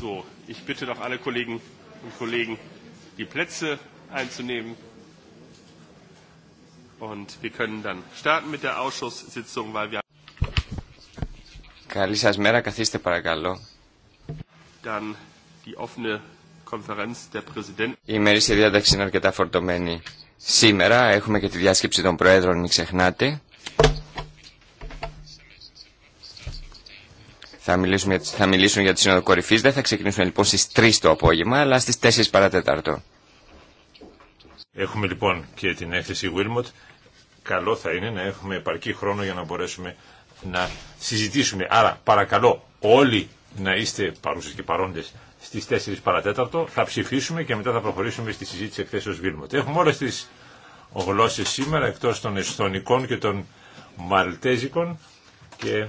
So, ich bitte doch alle Kolleginnen und Kollegen, die Plätze einzunehmen. Und wir können dann starten mit der Ausschusssitzung, weil wir Καλή σας μέρα, καθίστε παρακαλώ. Dann die offene Konferenz der Präsidenten. Η ημερήσια διάταξη είναι αρκετά φορτωμένη. Σήμερα έχουμε και τη διάσκεψη των Προέδρων, μην ξεχνάτε. θα, θα μιλήσουν για τη Σύνοδο Κορυφής. Δεν θα ξεκινήσουμε λοιπόν στις 3 το απόγευμα, αλλά στις 4 παρατέταρτο. Έχουμε λοιπόν και την έκθεση Wilmot. Καλό θα είναι να έχουμε επαρκή χρόνο για να μπορέσουμε να συζητήσουμε. Άρα παρακαλώ όλοι να είστε παρούσες και παρόντες στις 4 παρατέταρτο. Θα ψηφίσουμε και μετά θα προχωρήσουμε στη συζήτηση εκθέσεως Wilmot. Έχουμε όλες τις γλώσσες σήμερα εκτός των εσθονικών και των μαλτέζικων και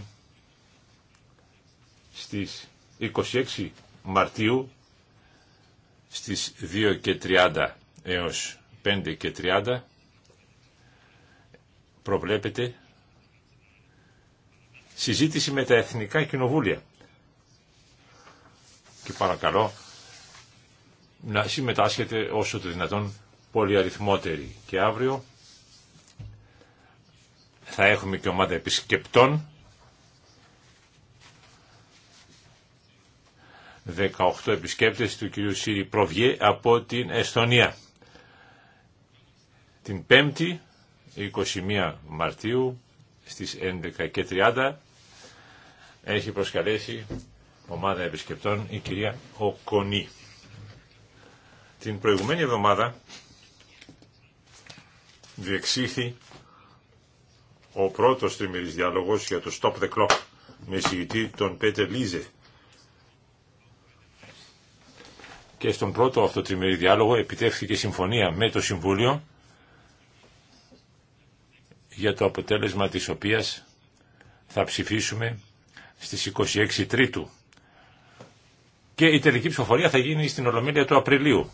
στις 26 Μαρτίου στις 2 και 30 έως 5 και 30 προβλέπεται συζήτηση με τα Εθνικά Κοινοβούλια. Και παρακαλώ να συμμετάσχετε όσο το δυνατόν πολυαριθμότεροι. Και αύριο θα έχουμε και ομάδα επισκεπτών 18 επισκέπτες του κυρίου Σύρι Προβιέ από την Εστονία. Την 5η, 21 Μαρτίου, στις 11.30 έχει προσκαλέσει ομάδα επισκεπτών η κυρία Οκονή. Την προηγουμένη εβδομάδα διεξήχθη ο πρώτος τριμήρης διάλογος για το Stop the Clock με συγητή τον Πέτερ Λίζε και στον πρώτο αυτό διάλογο επιτεύχθηκε συμφωνία με το Συμβούλιο για το αποτέλεσμα της οποίας θα ψηφίσουμε στις 26 Τρίτου. Και η τελική ψηφοφορία θα γίνει στην Ολομέλεια του Απριλίου.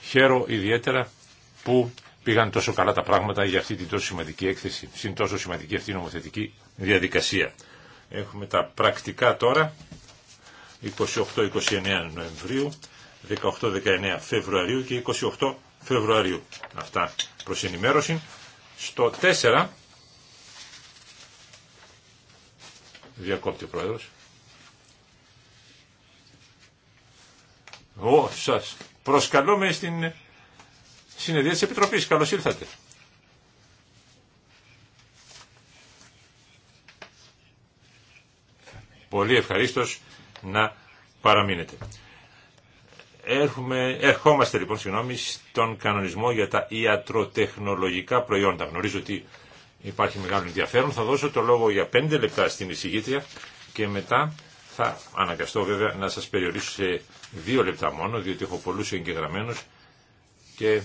Χαίρο ιδιαίτερα που πήγαν τόσο καλά τα πράγματα για αυτή την τόσο σημαντική έκθεση, συν τόσο σημαντική αυτή νομοθετική διαδικασία. Έχουμε τα πρακτικά τώρα, 28-29 Νοεμβρίου, 18-19 Φεβρουαρίου και 28 Φεβρουαρίου. Αυτά προς ενημέρωση. Στο 4 διακόπτει ο Πρόεδρος. ω σας προσκαλούμε στην συνεδρία της Επιτροπής. Καλώς ήρθατε. πολύ ευχαρίστως να παραμείνετε. Έρχομαι, ερχόμαστε λοιπόν συγγνώμη, στον κανονισμό για τα ιατροτεχνολογικά προϊόντα. Γνωρίζω ότι υπάρχει μεγάλο ενδιαφέρον. Θα δώσω το λόγο για πέντε λεπτά στην εισηγήτρια και μετά θα αναγκαστώ βέβαια να σας περιορίσω σε δύο λεπτά μόνο, διότι έχω πολλούς εγγεγραμμένους και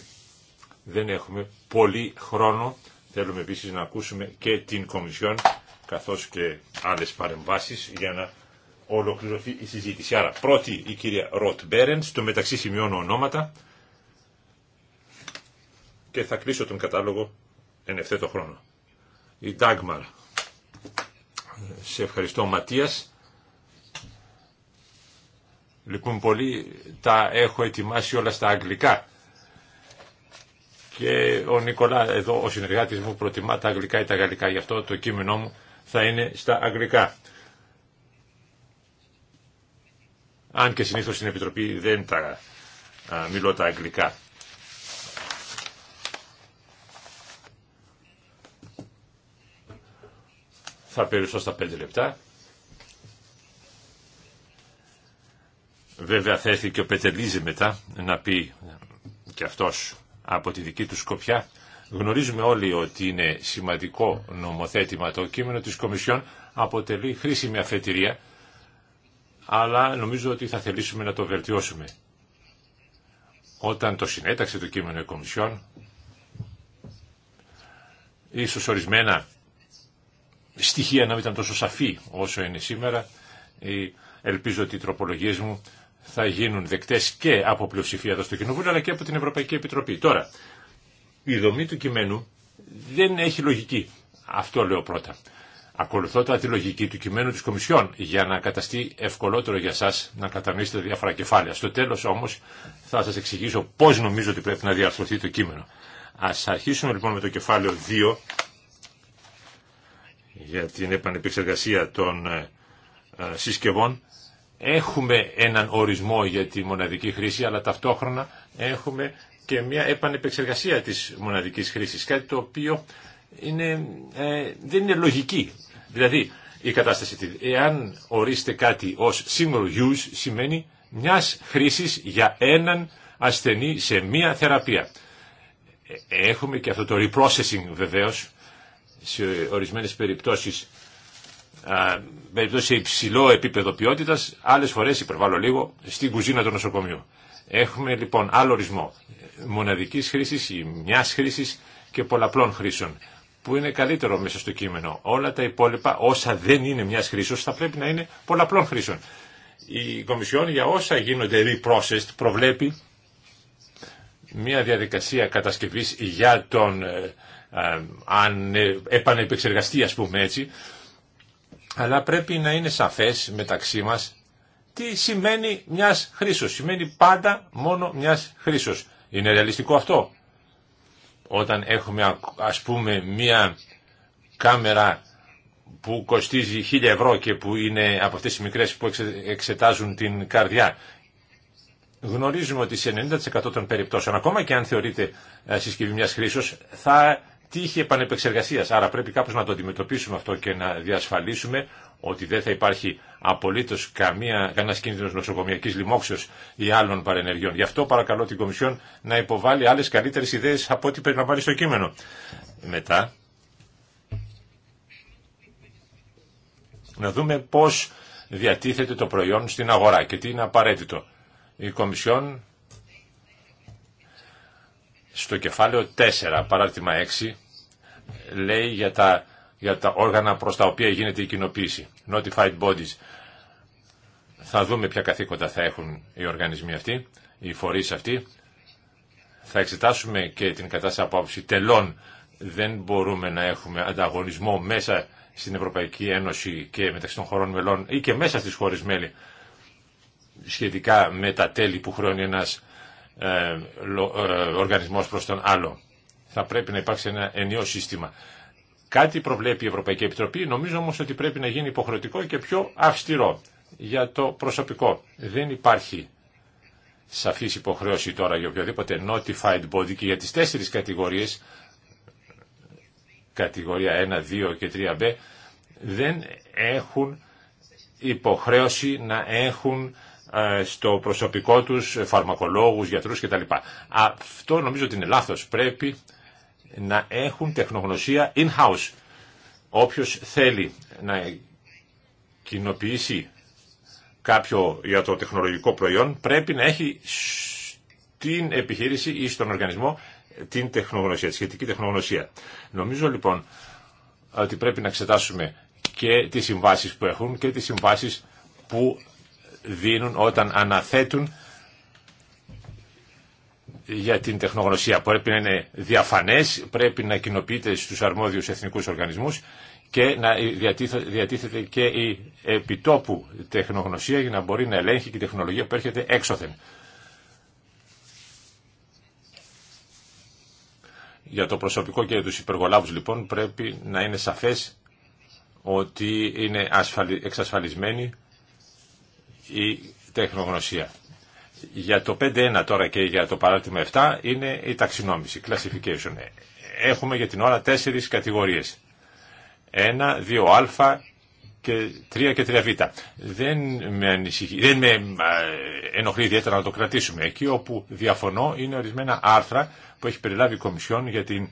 δεν έχουμε πολύ χρόνο. Θέλουμε επίσης να ακούσουμε και την Κομισιόν καθώς και άλλες παρεμβάσεις για να ολοκληρωθεί η συζήτηση. Άρα πρώτη η κυρία Ροτ Μπέρεν, στο μεταξύ σημειώνω ονόματα και θα κλείσω τον κατάλογο εν ευθέτω χρόνο. Η Ντάγμαρ, σε ευχαριστώ Ματίας. Λοιπόν πολύ τα έχω ετοιμάσει όλα στα αγγλικά. Και ο Νικολά εδώ, ο συνεργάτης μου, προτιμά τα αγγλικά ή τα γαλλικά. Γι' αυτό το κείμενό μου θα είναι στα αγγλικά. Αν και συνήθως στην Επιτροπή δεν τα α, μιλώ τα αγγλικά. Θα περισσώ στα πέντε λεπτά. Βέβαια θα και ο Πετελίζη μετά να πει και αυτός από τη δική του σκοπιά Γνωρίζουμε όλοι ότι είναι σημαντικό νομοθέτημα το κείμενο της Κομισιόν, αποτελεί χρήσιμη αφετηρία, αλλά νομίζω ότι θα θελήσουμε να το βελτιώσουμε. Όταν το συνέταξε το κείμενο η Κομισιόν, ίσως ορισμένα στοιχεία να μην ήταν τόσο σαφή όσο είναι σήμερα, ε, ελπίζω ότι οι τροπολογίες μου θα γίνουν δεκτές και από πλειοψηφία εδώ στο Κοινοβούλιο αλλά και από την Ευρωπαϊκή Επιτροπή. Τώρα, η δομή του κειμένου δεν έχει λογική. Αυτό λέω πρώτα. Ακολουθώ τώρα τη λογική του κειμένου της Κομισιόν για να καταστεί ευκολότερο για σας να κατανοήσετε διάφορα κεφάλαια. Στο τέλος όμως θα σας εξηγήσω πώς νομίζω ότι πρέπει να διαρθρωθεί το κείμενο. Ας αρχίσουμε λοιπόν με το κεφάλαιο 2 για την επανεπεξεργασία των ε, ε, συσκευών. Έχουμε έναν ορισμό για τη μοναδική χρήση αλλά ταυτόχρονα έχουμε και μια επανεπεξεργασία της μοναδικής χρήσης, κάτι το οποίο είναι, ε, δεν είναι λογική. Δηλαδή, η κατάσταση εάν ορίστε κάτι ως single use, σημαίνει μιας χρήσης για έναν ασθενή σε μία θεραπεία. Ε, έχουμε και αυτό το reprocessing βεβαίως, σε ορισμένες περιπτώσεις, περιπτώσεις σε υψηλό επίπεδο ποιότητας, άλλες φορές υπερβάλλω λίγο, στην κουζίνα του νοσοκομείου. Έχουμε λοιπόν άλλο ορισμό μοναδικής χρήσης ή μιας χρήσης και πολλαπλών χρήσεων που είναι καλύτερο μέσα στο κείμενο. Όλα τα υπόλοιπα όσα δεν είναι μιας χρήσης θα πρέπει να είναι πολλαπλών χρήσεων. Η Κομισιόν για όσα γίνονται reprocessed προβλέπει μια διαδικασία κατασκευής για τον ε, ε, ε επανεπεξεργαστή ας πούμε έτσι αλλά πρέπει να είναι σαφές μεταξύ μας τι σημαίνει μιας χρήσεως Σημαίνει πάντα μόνο μιας χρήση. Είναι ρεαλιστικό αυτό. Όταν έχουμε ας πούμε μία κάμερα που κοστίζει 1000 ευρώ και που είναι από αυτές οι μικρές που εξετάζουν την καρδιά. Γνωρίζουμε ότι σε 90% των περιπτώσεων, ακόμα και αν θεωρείται ε, συσκευή μιας χρήσεως, θα τύχει επανεπεξεργασία. Άρα πρέπει κάπως να το αντιμετωπίσουμε αυτό και να διασφαλίσουμε ότι δεν θα υπάρχει απολύτω κανένα κίνδυνο νοσοκομιακή λοιμόξεω ή άλλων παρενεργειών. Γι' αυτό παρακαλώ την Κομισιόν να υποβάλει άλλε καλύτερε ιδέε από ό,τι περιλαμβάνει στο κείμενο. Μετά, να δούμε πώ διατίθεται το προϊόν στην αγορά και τι είναι απαραίτητο. Η Κομισιόν στο κεφάλαιο 4, παράρτημα 6, λέει για τα, για τα όργανα προς τα οποία γίνεται η κοινοποίηση. Notified bodies. Θα δούμε ποια καθήκοντα θα έχουν οι οργανισμοί αυτοί, οι φορείς αυτοί. Θα εξετάσουμε και την κατάσταση από άποψη τελών. Δεν μπορούμε να έχουμε ανταγωνισμό μέσα στην Ευρωπαϊκή Ένωση και μεταξύ των χωρών μελών ή και μέσα στις χώρες μέλη σχετικά με τα τέλη που χρεώνει ένας ε, ε, οργανισμός προς τον άλλο. Θα πρέπει να υπάρξει ένα ενιαίο σύστημα. Κάτι προβλέπει η Ευρωπαϊκή Επιτροπή, νομίζω όμως ότι πρέπει να γίνει υποχρεωτικό και πιο αυστηρό για το προσωπικό. Δεν υπάρχει σαφής υποχρέωση τώρα για οποιοδήποτε notified body και για τις τέσσερις κατηγορίες, κατηγορία 1, 2 και 3B, δεν έχουν υποχρέωση να έχουν ε, στο προσωπικό τους, φαρμακολόγους, γιατρούς κτλ. Αυτό νομίζω ότι είναι λάθος. Πρέπει να έχουν τεχνογνωσία in-house. Όποιος θέλει να κοινοποιήσει κάποιο για το τεχνολογικό προϊόν πρέπει να έχει στην επιχείρηση ή στον οργανισμό την τεχνογνωσία, τη σχετική τεχνογνωσία. Νομίζω λοιπόν ότι πρέπει να εξετάσουμε και τις συμβάσεις που έχουν και τις συμβάσεις που δίνουν όταν αναθέτουν για την τεχνογνωσία. Πρέπει να είναι διαφανές, πρέπει να κοινοποιείται στους αρμόδιους εθνικούς οργανισμούς και να διατίθεται και η επιτόπου τεχνογνωσία για να μπορεί να ελέγχει και η τεχνολογία που έρχεται έξωθεν. Για το προσωπικό και τους υπεργολάβους λοιπόν πρέπει να είναι σαφές ότι είναι εξασφαλισμένοι η τεχνογνωσία. Για το 5.1 τώρα και για το παράδειγμα 7 είναι η ταξινόμηση, classification. Έχουμε για την ώρα τέσσερις κατηγορίες. 1, 2α και 3 και 3β. Δεν με, δεν με ενοχλεί ιδιαίτερα να το κρατήσουμε. Εκεί όπου διαφωνώ είναι ορισμένα άρθρα που έχει περιλάβει η Κομισιόν για την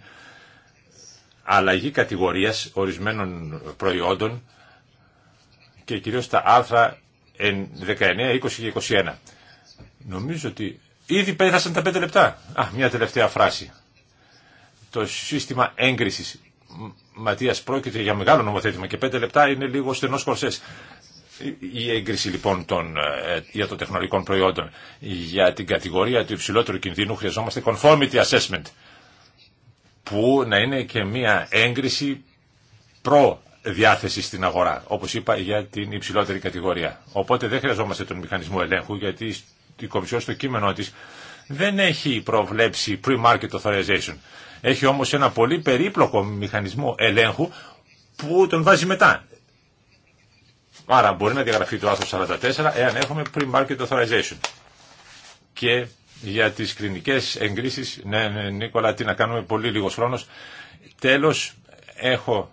αλλαγή κατηγορίας ορισμένων προϊόντων και κυρίως τα άρθρα 19, 20 και 21. Νομίζω ότι ήδη πέρασαν τα 5 λεπτά. Α, μια τελευταία φράση. Το σύστημα έγκρισης. Ματίας πρόκειται για μεγάλο νομοθέτημα και 5 λεπτά είναι λίγο στενό κορσές. Η έγκριση λοιπόν ε, των τεχνολογικών προϊόντων για την κατηγορία του υψηλότερου κινδύνου χρειαζόμαστε conformity assessment που να είναι και μια έγκριση προ διάθεση στην αγορά, όπως είπα για την υψηλότερη κατηγορία. Οπότε δεν χρειαζόμαστε τον μηχανισμό ελέγχου γιατί η Κομισιόν στο κείμενό της δεν έχει προβλέψει pre-market authorization. Έχει όμως ένα πολύ περίπλοκο μηχανισμό ελέγχου που τον βάζει μετά. Άρα μπορεί να διαγραφεί το άρθρο 44 εάν έχουμε pre-market authorization. Και για τις κλινικές εγκρίσεις, ναι, ναι Νίκολα, τι να κάνουμε, πολύ λίγο χρόνος. Τέλος, έχω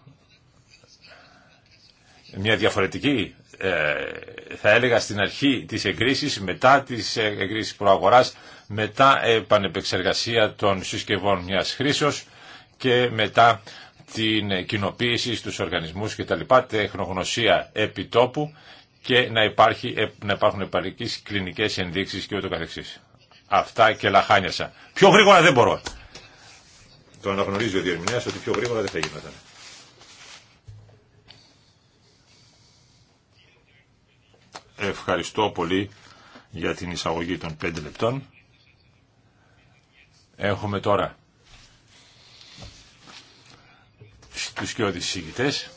μια διαφορετική, ε, θα έλεγα στην αρχή της εγκρίσης, μετά της εγκρίσης προαγοράς, μετά επανεπεξεργασία των συσκευών μιας χρήσεως και μετά την κοινοποίηση στους οργανισμούς και τα λοιπά, τεχνογνωσία επιτόπου και να, υπάρχει, ε, να υπάρχουν επαρκείς κλινικές ενδείξεις και ούτω Αυτά και λαχάνιασα. Πιο γρήγορα δεν μπορώ. Το αναγνωρίζει ο Διερμηνέας ότι πιο γρήγορα δεν θα γινόταν. Ευχαριστώ πολύ για την εισαγωγή των 5 λεπτών. Έχουμε τώρα τους και οδησίγητες.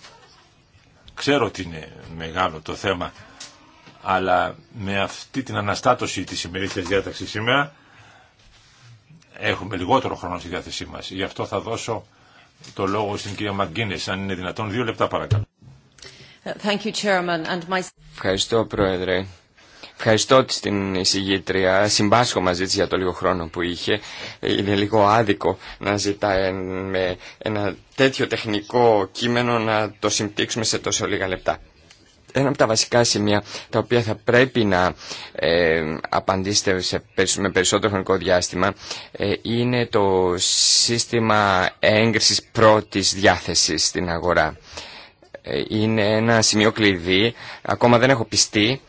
Ξέρω ότι είναι μεγάλο το θέμα, αλλά με αυτή την αναστάτωση της ημερήσιας διάταξης σήμερα έχουμε λιγότερο χρόνο στη διάθεσή μας. Γι' αυτό θα δώσω το λόγο στην κυρία Μαγκίνες, αν είναι δυνατόν, δύο λεπτά παρακαλώ. Ευχαριστώ, Πρόεδρε. Ευχαριστώ την εισηγήτρια. Συμπάσχω μαζί της για το λίγο χρόνο που είχε. Είναι λίγο άδικο να ζητάει με ένα τέτοιο τεχνικό κείμενο να το συμπτύξουμε σε τόσο λίγα λεπτά. Ένα από τα βασικά σημεία τα οποία θα πρέπει να ε, απαντήσετε με περισσότερο χρονικό διάστημα ε, είναι το σύστημα έγκρισης πρώτης διάθεσης στην αγορά είναι ένα σημείο κλειδί. Ακόμα δεν έχω πιστεί.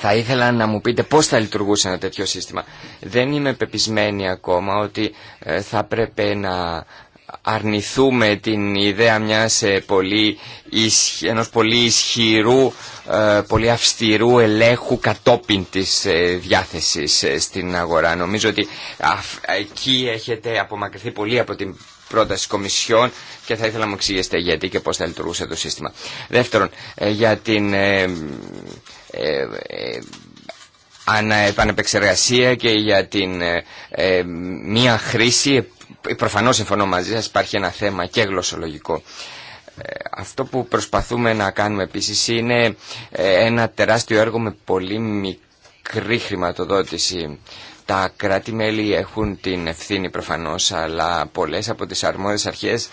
Θα ήθελα να μου πείτε πώς θα λειτουργούσε ένα τέτοιο σύστημα. Δεν είμαι πεπισμένη ακόμα ότι ε, θα πρέπει να αρνηθούμε την ιδέα μιας ε, πολύ, ενός πολύ ισχυρού, ε, πολύ αυστηρού ελέγχου κατόπιν της διάθεσης στην αγορά. Νομίζω ότι εκεί έχετε απομακρυνθεί πολύ από την πρόταση κομισιών και θα ήθελα να μου εξηγήσετε γιατί και πώς θα λειτουργούσε το σύστημα. Δεύτερον, ε, για την ε, ε, ε επανεπεξεργασία και για την μία χρήση, προφανώς συμφωνώ μαζί σας, υπάρχει ένα θέμα και γλωσσολογικό. Αυτό που προσπαθούμε να κάνουμε επίσης είναι ένα τεράστιο έργο με πολύ μικρή χρηματοδότηση. Τα κράτη-μέλη έχουν την ευθύνη προφανώς, αλλά πολλές από τις αρμόδιες αρχές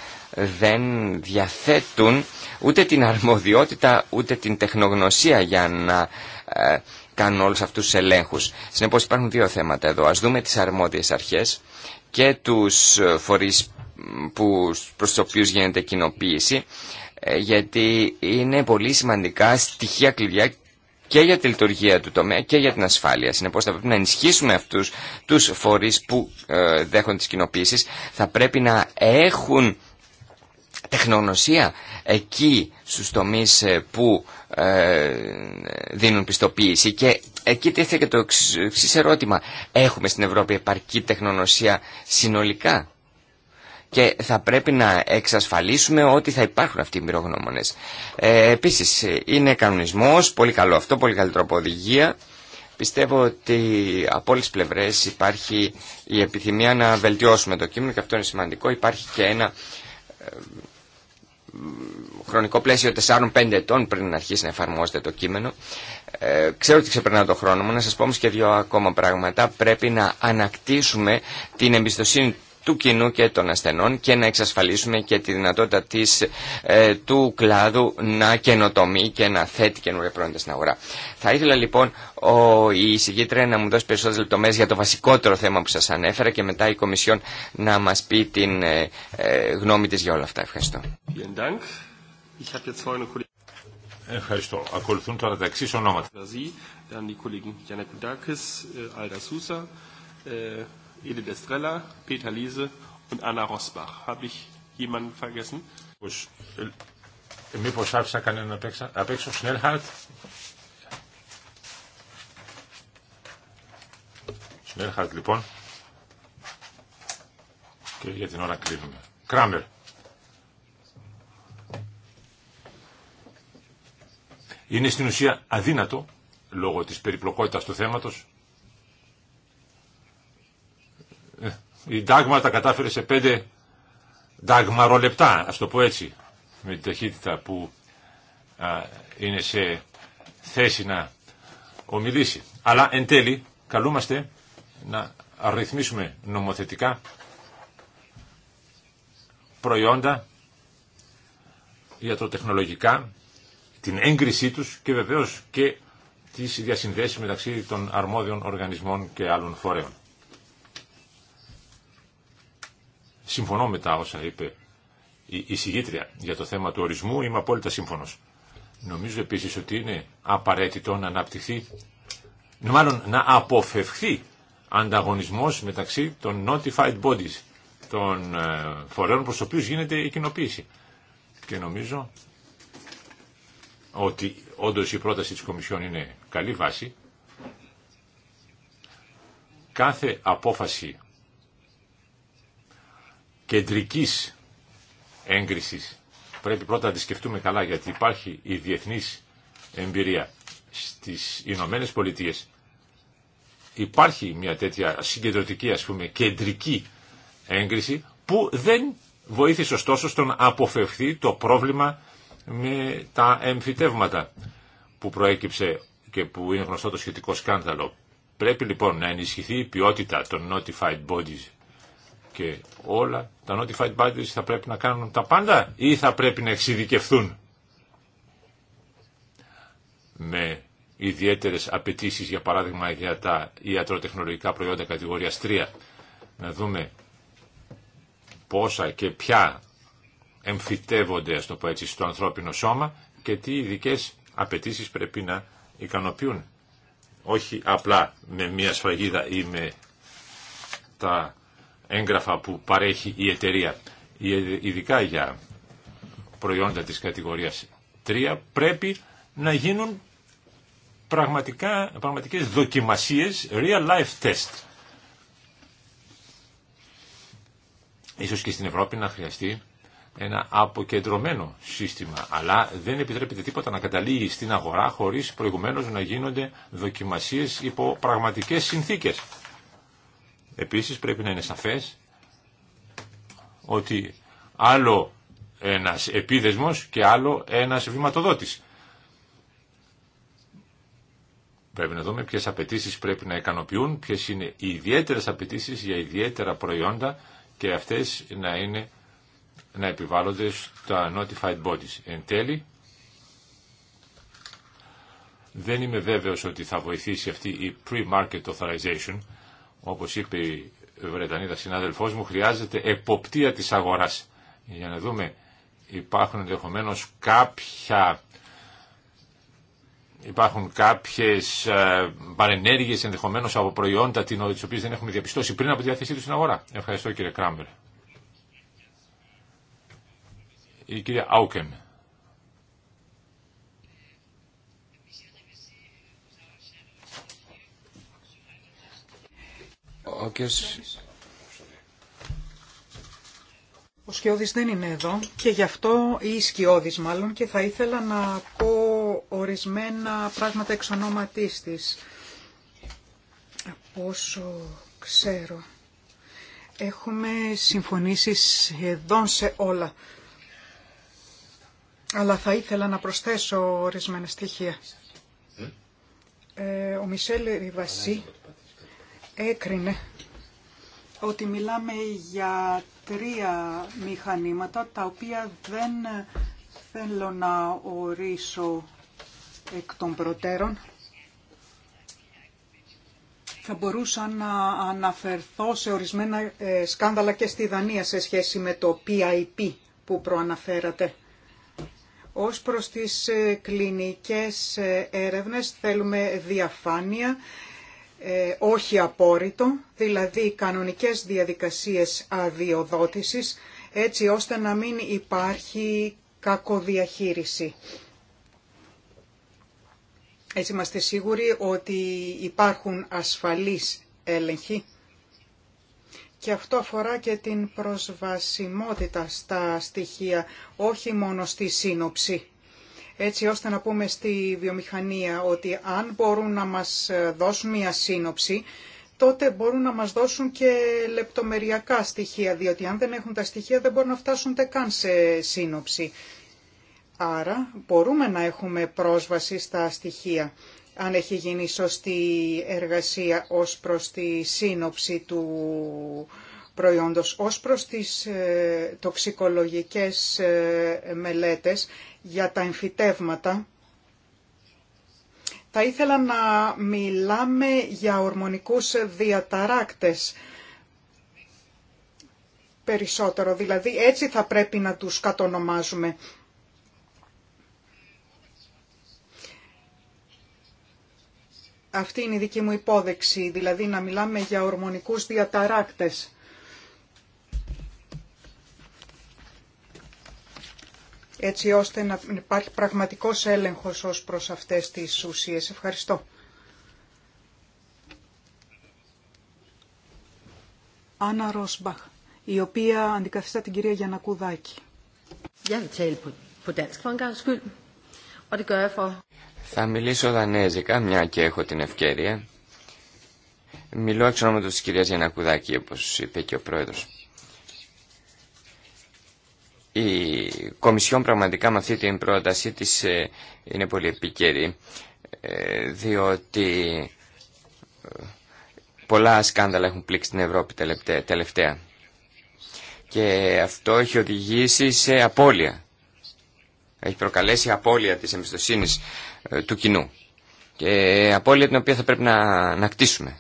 δεν διαθέτουν ούτε την αρμοδιότητα, ούτε την τεχνογνωσία για να ε, κάνουν όλους αυτούς τους ελέγχους. Συνεπώς υπάρχουν δύο θέματα εδώ. Ας δούμε τις αρμόδιες αρχές και τους φορείς που, προς τους οποίους γίνεται κοινοποίηση, ε, γιατί είναι πολύ σημαντικά στοιχεία κλειδιά και για τη λειτουργία του τομέα και για την ασφάλεια. Συνεπώς θα πρέπει να ενισχύσουμε αυτού του φορεί που ε, δέχονται τι κοινοποιήσει, Θα πρέπει να έχουν τεχνογνωσία εκεί στους τομείς ε, που ε, δίνουν πιστοποίηση και εκεί τίθεται και το εξή ερώτημα. Έχουμε στην Ευρώπη επαρκή τεχνογνωσία συνολικά και θα πρέπει να εξασφαλίσουμε ότι θα υπάρχουν αυτοί οι πυρογνωμονές Ε, επίσης, είναι κανονισμός, πολύ καλό αυτό, πολύ καλή τρόπο οδηγία. Πιστεύω ότι από όλες τις πλευρές υπάρχει η επιθυμία να βελτιώσουμε το κείμενο και αυτό είναι σημαντικό. Υπάρχει και ένα ε, χρονικό πλαίσιο 4-5 ετών πριν να αρχίσει να εφαρμόζεται το κείμενο. Ε, ξέρω ότι ξεπερνά το χρόνο μου, να σας πω όμως και δύο ακόμα πράγματα. Πρέπει να ανακτήσουμε την εμπιστοσύνη του κοινού και των ασθενών και να εξασφαλίσουμε και τη δυνατότητα της, ε, του κλάδου να καινοτομεί και να θέτει καινούργια προϊόντα στην αγορά. Θα ήθελα λοιπόν ο, η συγκήτρια να μου δώσει περισσότερες λεπτομέρειες για το βασικότερο θέμα που σας ανέφερα και μετά η Κομισιόν να μας πει την ε, ε, γνώμη της για όλα αυτά. Ευχαριστώ. Ευχαριστώ. Ακολουθούν τώρα Edith Estrella, Peter Liese und Anna Rosbach. Habe ich jemanden vergessen? Μήπως ε, άφησα κανέναν απ' έξω, Σνέλχαρτ. Σνέλχαρτ λοιπόν. Και για την ώρα κλείνουμε. Κράμερ. Είναι στην ουσία αδύνατο, λόγω της περιπλοκότητας του θέματος, Η Ντάγμα τα κατάφερε σε πέντε νταγμαρολεπτά, α το πω έτσι, με την ταχύτητα που είναι σε θέση να ομιλήσει. Αλλά εν τέλει καλούμαστε να αριθμίσουμε νομοθετικά προϊόντα ιατροτεχνολογικά, την έγκρισή τους και βεβαίως και τις διασυνδέσεις μεταξύ των αρμόδιων οργανισμών και άλλων φορέων. Συμφωνώ με τα όσα είπε η συγγήτρια για το θέμα του ορισμού. Είμαι απόλυτα σύμφωνος. Νομίζω επίσης ότι είναι απαραίτητο να αναπτυχθεί, μάλλον να αποφευχθεί ανταγωνισμός μεταξύ των notified bodies, των ε, φορέων προς τους οποίους γίνεται η κοινοποίηση. Και νομίζω ότι όντω η πρόταση της Κομισιόν είναι καλή βάση. Κάθε απόφαση κεντρικής έγκρισης. Πρέπει πρώτα να τη σκεφτούμε καλά γιατί υπάρχει η διεθνής εμπειρία στις Ηνωμένε Πολιτείε. Υπάρχει μια τέτοια συγκεντρωτική ας πούμε κεντρική έγκριση που δεν βοήθησε ωστόσο στον να αποφευθεί το πρόβλημα με τα εμφυτεύματα που προέκυψε και που είναι γνωστό το σχετικό σκάνδαλο. Πρέπει λοιπόν να ενισχυθεί η ποιότητα των notified bodies και όλα τα notified bodies θα πρέπει να κάνουν τα πάντα ή θα πρέπει να εξειδικευθούν με ιδιαίτερες απαιτήσει, για παράδειγμα για τα ιατροτεχνολογικά προϊόντα κατηγορίας 3 να δούμε πόσα και ποια εμφυτεύονται το στο ανθρώπινο σώμα και τι ειδικέ απαιτήσει πρέπει να ικανοποιούν όχι απλά με μια σφραγίδα ή με τα έγγραφα που παρέχει η εταιρεία, ε, ειδικά για προϊόντα της κατηγορίας 3, πρέπει να γίνουν πραγματικά, πραγματικές δοκιμασίες, real life test. Ίσως και στην Ευρώπη να χρειαστεί ένα αποκεντρωμένο σύστημα, αλλά δεν επιτρέπεται τίποτα να καταλήγει στην αγορά χωρίς προηγουμένως να γίνονται δοκιμασίες υπό πραγματικές συνθήκες. Επίσης πρέπει να είναι σαφές ότι άλλο ένας επίδεσμος και άλλο ένας βηματοδότης. Πρέπει να δούμε ποιες απαιτήσει πρέπει να ικανοποιούν, ποιες είναι οι ιδιαίτερες απαιτήσει για ιδιαίτερα προϊόντα και αυτές να, είναι, να επιβάλλονται στα notified bodies. Εν τέλει, δεν είμαι βέβαιος ότι θα βοηθήσει αυτή η pre-market authorization όπως είπε η Βρετανίδα συνάδελφός μου, χρειάζεται εποπτεία της αγοράς. Για να δούμε, υπάρχουν ενδεχομένω κάποια... Υπάρχουν κάποιες ε, παρενέργειες ενδεχομένως από προϊόντα τις οποίες δεν έχουμε διαπιστώσει πριν από τη διάθεσή του στην αγορά. Ευχαριστώ κύριε Κράμπερ. Η κυρία Άουκεν. Ο κ. Ο Σκιώδης δεν είναι εδώ και γι' αυτό, ή Σκιώδης μάλλον, και θα ήθελα να πω ορισμένα πράγματα εξ ονόματής της. Από όσο ξέρω, έχουμε συμφωνήσει σχεδόν σε όλα. Αλλά θα ήθελα να προσθέσω ορισμένα στοιχεία. Ε? Ε, ο Μισελ Ριβασί έκρινε ότι μιλάμε για τρία μηχανήματα τα οποία δεν θέλω να ορίσω εκ των προτέρων. Θα μπορούσα να αναφερθώ σε ορισμένα ε, σκάνδαλα και στη Δανία σε σχέση με το PIP που προαναφέρατε. Ως προς τις ε, κλινικές ε, έρευνες θέλουμε διαφάνεια ε, όχι απόρριτο, δηλαδή κανονικές διαδικασίες αδειοδότησης, έτσι ώστε να μην υπάρχει κακοδιαχείριση. Έτσι είμαστε σίγουροι ότι υπάρχουν ασφαλείς έλεγχοι και αυτό αφορά και την προσβασιμότητα στα στοιχεία, όχι μόνο στη σύνοψη έτσι ώστε να πούμε στη βιομηχανία ότι αν μπορούν να μας δώσουν μια σύνοψη, τότε μπορούν να μας δώσουν και λεπτομεριακά στοιχεία, διότι αν δεν έχουν τα στοιχεία δεν μπορούν να φτάσουν καν σε σύνοψη. Άρα μπορούμε να έχουμε πρόσβαση στα στοιχεία, αν έχει γίνει σωστή εργασία ως προς τη σύνοψη του προϊόντος. Ως προς τις ε, τοξικολογικές ε, μελέτες για τα εμφυτεύματα, θα ήθελα να μιλάμε για ορμονικούς διαταράκτες περισσότερο. Δηλαδή έτσι θα πρέπει να τους κατονομάζουμε. Αυτή είναι η δική μου υπόδεξη, δηλαδή να μιλάμε για ορμονικούς διαταράκτες. έτσι ώστε να υπάρχει πραγματικός έλεγχος ως προς αυτές τις ουσίες. Ευχαριστώ. Άννα Ρόσμπαχ, η οποία αντικαθιστά την κυρία Γιανακουδάκη. Θα μιλήσω δανέζικα, μια και έχω την ευκαιρία. Μιλώ εξ ονόματος της κυρίας Γιανακουδάκη, όπως είπε και ο πρόεδρος. Η Κομισιόν πραγματικά με αυτή την πρότασή της ε, είναι πολύ επικαιρή, ε, διότι ε, πολλά σκάνδαλα έχουν πλήξει την Ευρώπη τελευταία. Και αυτό έχει οδηγήσει σε απώλεια. Έχει προκαλέσει απώλεια της εμπιστοσύνης του κοινού. Και απώλεια την οποία θα πρέπει να, να κτίσουμε.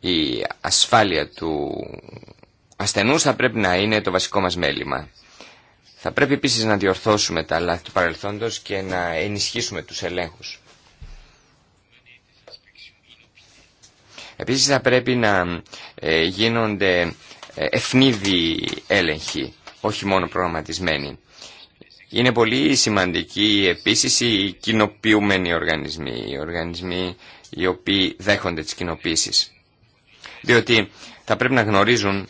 Η ασφάλεια του ασθενούς θα πρέπει να είναι το βασικό μας μέλημα. Θα πρέπει επίσης να διορθώσουμε τα λάθη του παρελθόντος και να ενισχύσουμε τους ελέγχους. Επίσης θα πρέπει να ε, γίνονται ε, ευνίδιοι έλεγχοι, όχι μόνο προγραμματισμένοι. Είναι πολύ σημαντική επίσης οι κοινοποιούμενοι οργανισμοί, οι οργανισμοί οι οποίοι δέχονται τις κοινοποίησεις. Διότι θα πρέπει να γνωρίζουν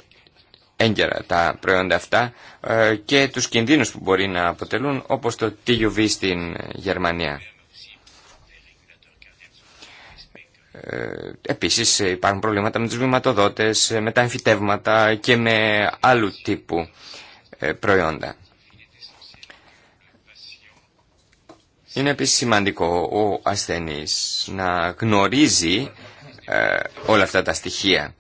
έγκαιρα τα προϊόντα αυτά ε, και τους κινδύνους που μπορεί να αποτελούν όπως το TUV στην Γερμανία. Ε, επίσης υπάρχουν προβλήματα με τους βηματοδότες, με τα εμφυτεύματα και με άλλου τύπου ε, προϊόντα. Είναι επίσης σημαντικό ο ασθενής να γνωρίζει όλα αυτά τα στοιχεία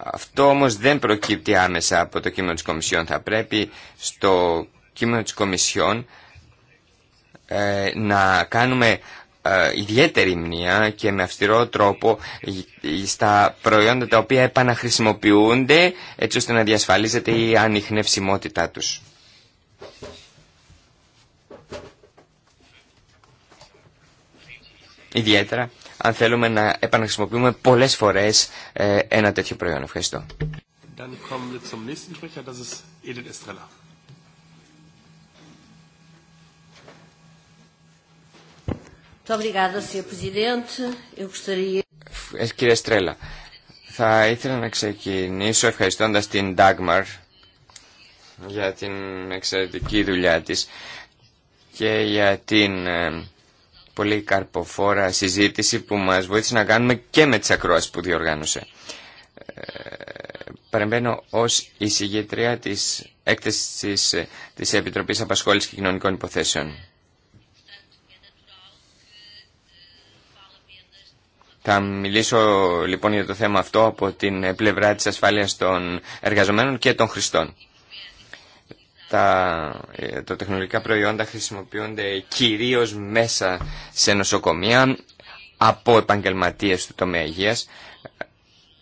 αυτό όμως δεν προκύπτει άμεσα από το κείμενο της Κομισιόν. Θα πρέπει στο κείμενο της Κομισιόν ε, να κάνουμε ε, ιδιαίτερη μνήμα και με αυστηρό τρόπο στα προϊόντα τα οποία επαναχρησιμοποιούνται έτσι ώστε να διασφαλίζεται η ανιχνευσιμότητά τους. Ιδιαίτερα αν θέλουμε να επαναχρησιμοποιούμε πολλές φορές ε, ένα τέτοιο προϊόν. Ευχαριστώ. Κύριε Στρέλα, θα ήθελα να ξεκινήσω ευχαριστώντας την Dagmar για την εξαιρετική δουλειά της και για την ε, πολύ καρποφόρα συζήτηση που μας βοήθησε να κάνουμε και με τις ακρόασεις που διοργάνωσε. Ε, παρεμβαίνω ως εισηγήτρια της έκθεσης της Επιτροπής Απασχόλησης και Κοινωνικών Υποθέσεων. Θα μιλήσω λοιπόν για το θέμα αυτό από την πλευρά της ασφάλειας των εργαζομένων και των χρηστών τα, ε, τα τεχνολογικά προϊόντα χρησιμοποιούνται κυρίως μέσα σε νοσοκομεία από επαγγελματίες του τομέα υγείας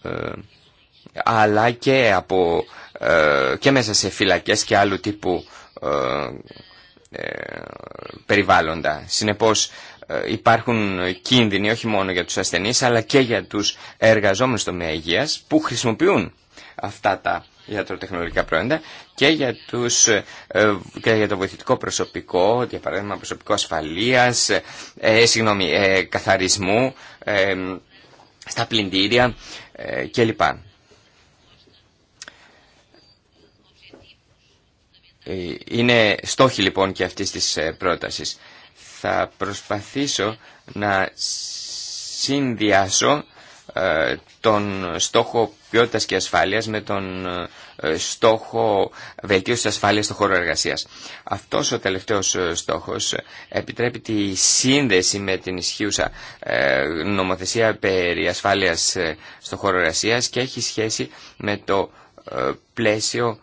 ε, αλλά και, από, ε, και μέσα σε φυλακές και άλλου τύπου περιβάλλοντα. Συνεπώς υπάρχουν κίνδυνοι όχι μόνο για τους ασθενείς αλλά και για τους εργαζόμενους τομέα υγείας που χρησιμοποιούν αυτά τα ιατροτεχνολογικά προϊόντα και για, τους, ε, και για το βοηθητικό προσωπικό, για παράδειγμα προσωπικό ασφαλείας, ε, ε καθαρισμού, ε, στα πλυντήρια ε, κλπ. Είναι στόχοι λοιπόν και αυτής της πρότασης. Θα προσπαθήσω να συνδυάσω ε, τον στόχο ποιότητας και ασφάλειας με τον ε, στόχο βελτίωσης ασφάλειας στον χώρο εργασίας. Αυτός ο τελευταίος ε, στόχος επιτρέπει τη σύνδεση με την ισχύουσα νομοθεσία περί ασφάλειας στον χώρο εργασίας και έχει σχέση με το πλαίσιο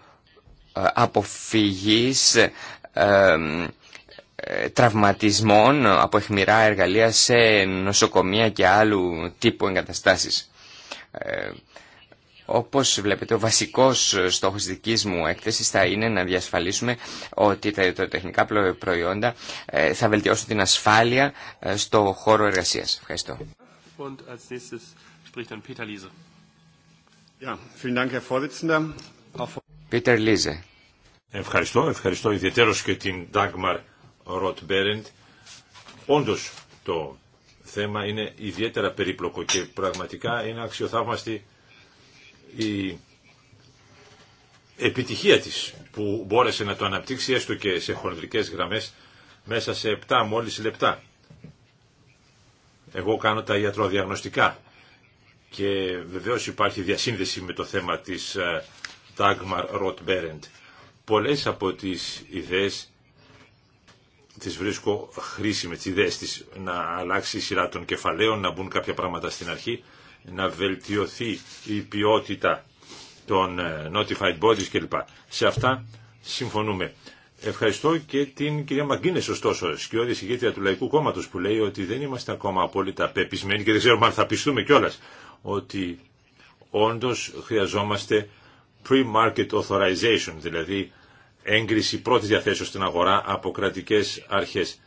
αποφυγής τραυματισμών από αιχμηρά εργαλεία σε νοσοκομεία και άλλου τύπου εγκαταστάσεις. Ε, όπως βλέπετε, ο βασικός στόχος δική μου έκθεσης θα είναι να διασφαλίσουμε ότι τα ιδιωτικά προϊόντα ε, θα βελτιώσουν την ασφάλεια ε, στο χώρο εργασίας. Ευχαριστώ. Πίτερ Λίζε. Ευχαριστώ, ευχαριστώ ιδιαίτερος και την Dagmar Ροτ Μπέρεντ. Όντως το θέμα είναι ιδιαίτερα περίπλοκο και πραγματικά είναι αξιοθαύμαστη η επιτυχία της που μπόρεσε να το αναπτύξει έστω και σε χονδρικές γραμμές μέσα σε 7 μόλις λεπτά. Εγώ κάνω τα ιατροδιαγνωστικά και βεβαίως υπάρχει διασύνδεση με το θέμα της ε, Dagmar Roth-Berendt. Πολλές από τις ιδέες τις βρίσκω χρήσιμες τις ιδέες της, να αλλάξει η σειρά των κεφαλαίων, να μπουν κάποια πράγματα στην αρχή, να βελτιωθεί η ποιότητα των ε, notified bodies κλπ. Σε αυτά συμφωνούμε. Ευχαριστώ και την κυρία Μαγκίνε, ωστόσο, σκιώδη ηγέτρια του Λαϊκού Κόμματο, που λέει ότι δεν είμαστε ακόμα απόλυτα πεπισμένοι και δεν ξέρουμε αν θα πιστούμε κιόλα ότι όντω χρειαζόμαστε pre-market authorization, δηλαδή έγκριση πρώτη διαθέσεως στην αγορά από κρατικές αρχές.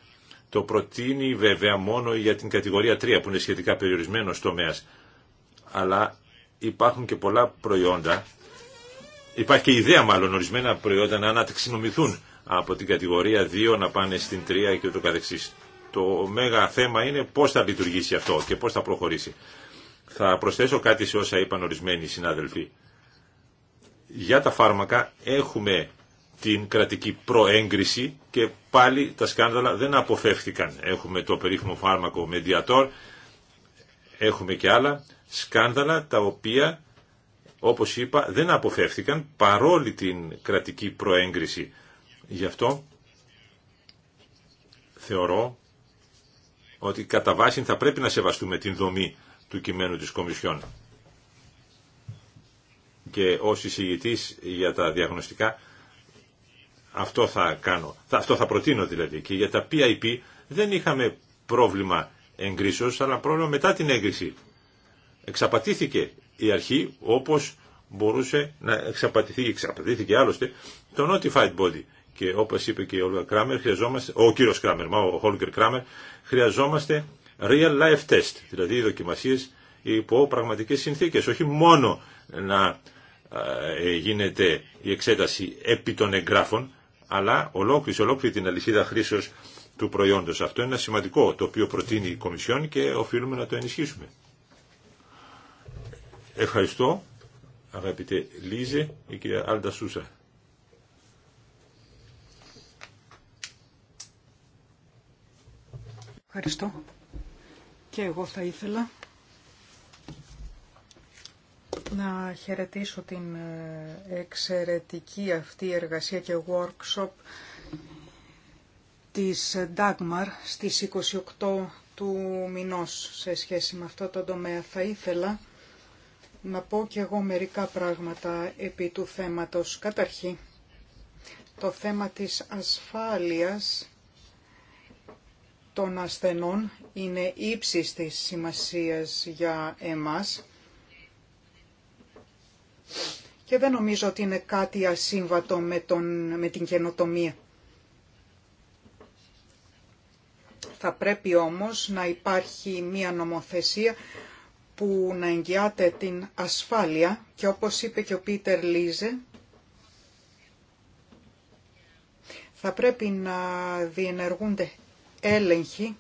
Το προτείνει βέβαια μόνο για την κατηγορία 3 που είναι σχετικά περιορισμένο τομέα. Αλλά υπάρχουν και πολλά προϊόντα, υπάρχει και ιδέα μάλλον ορισμένα προϊόντα να αναταξινομηθούν από την κατηγορία 2 να πάνε στην 3 και ούτω καθεξής. Το μέγα θέμα είναι πώς θα λειτουργήσει αυτό και πώς θα προχωρήσει. Θα προσθέσω κάτι σε όσα είπαν ορισμένοι συνάδελφοι. Για τα φάρμακα έχουμε την κρατική προέγκριση και πάλι τα σκάνδαλα δεν αποφεύθηκαν. Έχουμε το περίφημο φάρμακο Mediator, έχουμε και άλλα σκάνδαλα τα οποία όπως είπα δεν αποφεύθηκαν παρόλη την κρατική προέγκριση. Γι' αυτό θεωρώ ότι κατά βάση θα πρέπει να σεβαστούμε την δομή του κειμένου της Κομισιόν. Και ως εισηγητής για τα διαγνωστικά αυτό θα κάνω, αυτό θα προτείνω δηλαδή. Και για τα PIP δεν είχαμε πρόβλημα εγκρίσεως, αλλά πρόβλημα μετά την έγκριση. Εξαπατήθηκε η αρχή όπως μπορούσε να εξαπατηθεί και εξαπατήθηκε άλλωστε το notified body. Και όπως είπε και ο Κράμερ, χρειαζόμαστε, ο κύριος Κράμερ, ο Holger Κράμερ, χρειαζόμαστε real life test, δηλαδή δοκιμασίες υπό πραγματικές συνθήκες, όχι μόνο να ε, γίνεται η εξέταση επί των εγγράφων, αλλά ολόκληρη, ολόκληρη την αλυσίδα χρήσεως του προϊόντος. Αυτό είναι ένα σημαντικό το οποίο προτείνει η Κομισιόν και οφείλουμε να το ενισχύσουμε. Ευχαριστώ αγαπητέ Λίζε, η κυρία Άλντα Σούσα. Ευχαριστώ. Και εγώ θα ήθελα να χαιρετήσω την ε, εξαιρετική αυτή εργασία και workshop της Dagmar στις 28 του μηνός σε σχέση με αυτό το τομέα. Θα ήθελα να πω και εγώ μερικά πράγματα επί του θέματος. Καταρχήν, το θέμα της ασφάλειας των ασθενών είναι ύψης της σημασίας για εμάς και δεν νομίζω ότι είναι κάτι ασύμβατο με, τον, με την καινοτομία. Θα πρέπει όμως να υπάρχει μία νομοθεσία που να εγγυάται την ασφάλεια και όπως είπε και ο Πίτερ Λίζε, θα πρέπει να διενεργούνται έλεγχοι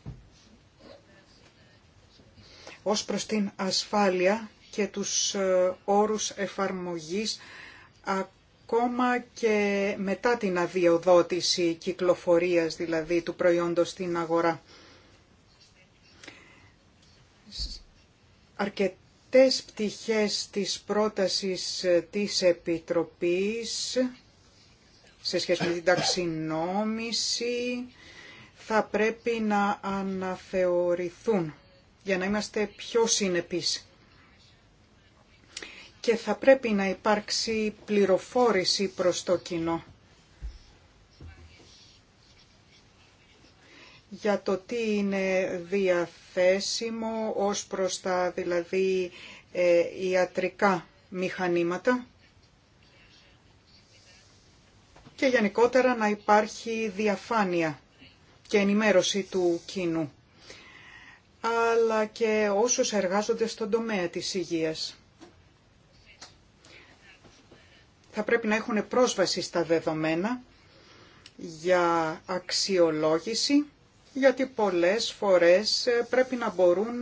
ως προς την ασφάλεια και τους ε, όρους εφαρμογής ακόμα και μετά την αδειοδότηση κυκλοφορίας δηλαδή του προϊόντος στην αγορά. Αρκετές πτυχές της πρότασης ε, της Επιτροπής σε σχέση με την ταξινόμηση θα πρέπει να αναθεωρηθούν για να είμαστε πιο συνεπείς και θα πρέπει να υπάρξει πληροφόρηση προς το κοινό. για το τι είναι διαθέσιμο ως προς τα δηλαδή ε, ιατρικά μηχανήματα και γενικότερα να υπάρχει διαφάνεια και ενημέρωση του κοινού αλλά και όσους εργάζονται στον τομέα της υγείας. θα πρέπει να έχουν πρόσβαση στα δεδομένα για αξιολόγηση, γιατί πολλές φορές ε, πρέπει να μπορούν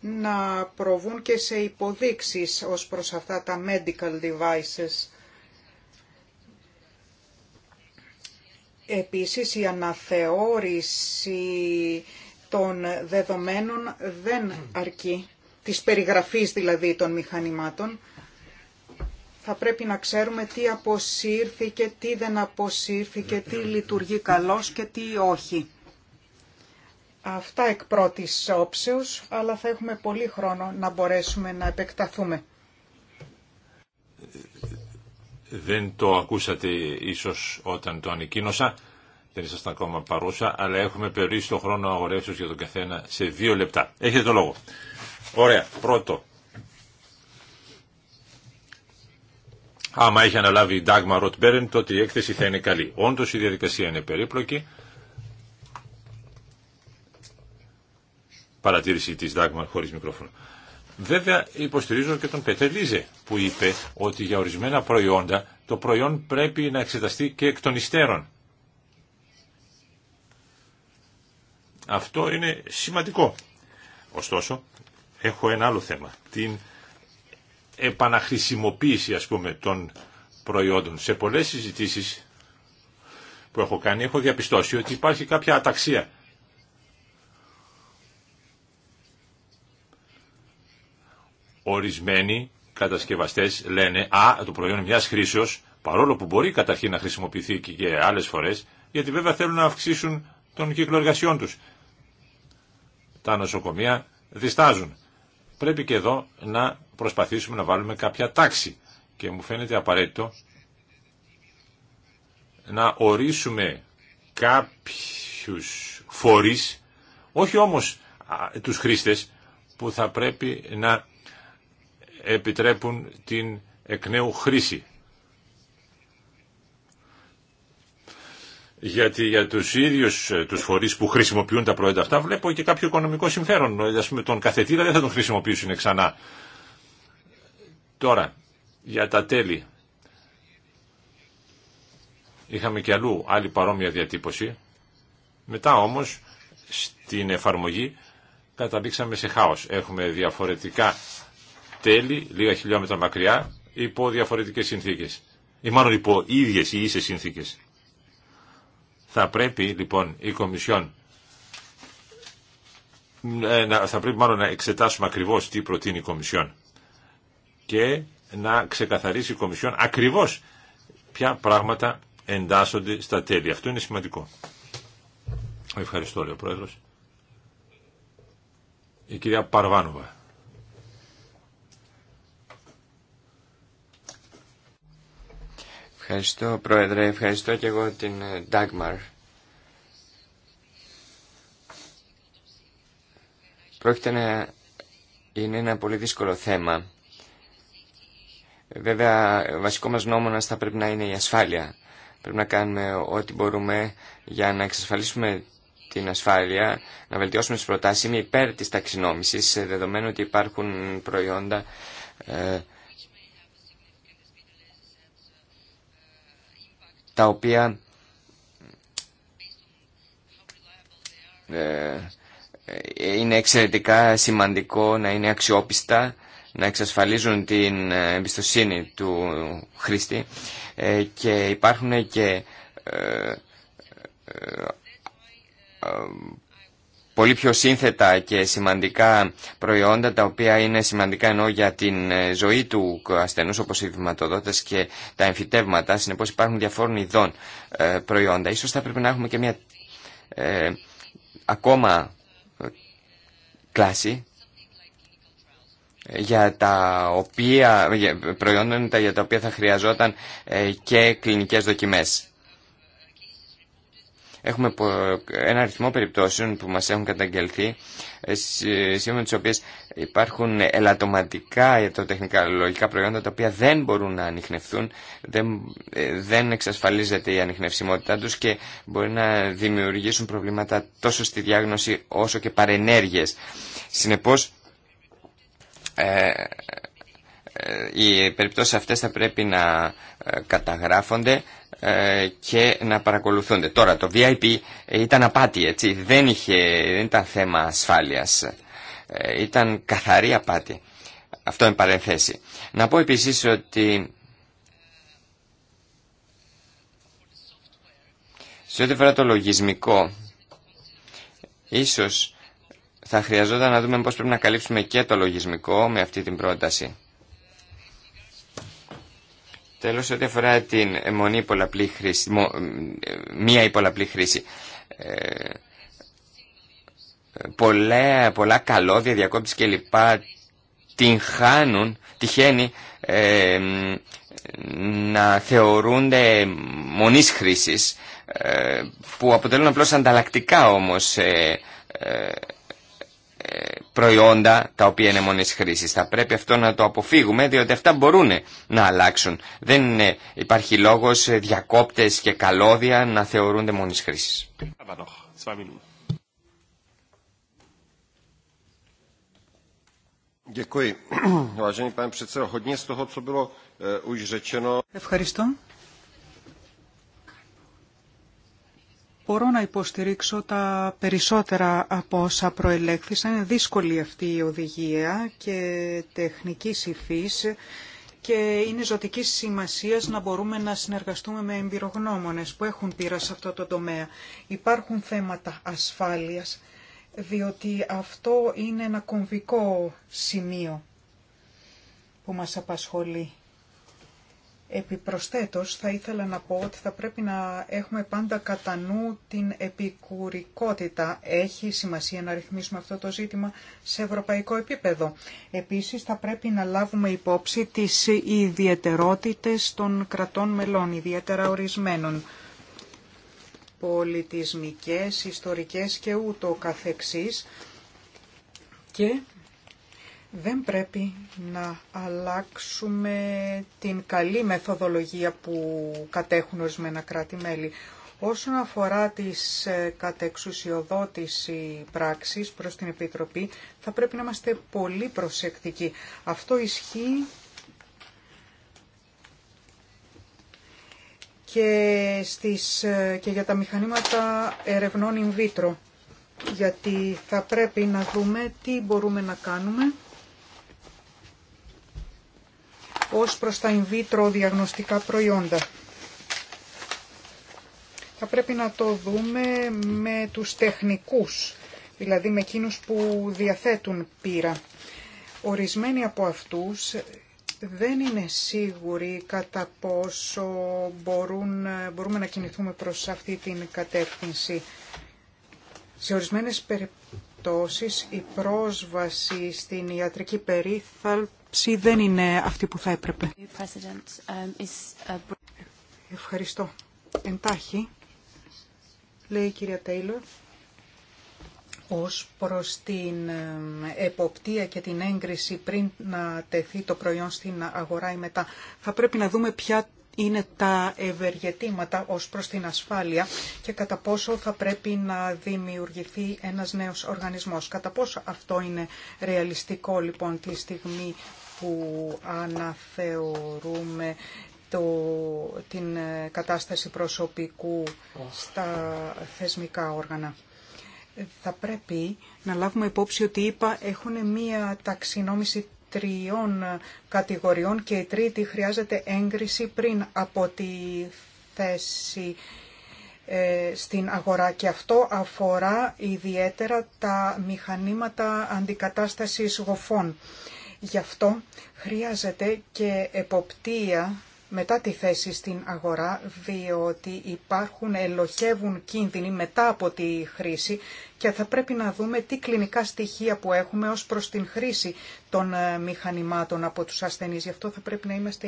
να προβούν και σε υποδείξεις ως προς αυτά τα medical devices. Επίσης η αναθεώρηση των δεδομένων δεν αρκεί, της περιγραφής δηλαδή των μηχανημάτων, θα πρέπει να ξέρουμε τι αποσύρθηκε, τι δεν αποσύρθηκε, τι λειτουργεί καλώς και τι όχι. Αυτά εκ πρώτης όψεως, αλλά θα έχουμε πολύ χρόνο να μπορέσουμε να επεκταθούμε. Δεν το ακούσατε ίσως όταν το ανακοίνωσα, δεν ήσασταν ακόμα παρούσα, αλλά έχουμε περίσσει το χρόνο αγορεύσεως για τον καθένα σε δύο λεπτά. Έχετε το λόγο. Ωραία, πρώτο, άμα έχει αναλάβει η Ντάγμα Ροτμπέρεν, τότε η έκθεση θα είναι καλή. Όντω η διαδικασία είναι περίπλοκη. Παρατήρηση τη Ντάγμα χωρί μικρόφωνο. Βέβαια υποστηρίζω και τον Πέτερ Λίζε που είπε ότι για ορισμένα προϊόντα το προϊόν πρέπει να εξεταστεί και εκ των υστέρων. Αυτό είναι σημαντικό. Ωστόσο, έχω ένα άλλο θέμα. Την επαναχρησιμοποίηση ας πούμε των προϊόντων. Σε πολλές συζητήσεις που έχω κάνει έχω διαπιστώσει ότι υπάρχει κάποια αταξία. Ορισμένοι κατασκευαστές λένε «Α, το προϊόν μιας χρήσεως, παρόλο που μπορεί καταρχήν να χρησιμοποιηθεί και, και άλλες φορές, γιατί βέβαια θέλουν να αυξήσουν τον κύκλο εργασιών τους». Τα νοσοκομεία διστάζουν. Πρέπει και εδώ να προσπαθήσουμε να βάλουμε κάποια τάξη. Και μου φαίνεται απαραίτητο να ορίσουμε κάποιους φορείς, όχι όμως τους χρήστες, που θα πρέπει να επιτρέπουν την εκ νέου χρήση. Γιατί για τους ίδιους ε, τους φορείς που χρησιμοποιούν τα προϊόντα αυτά βλέπω και κάποιο οικονομικό συμφέρον. Ε, α πούμε τον καθετήρα δεν θα τον χρησιμοποιήσουν ξανά Τώρα, για τα τέλη. Είχαμε και αλλού άλλη παρόμοια διατύπωση. Μετά όμως, στην εφαρμογή, καταλήξαμε σε χάος. Έχουμε διαφορετικά τέλη, λίγα χιλιόμετρα μακριά, υπό διαφορετικές συνθήκες. Ή μάλλον υπό ίδιες ή ίσες συνθήκες. Θα πρέπει λοιπόν η Κομισιόν ε, θα πρέπει μάλλον να εξετάσουμε ακριβώς τι προτείνει η Κομισιόν και να ξεκαθαρίσει η Κομισιόν ακριβώς ποια πράγματα εντάσσονται στα τέλη. Αυτό είναι σημαντικό. Ευχαριστώ, λέει ο Πρόεδρος. Η κυρία Παρβάνοβα. Ευχαριστώ, Πρόεδρε. Ευχαριστώ και εγώ την Ντάγμαρ. Ε, Πρόκειται να είναι ένα πολύ δύσκολο θέμα Βέβαια, βασικό μας νόμονα θα πρέπει να είναι η ασφάλεια. Πρέπει να κάνουμε ό,τι μπορούμε για να εξασφαλίσουμε την ασφάλεια, να βελτιώσουμε τις προτάσεις. Είμαι υπέρ της ταξινόμησης, ε, δεδομένου ότι υπάρχουν προϊόντα ε, τα οποία ε, είναι εξαιρετικά σημαντικό να είναι αξιόπιστα να εξασφαλίζουν την ε, εμπιστοσύνη του χρήστη ε, και υπάρχουν και ε, πολύ πιο σύνθετα και σημαντικά προϊόντα τα οποία είναι σημαντικά ενώ για την ζωή του ασθενούς όπως οι βηματοδότες και τα εμφυτεύματα συνεπώς υπάρχουν διαφόρων ειδών προϊόντα ίσως θα πρέπει να έχουμε και μια ακόμα κλάση για τα οποία, προϊόντα για τα οποία θα χρειαζόταν ε, και κλινικές δοκιμές. Έχουμε ένα αριθμό περιπτώσεων που μας έχουν καταγγελθεί, ε, σύμφωνα με τις οποίες υπάρχουν ελαττωματικά ιατροτεχνικά λογικά προϊόντα τα οποία δεν μπορούν να ανοιχνευθούν, δεν, ε, δεν εξασφαλίζεται η ανοιχνευσιμότητά τους και μπορεί να δημιουργήσουν προβλήματα τόσο στη διάγνωση όσο και παρενέργειες. Συνεπώς, ε, ε, οι περιπτώσεις αυτές θα πρέπει να ε, καταγράφονται και να παρακολουθούνται. Τώρα το VIP ήταν απάτη έτσι, δεν, είχε, δεν ήταν θέμα ασφάλειας, ήταν καθαρή απάτη. Αυτό είναι παρενθέση. Να πω επίσης ότι σε ό,τι φορά το λογισμικό ίσως θα χρειαζόταν να δούμε πώς πρέπει να καλύψουμε και το λογισμικό με αυτή την πρόταση. Τέλος, ό,τι αφορά την μονή πολλαπλή χρήση, ε, μία ή πολλαπλή χρήση, ε, πολλά, πολλά καλώδια, διακόπτης και λοιπά, την χάνουν, τυχαίνει ε, να θεωρούνται μονής χρήσης, ε, που αποτελούν απλώς ανταλλακτικά όμως ε, προϊόντα τα οποία είναι μόνες χρήσης. Θα πρέπει αυτό να το αποφύγουμε διότι αυτά μπορούν να αλλάξουν. Δεν είναι, υπάρχει λόγος ε, διακόπτες και καλώδια να θεωρούνται μόνες χρήσης. Eh, Ευχαριστώ. Μπορώ να υποστηρίξω τα περισσότερα από όσα προελέχθησαν. Είναι δύσκολη αυτή η οδηγία και τεχνική Υφή και είναι ζωτική σημασία να μπορούμε να συνεργαστούμε με εμπειρογνώμονε που έχουν πείρα σε αυτό το τομέα. Υπάρχουν θέματα ασφάλεια διότι αυτό είναι ένα κομβικό σημείο που μας απασχολεί. Επιπροσθέτως, θα ήθελα να πω ότι θα πρέπει να έχουμε πάντα κατά νου την επικουρικότητα. Έχει σημασία να ρυθμίσουμε αυτό το ζήτημα σε ευρωπαϊκό επίπεδο. Επίσης, θα πρέπει να λάβουμε υπόψη τις ιδιαιτερότητες των κρατών μελών, ιδιαίτερα ορισμένων πολιτισμικές, ιστορικές και ούτω καθεξής και δεν πρέπει να αλλάξουμε την καλή μεθοδολογία που κατέχουν ορισμένα κράτη-μέλη. Όσον αφορά τις ε, κατεξουσιοδότηση πράξης προς την Επιτροπή, θα πρέπει να είμαστε πολύ προσεκτικοί. Αυτό ισχύει και, στις, ε, και για τα μηχανήματα ερευνών in vitro, γιατί θα πρέπει να δούμε τι μπορούμε να κάνουμε ως προς τα in vitro διαγνωστικά προϊόντα. Θα πρέπει να το δούμε με τους τεχνικούς, δηλαδή με εκείνους που διαθέτουν πύρα. Ορισμένοι από αυτούς δεν είναι σίγουροι κατά πόσο μπορούν, μπορούμε να κινηθούμε προς αυτή την κατεύθυνση. Σε ορισμένες περιπτώσεις η πρόσβαση στην ιατρική περίθαλψη δεν είναι αυτή που θα έπρεπε. Um, uh, Ευχαριστώ. Εντάχει, λέει η κυρία Τέιλορ, ως προς την ε, εποπτεία και την έγκριση πριν να τεθεί το προϊόν στην αγορά ή μετά. Θα πρέπει να δούμε ποια είναι τα ευεργετήματα ως προς την ασφάλεια και κατά πόσο θα πρέπει να δημιουργηθεί ένας νέος οργανισμός. Κατά πόσο αυτό είναι ρεαλιστικό λοιπόν τη στιγμή που αναθεωρούμε το, την κατάσταση προσωπικού στα θεσμικά όργανα. Θα πρέπει να λάβουμε υπόψη ότι είπα έχουν μία ταξινόμηση τριών κατηγοριών και η τρίτη χρειάζεται έγκριση πριν από τη θέση ε, στην αγορά και αυτό αφορά ιδιαίτερα τα μηχανήματα αντικατάστασης γοφών. Γι' αυτό χρειάζεται και εποπτεία μετά τη θέση στην αγορά, διότι υπάρχουν, ελοχεύουν κίνδυνοι μετά από τη χρήση και θα πρέπει να δούμε τι κλινικά στοιχεία που έχουμε ως προς την χρήση των ε, μηχανημάτων από τους ασθενείς. Γι' αυτό θα πρέπει να είμαστε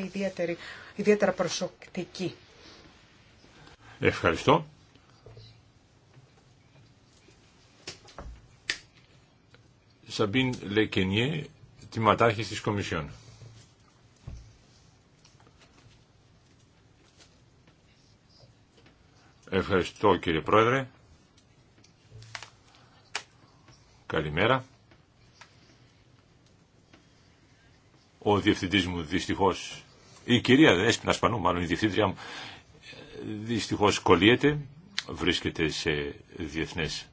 ιδιαίτερα προσωπικοί. Ευχαριστώ. Σαμπίν Λεκενιέ τιματάρχης της Κομισιόν. Ευχαριστώ κύριε Πρόεδρε. Καλημέρα. Ο διευθυντής μου δυστυχώς, η κυρία Δέσποινα Σπανού, μάλλον η διευθύντρια μου, δυστυχώς κολλείεται, βρίσκεται σε διεθνές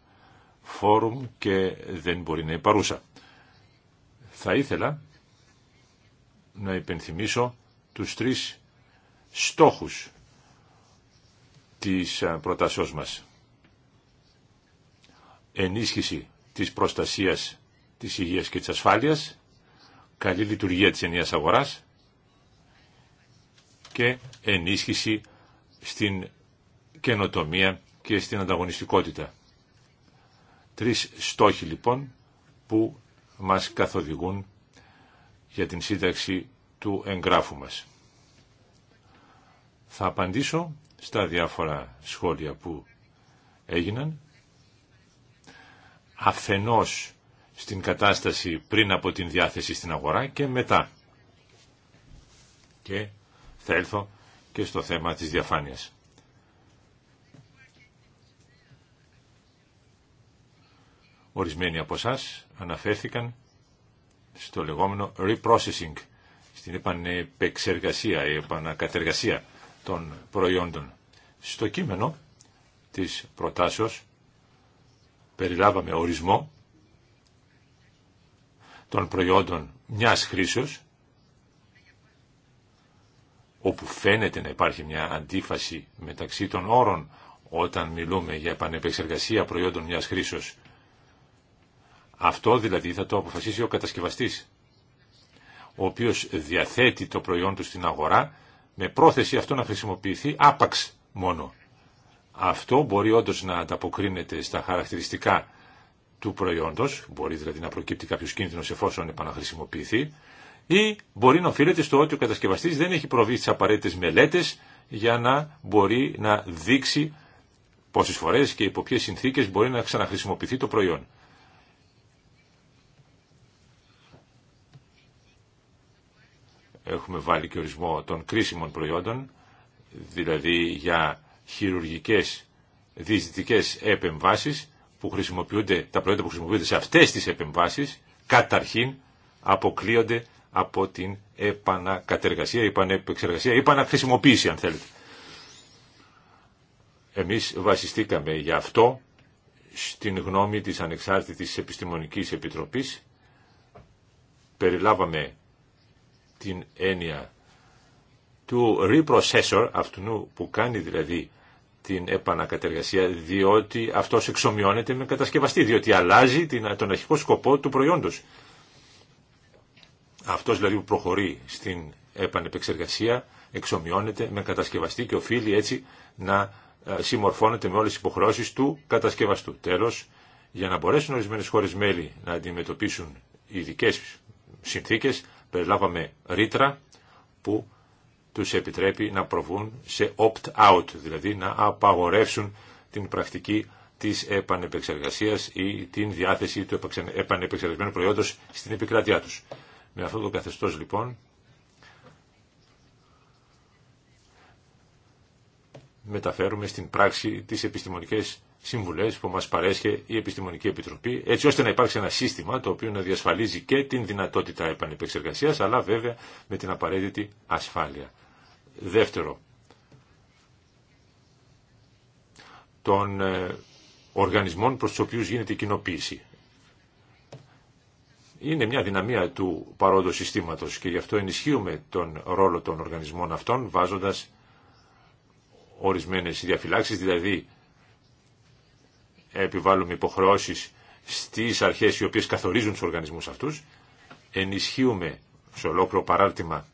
φόρουμ και δεν μπορεί να είναι παρούσα. Θα ήθελα να υπενθυμίσω τους τρεις στόχους της προτασός μας. Ενίσχυση της προστασίας της υγείας και της ασφάλειας, καλή λειτουργία της ενιαίας αγοράς και ενίσχυση στην καινοτομία και στην ανταγωνιστικότητα. Τρεις στόχοι λοιπόν που μας καθοδηγούν για την σύνταξη του εγγράφου μας. Θα απαντήσω στα διάφορα σχόλια που έγιναν. Αφενός στην κατάσταση πριν από την διάθεση στην αγορά και μετά. Και θα έλθω και στο θέμα της διαφάνειας. Ορισμένοι από εσά αναφέρθηκαν στο λεγόμενο reprocessing, στην επανεπεξεργασία, η επανακατεργασία των προϊόντων. Στο κείμενο της προτάσεως περιλάβαμε ορισμό των προϊόντων μιας χρήσεως, όπου φαίνεται να υπάρχει μια αντίφαση μεταξύ των όρων όταν μιλούμε για επανεπεξεργασία προϊόντων μιας χρήσεως αυτό δηλαδή θα το αποφασίσει ο κατασκευαστής, ο οποίος διαθέτει το προϊόν του στην αγορά με πρόθεση αυτό να χρησιμοποιηθεί άπαξ μόνο. Αυτό μπορεί όντω να ανταποκρίνεται στα χαρακτηριστικά του προϊόντος, μπορεί δηλαδή να προκύπτει κάποιος κίνδυνος εφόσον επαναχρησιμοποιηθεί, ή μπορεί να οφείλεται στο ότι ο κατασκευαστής δεν έχει προβεί τις απαραίτητες μελέτες για να μπορεί να δείξει πόσες φορές και υπό ποιες συνθήκες μπορεί να ξαναχρησιμοποιηθεί το προϊόν. Έχουμε βάλει και ορισμό των κρίσιμων προϊόντων, δηλαδή για χειρουργικές διαιτητικές επεμβάσεις που χρησιμοποιούνται, τα προϊόντα που χρησιμοποιούνται σε αυτές τις επεμβάσεις καταρχήν αποκλείονται από την επανακατεργασία, επανεπεξεργασία, επαναχρησιμοποίηση αν θέλετε. Εμείς βασιστήκαμε γι' αυτό στην γνώμη της Ανεξάρτητης Επιστημονικής Επιτροπής περιλάβαμε την έννοια του reprocessor, αυτού που κάνει δηλαδή την επανακατεργασία, διότι αυτός εξομοιώνεται με κατασκευαστή, διότι αλλάζει τον αρχικό σκοπό του προϊόντος. Αυτός δηλαδή που προχωρεί στην επανεπεξεργασία εξομοιώνεται με κατασκευαστή και οφείλει έτσι να ε, συμμορφώνεται με όλες τις υποχρεώσεις του κατασκευαστού. Τέλος, για να μπορέσουν ορισμένες χώρες μέλη να αντιμετωπίσουν ειδικέ συνθήκες, περιλάβαμε ρήτρα που τους επιτρέπει να προβούν σε opt-out, δηλαδή να απαγορεύσουν την πρακτική της επανεπεξεργασίας ή την διάθεση του επανεπεξεργασμένου προϊόντος στην επικράτειά τους. Με αυτό το καθεστώς λοιπόν μεταφέρουμε στην πράξη τις επιστημονικές συμβουλές που μας παρέσχε η Επιστημονική Επιτροπή, έτσι ώστε να υπάρξει ένα σύστημα το οποίο να διασφαλίζει και την δυνατότητα επανεπεξεργασίας, αλλά βέβαια με την απαραίτητη ασφάλεια. Δεύτερο, των ε, οργανισμών προς τους οποίους γίνεται η κοινοποίηση. Είναι μια δυναμία του παρόντος συστήματος και γι' αυτό ενισχύουμε τον ρόλο των οργανισμών αυτών βάζοντας ορισμένες διαφυλάξεις, δηλαδή επιβάλλουμε υποχρεώσεις στις αρχές οι οποίες καθορίζουν τους οργανισμούς αυτούς, ενισχύουμε σε ολόκληρο παράρτημα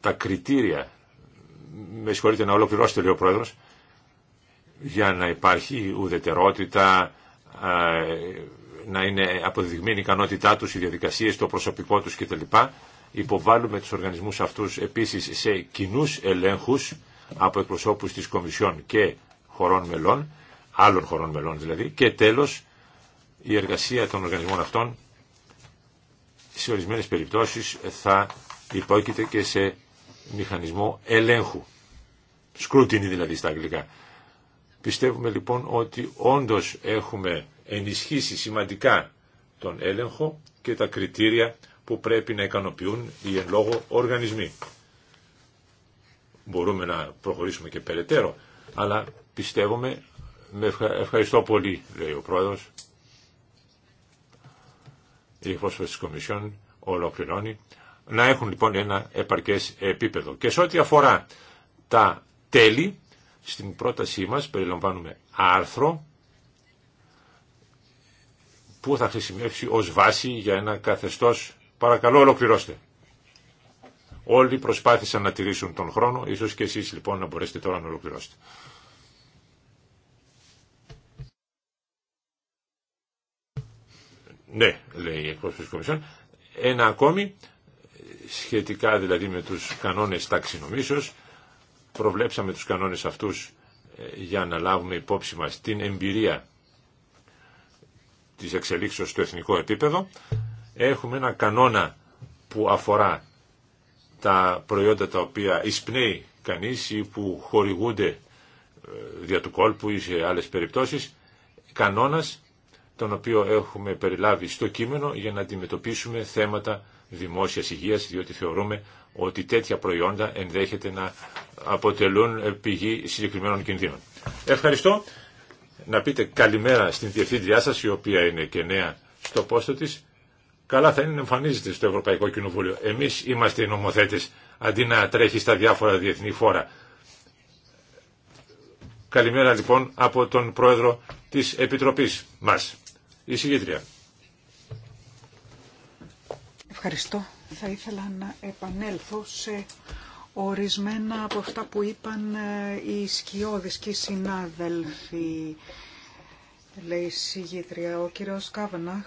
τα κριτήρια, με συγχωρείτε να ολοκληρώσετε λέει ο Πρόεδρος, για να υπάρχει ουδετερότητα, να είναι αποδειγμένη η ικανότητά τους, οι διαδικασίες, το προσωπικό τους κτλ. Υποβάλλουμε τους οργανισμούς αυτούς επίσης σε κοινού ελέγχους από εκπροσώπους της Κομισιόν και χωρών μελών άλλων χωρών μελών δηλαδή, και τέλος η εργασία των οργανισμών αυτών σε ορισμένες περιπτώσεις θα υπόκειται και σε μηχανισμό ελέγχου. Σκρούτινη δηλαδή στα αγγλικά. Πιστεύουμε λοιπόν ότι όντως έχουμε ενισχύσει σημαντικά τον έλεγχο και τα κριτήρια που πρέπει να ικανοποιούν οι εν λόγω οργανισμοί. Μπορούμε να προχωρήσουμε και περαιτέρω, αλλά πιστεύουμε ναι, ευχαριστώ πολύ, λέει ο πρόεδρος. Η υπόσχεση της Κομισιόν ολοκληρώνει. Να έχουν λοιπόν ένα επαρκές επίπεδο. Και σε ό,τι αφορά τα τέλη, στην πρότασή μας περιλαμβάνουμε άρθρο που θα χρησιμεύσει ως βάση για ένα καθεστώς. Παρακαλώ ολοκληρώστε. Όλοι προσπάθησαν να τηρήσουν τον χρόνο, ίσως και εσείς λοιπόν να μπορέσετε τώρα να ολοκληρώσετε. Ναι, λέει η εκπρόσωπη τη Κομισιόν. Ένα ακόμη, σχετικά δηλαδή με τους κανόνες ταξινομήσεω, προβλέψαμε τους κανόνες αυτούς ε, για να λάβουμε υπόψη μα την εμπειρία της εξελίξεως στο εθνικό επίπεδο. Έχουμε ένα κανόνα που αφορά τα προϊόντα τα οποία εισπνέει κανείς ή που χορηγούνται ε, δια του κόλπου ή σε άλλες περιπτώσεις, κανόνας τον οποίο έχουμε περιλάβει στο κείμενο για να αντιμετωπίσουμε θέματα δημόσιας υγείας, διότι θεωρούμε ότι τέτοια προϊόντα ενδέχεται να αποτελούν πηγή συγκεκριμένων κινδύνων. Ευχαριστώ. Να πείτε καλημέρα στην διευθύντριά σας, η οποία είναι και νέα στο πόστο της. Καλά θα είναι να εμφανίζεται στο Ευρωπαϊκό Κοινοβούλιο. Εμείς είμαστε οι νομοθέτες, αντί να τρέχει στα διάφορα διεθνή φόρα. Καλημέρα λοιπόν από τον Πρόεδρο της Επιτροπής μας η Ευχαριστώ. Θα ήθελα να επανέλθω σε ορισμένα από αυτά που είπαν ε, οι σκιώδεις και οι συνάδελφοι. Λέει η συγγήτρια, ο κύριος Κάβναχ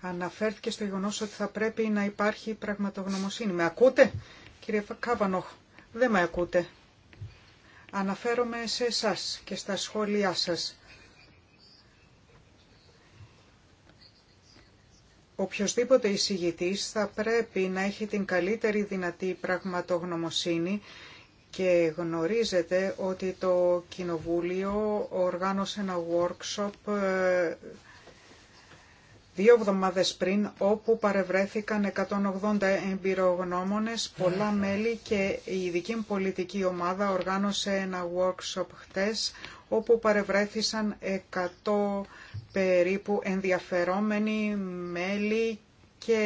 αναφέρθηκε στο γεγονό ότι θα πρέπει να υπάρχει πραγματογνωμοσύνη. Με ακούτε, κύριε Κάβανοχ, δεν με ακούτε. Αναφέρομαι σε εσά και στα σχόλιά σας. οποιοδήποτε εισηγητής θα πρέπει να έχει την καλύτερη δυνατή πραγματογνωμοσύνη και γνωρίζετε ότι το Κοινοβούλιο οργάνωσε ένα workshop ε, δύο εβδομάδες πριν όπου παρευρέθηκαν 180 εμπειρογνώμονες, πολλά μέλη και η δική μου πολιτική ομάδα οργάνωσε ένα workshop χτες όπου παρευρέθησαν 100 περίπου ενδιαφερόμενοι μέλη και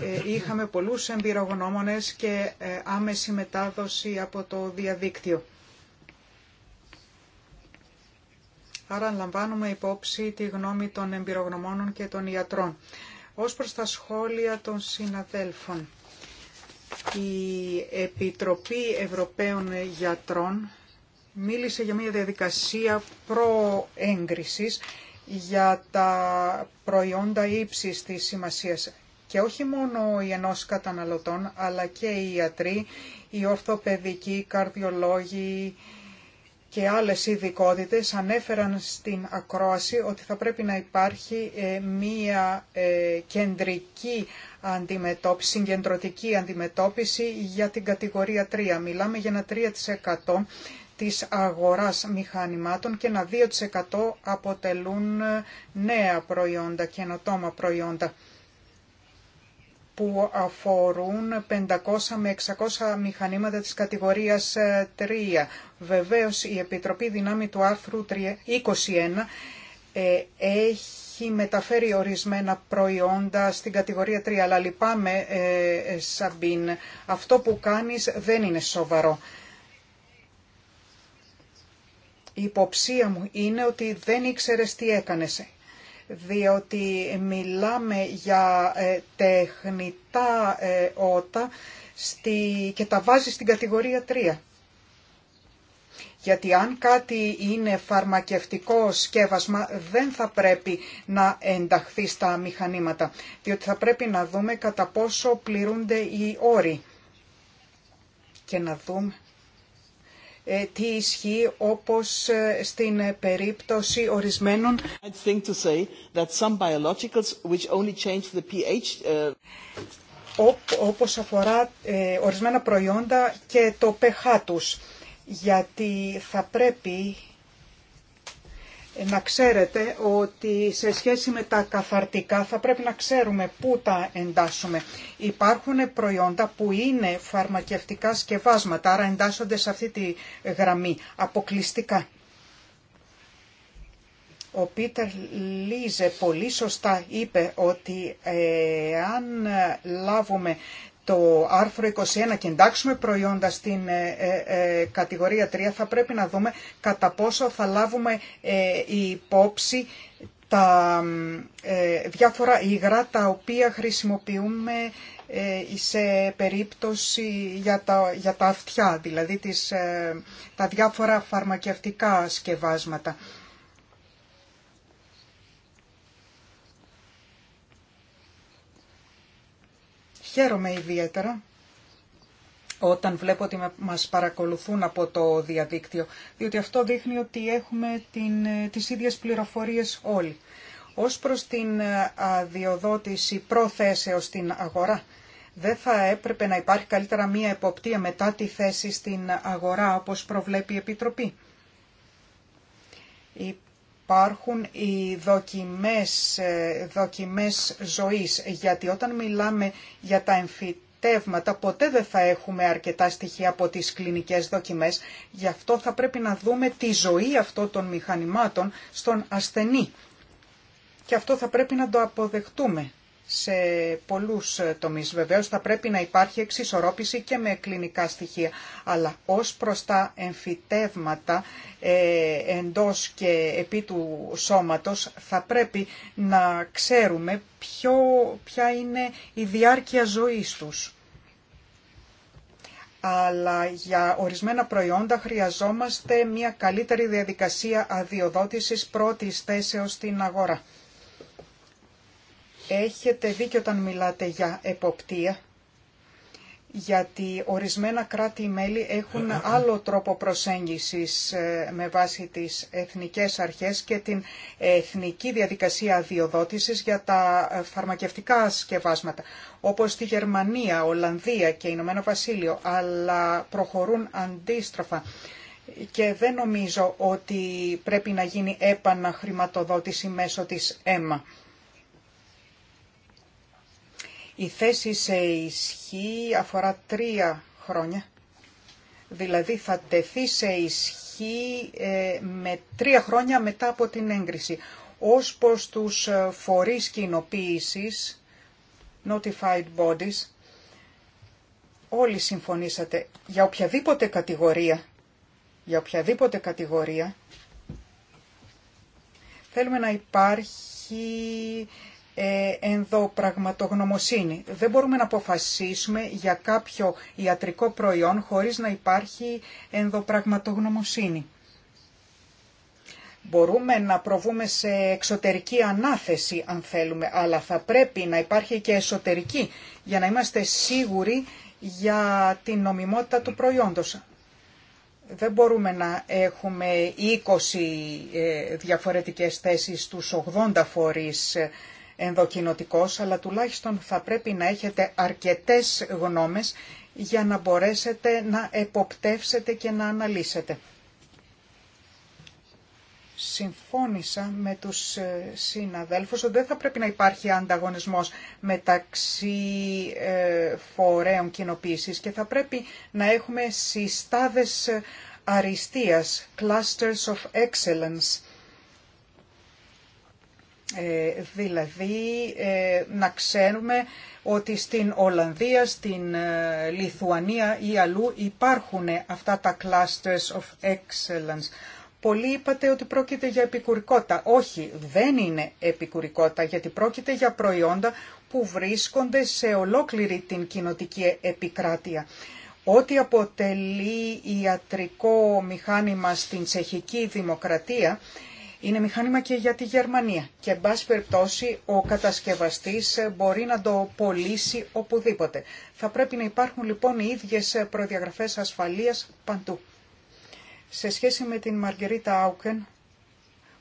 ε, είχαμε πολλούς εμπειρογνώμονες και ε, άμεση μετάδοση από το διαδίκτυο. Άρα λαμβάνουμε υπόψη τη γνώμη των εμπειρογνωμόνων και των ιατρών. Ως προς τα σχόλια των συναδέλφων, η Επιτροπή Ευρωπαίων Γιατρών μίλησε για μια διαδικασία προέγκρισης για τα προϊόντα ύψης της σημασίας. Και όχι μόνο οι ενός καταναλωτών, αλλά και οι ιατροί, οι ορθοπαιδικοί, οι καρδιολόγοι και άλλες ειδικότητε ανέφεραν στην ακρόαση ότι θα πρέπει να υπάρχει ε, μία ε, κεντρική αντιμετώπιση, συγκεντρωτική αντιμετώπιση για την κατηγορία 3. Μιλάμε για ένα 3% της αγοράς μηχανημάτων και ένα 2% αποτελούν νέα προϊόντα, καινοτόμα προϊόντα που αφορούν 500 με 600 μηχανήματα της κατηγορίας 3. Ε, Βεβαίως η Επιτροπή Δυνάμει του άρθρου 21 ε, έχει μεταφέρει ορισμένα προϊόντα στην κατηγορία 3, αλλά λυπάμαι ε, Σαμπίν, αυτό που κάνεις δεν είναι σοβαρό. Η υποψία μου είναι ότι δεν ήξερες τι έκανες, διότι μιλάμε για ε, τεχνητά ε, ότα στη, και τα βάζεις στην κατηγορία 3. Γιατί αν κάτι είναι φαρμακευτικό σκεύασμα δεν θα πρέπει να ενταχθεί στα μηχανήματα, διότι θα πρέπει να δούμε κατά πόσο πληρούνται οι όροι και να δούμε ε, τι ισχύει όπως ε, στην ε, περίπτωση ορισμένων όπως αφορά ορισμένα προϊόντα και το pH τους γιατί θα πρέπει να ξέρετε ότι σε σχέση με τα καθαρτικά θα πρέπει να ξέρουμε πού τα εντάσσουμε. Υπάρχουν προϊόντα που είναι φαρμακευτικά σκευάσματα, άρα εντάσσονται σε αυτή τη γραμμή αποκλειστικά. Ο Πίτερ Λίζε πολύ σωστά είπε ότι αν λάβουμε το άρθρο 21 και εντάξουμε προϊόντα στην ε, ε, ε, κατηγορία 3 θα πρέπει να δούμε κατά πόσο θα λάβουμε υπόψη τα διάφορα υγρά τα οποία χρησιμοποιούμε σε περίπτωση για τα, για τα αυτιά, δηλαδή τις, τα διάφορα φαρμακευτικά σκευάσματα. Χαίρομαι ιδιαίτερα όταν βλέπω ότι μας παρακολουθούν από το διαδίκτυο, διότι αυτό δείχνει ότι έχουμε την, τις ίδιες πληροφορίες όλοι. Ως προς την ε, αδειοδότηση προθέσεως στην αγορά, δεν θα έπρεπε να υπάρχει καλύτερα μία εποπτεία μετά τη θέση στην αγορά, όπως προβλέπει η Επιτροπή υπάρχουν οι δοκιμές, ε, δοκιμές ζωής, γιατί όταν μιλάμε για τα εμφυτεύματα ποτέ δεν θα έχουμε αρκετά στοιχεία από τις κλινικές δοκιμές, γι' αυτό θα πρέπει να δούμε τη ζωή αυτών των μηχανημάτων στον ασθενή. Και αυτό θα πρέπει να το αποδεχτούμε σε πολλούς τομείς. Βεβαίως θα πρέπει να υπάρχει εξισορρόπηση και με κλινικά στοιχεία, αλλά ως προς τα εμφυτεύματα ε, εντός και επί του σώματος θα πρέπει να ξέρουμε ποια είναι η διάρκεια ζωής τους. Αλλά για ορισμένα προϊόντα χρειαζόμαστε μια καλύτερη διαδικασία αδειοδότησης πρώτης θέσεως στην αγορά. Έχετε δίκιο όταν μιλάτε για εποπτεία, γιατί ορισμένα κράτη-μέλη έχουν άλλο τρόπο προσέγγισης ε, με βάση τις εθνικές αρχές και την εθνική διαδικασία αδειοδότησης για τα ε, φαρμακευτικά σκευάσματα, όπως στη Γερμανία, Ολλανδία και Ηνωμένο Βασίλειο, αλλά προχωρούν αντίστροφα. Και δεν νομίζω ότι πρέπει να γίνει επαναχρηματοδότηση μέσω της ΕΜΑ. Η θέση σε ισχύ αφορά τρία χρόνια, δηλαδή θα τεθεί σε ισχύ ε, με τρία χρόνια μετά από την έγκριση. Ως προς τους ε, φορείς κοινοποίησης, notified bodies, όλοι συμφωνήσατε για οποιαδήποτε κατηγορία, για οποιαδήποτε κατηγορία, θέλουμε να υπάρχει ε, ενδοπραγματογνωμοσύνη. Δεν μπορούμε να αποφασίσουμε για κάποιο ιατρικό προϊόν χωρίς να υπάρχει ενδοπραγματογνωμοσύνη. Μπορούμε να προβούμε σε εξωτερική ανάθεση αν θέλουμε, αλλά θα πρέπει να υπάρχει και εσωτερική για να είμαστε σίγουροι για την νομιμότητα του προϊόντος. Δεν μπορούμε να έχουμε 20 ε, διαφορετικές θέσεις στους 80 φορείς ε, ενδοκινοτικός, αλλά τουλάχιστον θα πρέπει να έχετε αρκετές γνώμες για να μπορέσετε να εποπτεύσετε και να αναλύσετε. Συμφώνησα με τους ε, συναδέλφους ότι δεν θα πρέπει να υπάρχει ανταγωνισμός μεταξύ ε, φορέων κοινοποίησης και θα πρέπει να έχουμε συστάδες ε, αριστείας, clusters of excellence, ε, δηλαδή ε, να ξέρουμε ότι στην Ολλανδία, στην ε, Λιθουανία ή αλλού υπάρχουν αυτά τα clusters of excellence. Πολλοί είπατε ότι πρόκειται για επικουρικότητα. Όχι, δεν είναι επικουρικότητα γιατί πρόκειται για προϊόντα που βρίσκονται σε ολόκληρη την κοινοτική επικράτεια. Ό,τι αποτελεί ιατρικό μηχάνημα στην τσεχική δημοκρατία είναι μηχάνημα και για τη Γερμανία και εν πάση περιπτώσει ο κατασκευαστής μπορεί να το πωλήσει οπουδήποτε. Θα πρέπει να υπάρχουν λοιπόν οι ίδιες προδιαγραφές ασφαλείας παντού. Σε σχέση με την Μαργκερίτα Άουκεν,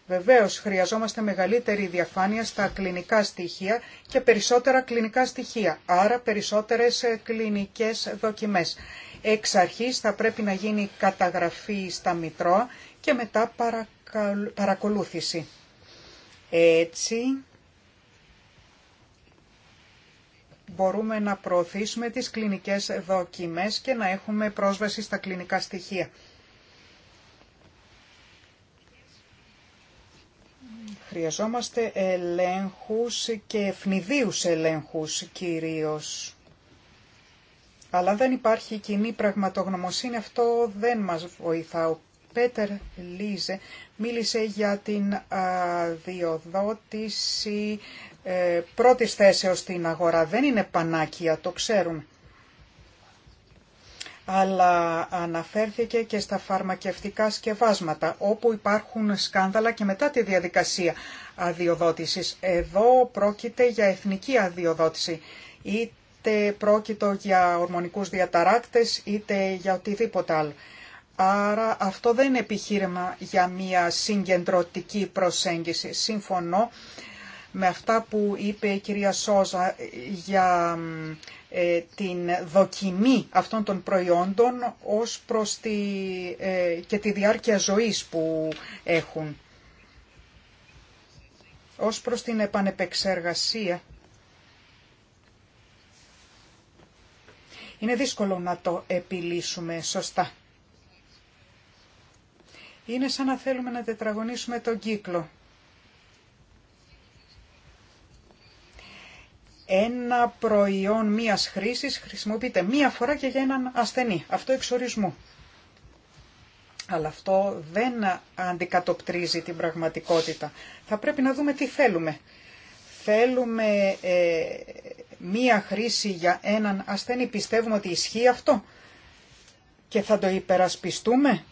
βεβαίως χρειαζόμαστε μεγαλύτερη διαφάνεια στα κλινικά στοιχεία και περισσότερα κλινικά στοιχεία, άρα περισσότερες κλινικές δοκιμές. Εξ αρχής θα πρέπει να γίνει καταγραφή στα Μητρώα και μετά παρακολουθεί παρακολούθηση. Έτσι μπορούμε να προωθήσουμε τις κλινικές δοκιμές και να έχουμε πρόσβαση στα κλινικά στοιχεία. Χρειαζόμαστε ελέγχους και ευνηδίους ελέγχους κυρίως. Αλλά δεν υπάρχει κοινή πραγματογνωμοσύνη, αυτό δεν μας βοηθά. Πέτερ Λίζε μίλησε για την αδειοδότηση ε, πρώτης θέσεως στην αγορά. Δεν είναι πανάκια, το ξέρουν. Αλλά αναφέρθηκε και στα φαρμακευτικά σκευάσματα, όπου υπάρχουν σκάνδαλα και μετά τη διαδικασία αδειοδότησης. Εδώ πρόκειται για εθνική αδειοδότηση. Είτε πρόκειτο για ορμονικούς διαταράκτες, είτε για οτιδήποτε άλλο. Άρα αυτό δεν είναι επιχείρημα για μια συγκεντρωτική προσέγγιση. Σύμφωνο με αυτά που είπε η κυρία Σόζα για ε, την δοκιμή αυτών των προϊόντων ως προς τη, ε, και τη διάρκεια ζωής που έχουν. Ως προς την επανεπεξεργασία. Είναι δύσκολο να το επιλύσουμε σωστά είναι σαν να θέλουμε να τετραγωνίσουμε τον κύκλο. Ένα προϊόν μίας χρήσης χρησιμοποιείται μία φορά και για έναν ασθενή. Αυτό εξορισμού. Αλλά αυτό δεν αντικατοπτρίζει την πραγματικότητα. Θα πρέπει να δούμε τι θέλουμε. Θέλουμε ε, μία χρήση για έναν ασθενή. Πιστεύουμε ότι ισχύει αυτό και θα το υπερασπιστούμε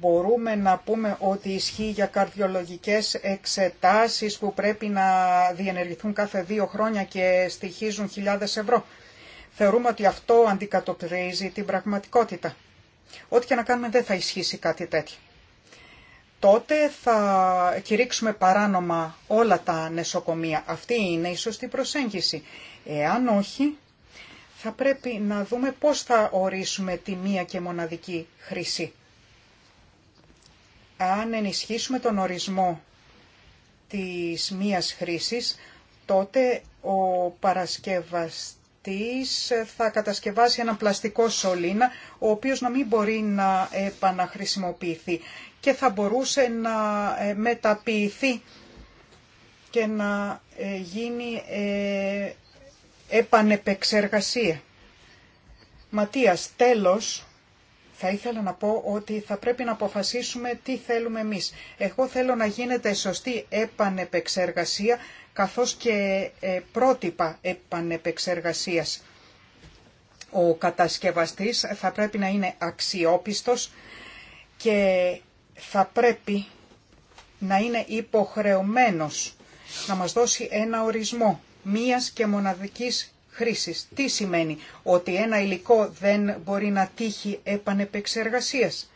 μπορούμε να πούμε ότι ισχύει για καρδιολογικές εξετάσεις που πρέπει να διενεργηθούν κάθε δύο χρόνια και στοιχίζουν χιλιάδες ευρώ. Θεωρούμε ότι αυτό αντικατοπτρίζει την πραγματικότητα. Ό,τι και να κάνουμε δεν θα ισχύσει κάτι τέτοιο. Τότε θα κηρύξουμε παράνομα όλα τα νεσοκομεία. Αυτή είναι η σωστή προσέγγιση. Εάν όχι, θα πρέπει να δούμε πώς θα ορίσουμε τη μία και μοναδική χρήση αν ενισχύσουμε τον ορισμό της μίας χρήσης, τότε ο παρασκευαστής θα κατασκευάσει ένα πλαστικό σωλήνα, ο οποίος να μην μπορεί να επαναχρησιμοποιηθεί και θα μπορούσε να ε, μεταποιηθεί και να ε, γίνει ε, επανεπεξεργασία. Ματίας, τέλος, θα ήθελα να πω ότι θα πρέπει να αποφασίσουμε τι θέλουμε εμείς. Εγώ θέλω να γίνεται σωστή επανεπεξεργασία καθώς και ε, πρότυπα επανεπεξεργασίας. Ο κατασκευαστής θα πρέπει να είναι αξιόπιστος και θα πρέπει να είναι υποχρεωμένος να μας δώσει ένα ορισμό μίας και μοναδικής χρήσης. Τι σημαίνει ότι ένα υλικό δεν μπορεί να τύχει επανεπεξεργασίας.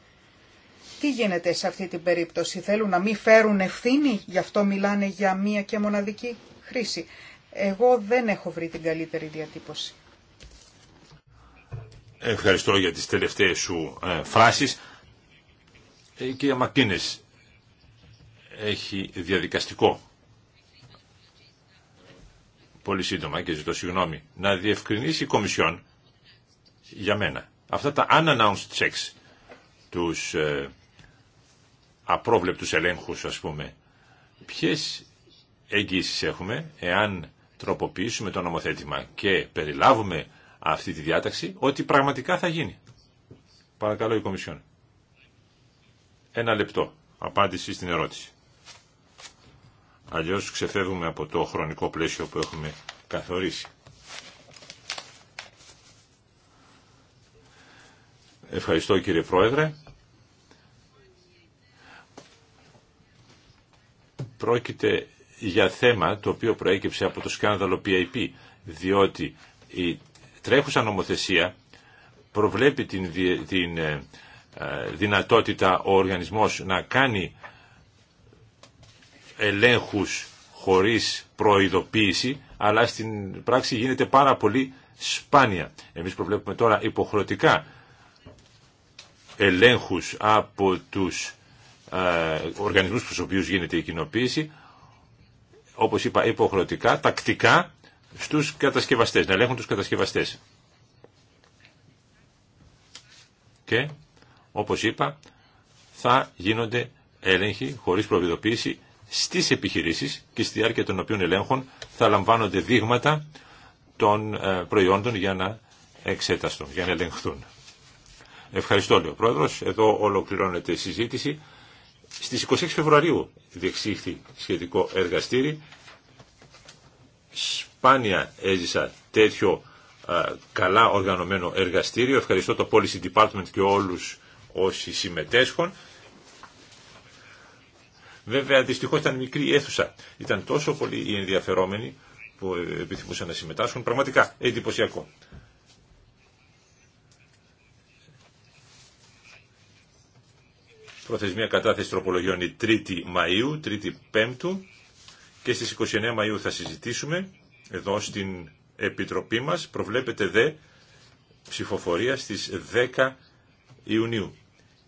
Τι γίνεται σε αυτή την περίπτωση, θέλουν να μην φέρουν ευθύνη, γι' αυτό μιλάνε για μία και μοναδική χρήση. Εγώ δεν έχω βρει την καλύτερη διατύπωση. Ευχαριστώ για τις τελευταίες σου ε, φράσεις. Ε, η κυρία Μακίνες έχει διαδικαστικό πολύ σύντομα και ζητώ συγγνώμη, να διευκρινίσει η Κομισιόν για μένα αυτά τα unannounced checks, τους ε, απρόβλεπτους ελέγχους ας πούμε. Ποιες εγγύσεις έχουμε εάν τροποποιήσουμε το νομοθέτημα και περιλάβουμε αυτή τη διάταξη ότι πραγματικά θα γίνει. Παρακαλώ η Κομισιόν. Ένα λεπτό. Απάντηση στην ερώτηση. Αλλιώς ξεφεύγουμε από το χρονικό πλαίσιο που έχουμε καθορίσει. Ευχαριστώ κύριε Πρόεδρε. Πρόκειται για θέμα το οποίο προέκυψε από το σκάνδαλο PIP, διότι η τρέχουσα νομοθεσία προβλέπει την, ε, δυνατότητα ο οργανισμός να κάνει ελέγχους χωρίς προειδοποίηση, αλλά στην πράξη γίνεται πάρα πολύ σπάνια. Εμείς προβλέπουμε τώρα υποχρεωτικά ελέγχους από τους ε, οργανισμούς προς οποίους γίνεται η κοινοποίηση, όπως είπα υποχρεωτικά, τακτικά στους κατασκευαστές, να ελέγχουν τους κατασκευαστές. Και, όπως είπα, θα γίνονται έλεγχοι χωρίς προειδοποίηση στις επιχειρήσεις και στη διάρκεια των οποίων ελέγχων θα λαμβάνονται δείγματα των ε, προϊόντων για να εξέταστον, για να ελεγχθούν. Ευχαριστώ, λέει ο Πρόεδρος. Εδώ ολοκληρώνεται η συζήτηση. Στις 26 Φεβρουαρίου διεξήχθη σχετικό εργαστήρι. Σπάνια έζησα τέτοιο ε, καλά οργανωμένο εργαστήριο. Ευχαριστώ το Policy Department και όλους όσοι συμμετέσχουν. Βέβαια, δυστυχώ ήταν μικρή αίθουσα. Ήταν τόσο πολύ οι ενδιαφερόμενοι που επιθυμούσαν να συμμετάσχουν. Πραγματικά εντυπωσιακό. Προθεσμία κατάθεση τροπολογιών η 3η Μαΐου, 3η Πέμπτου και στις 29 Μαΐου θα συζητήσουμε εδώ στην Επιτροπή μας. Προβλέπεται δε ψηφοφορία στις 10 Ιουνίου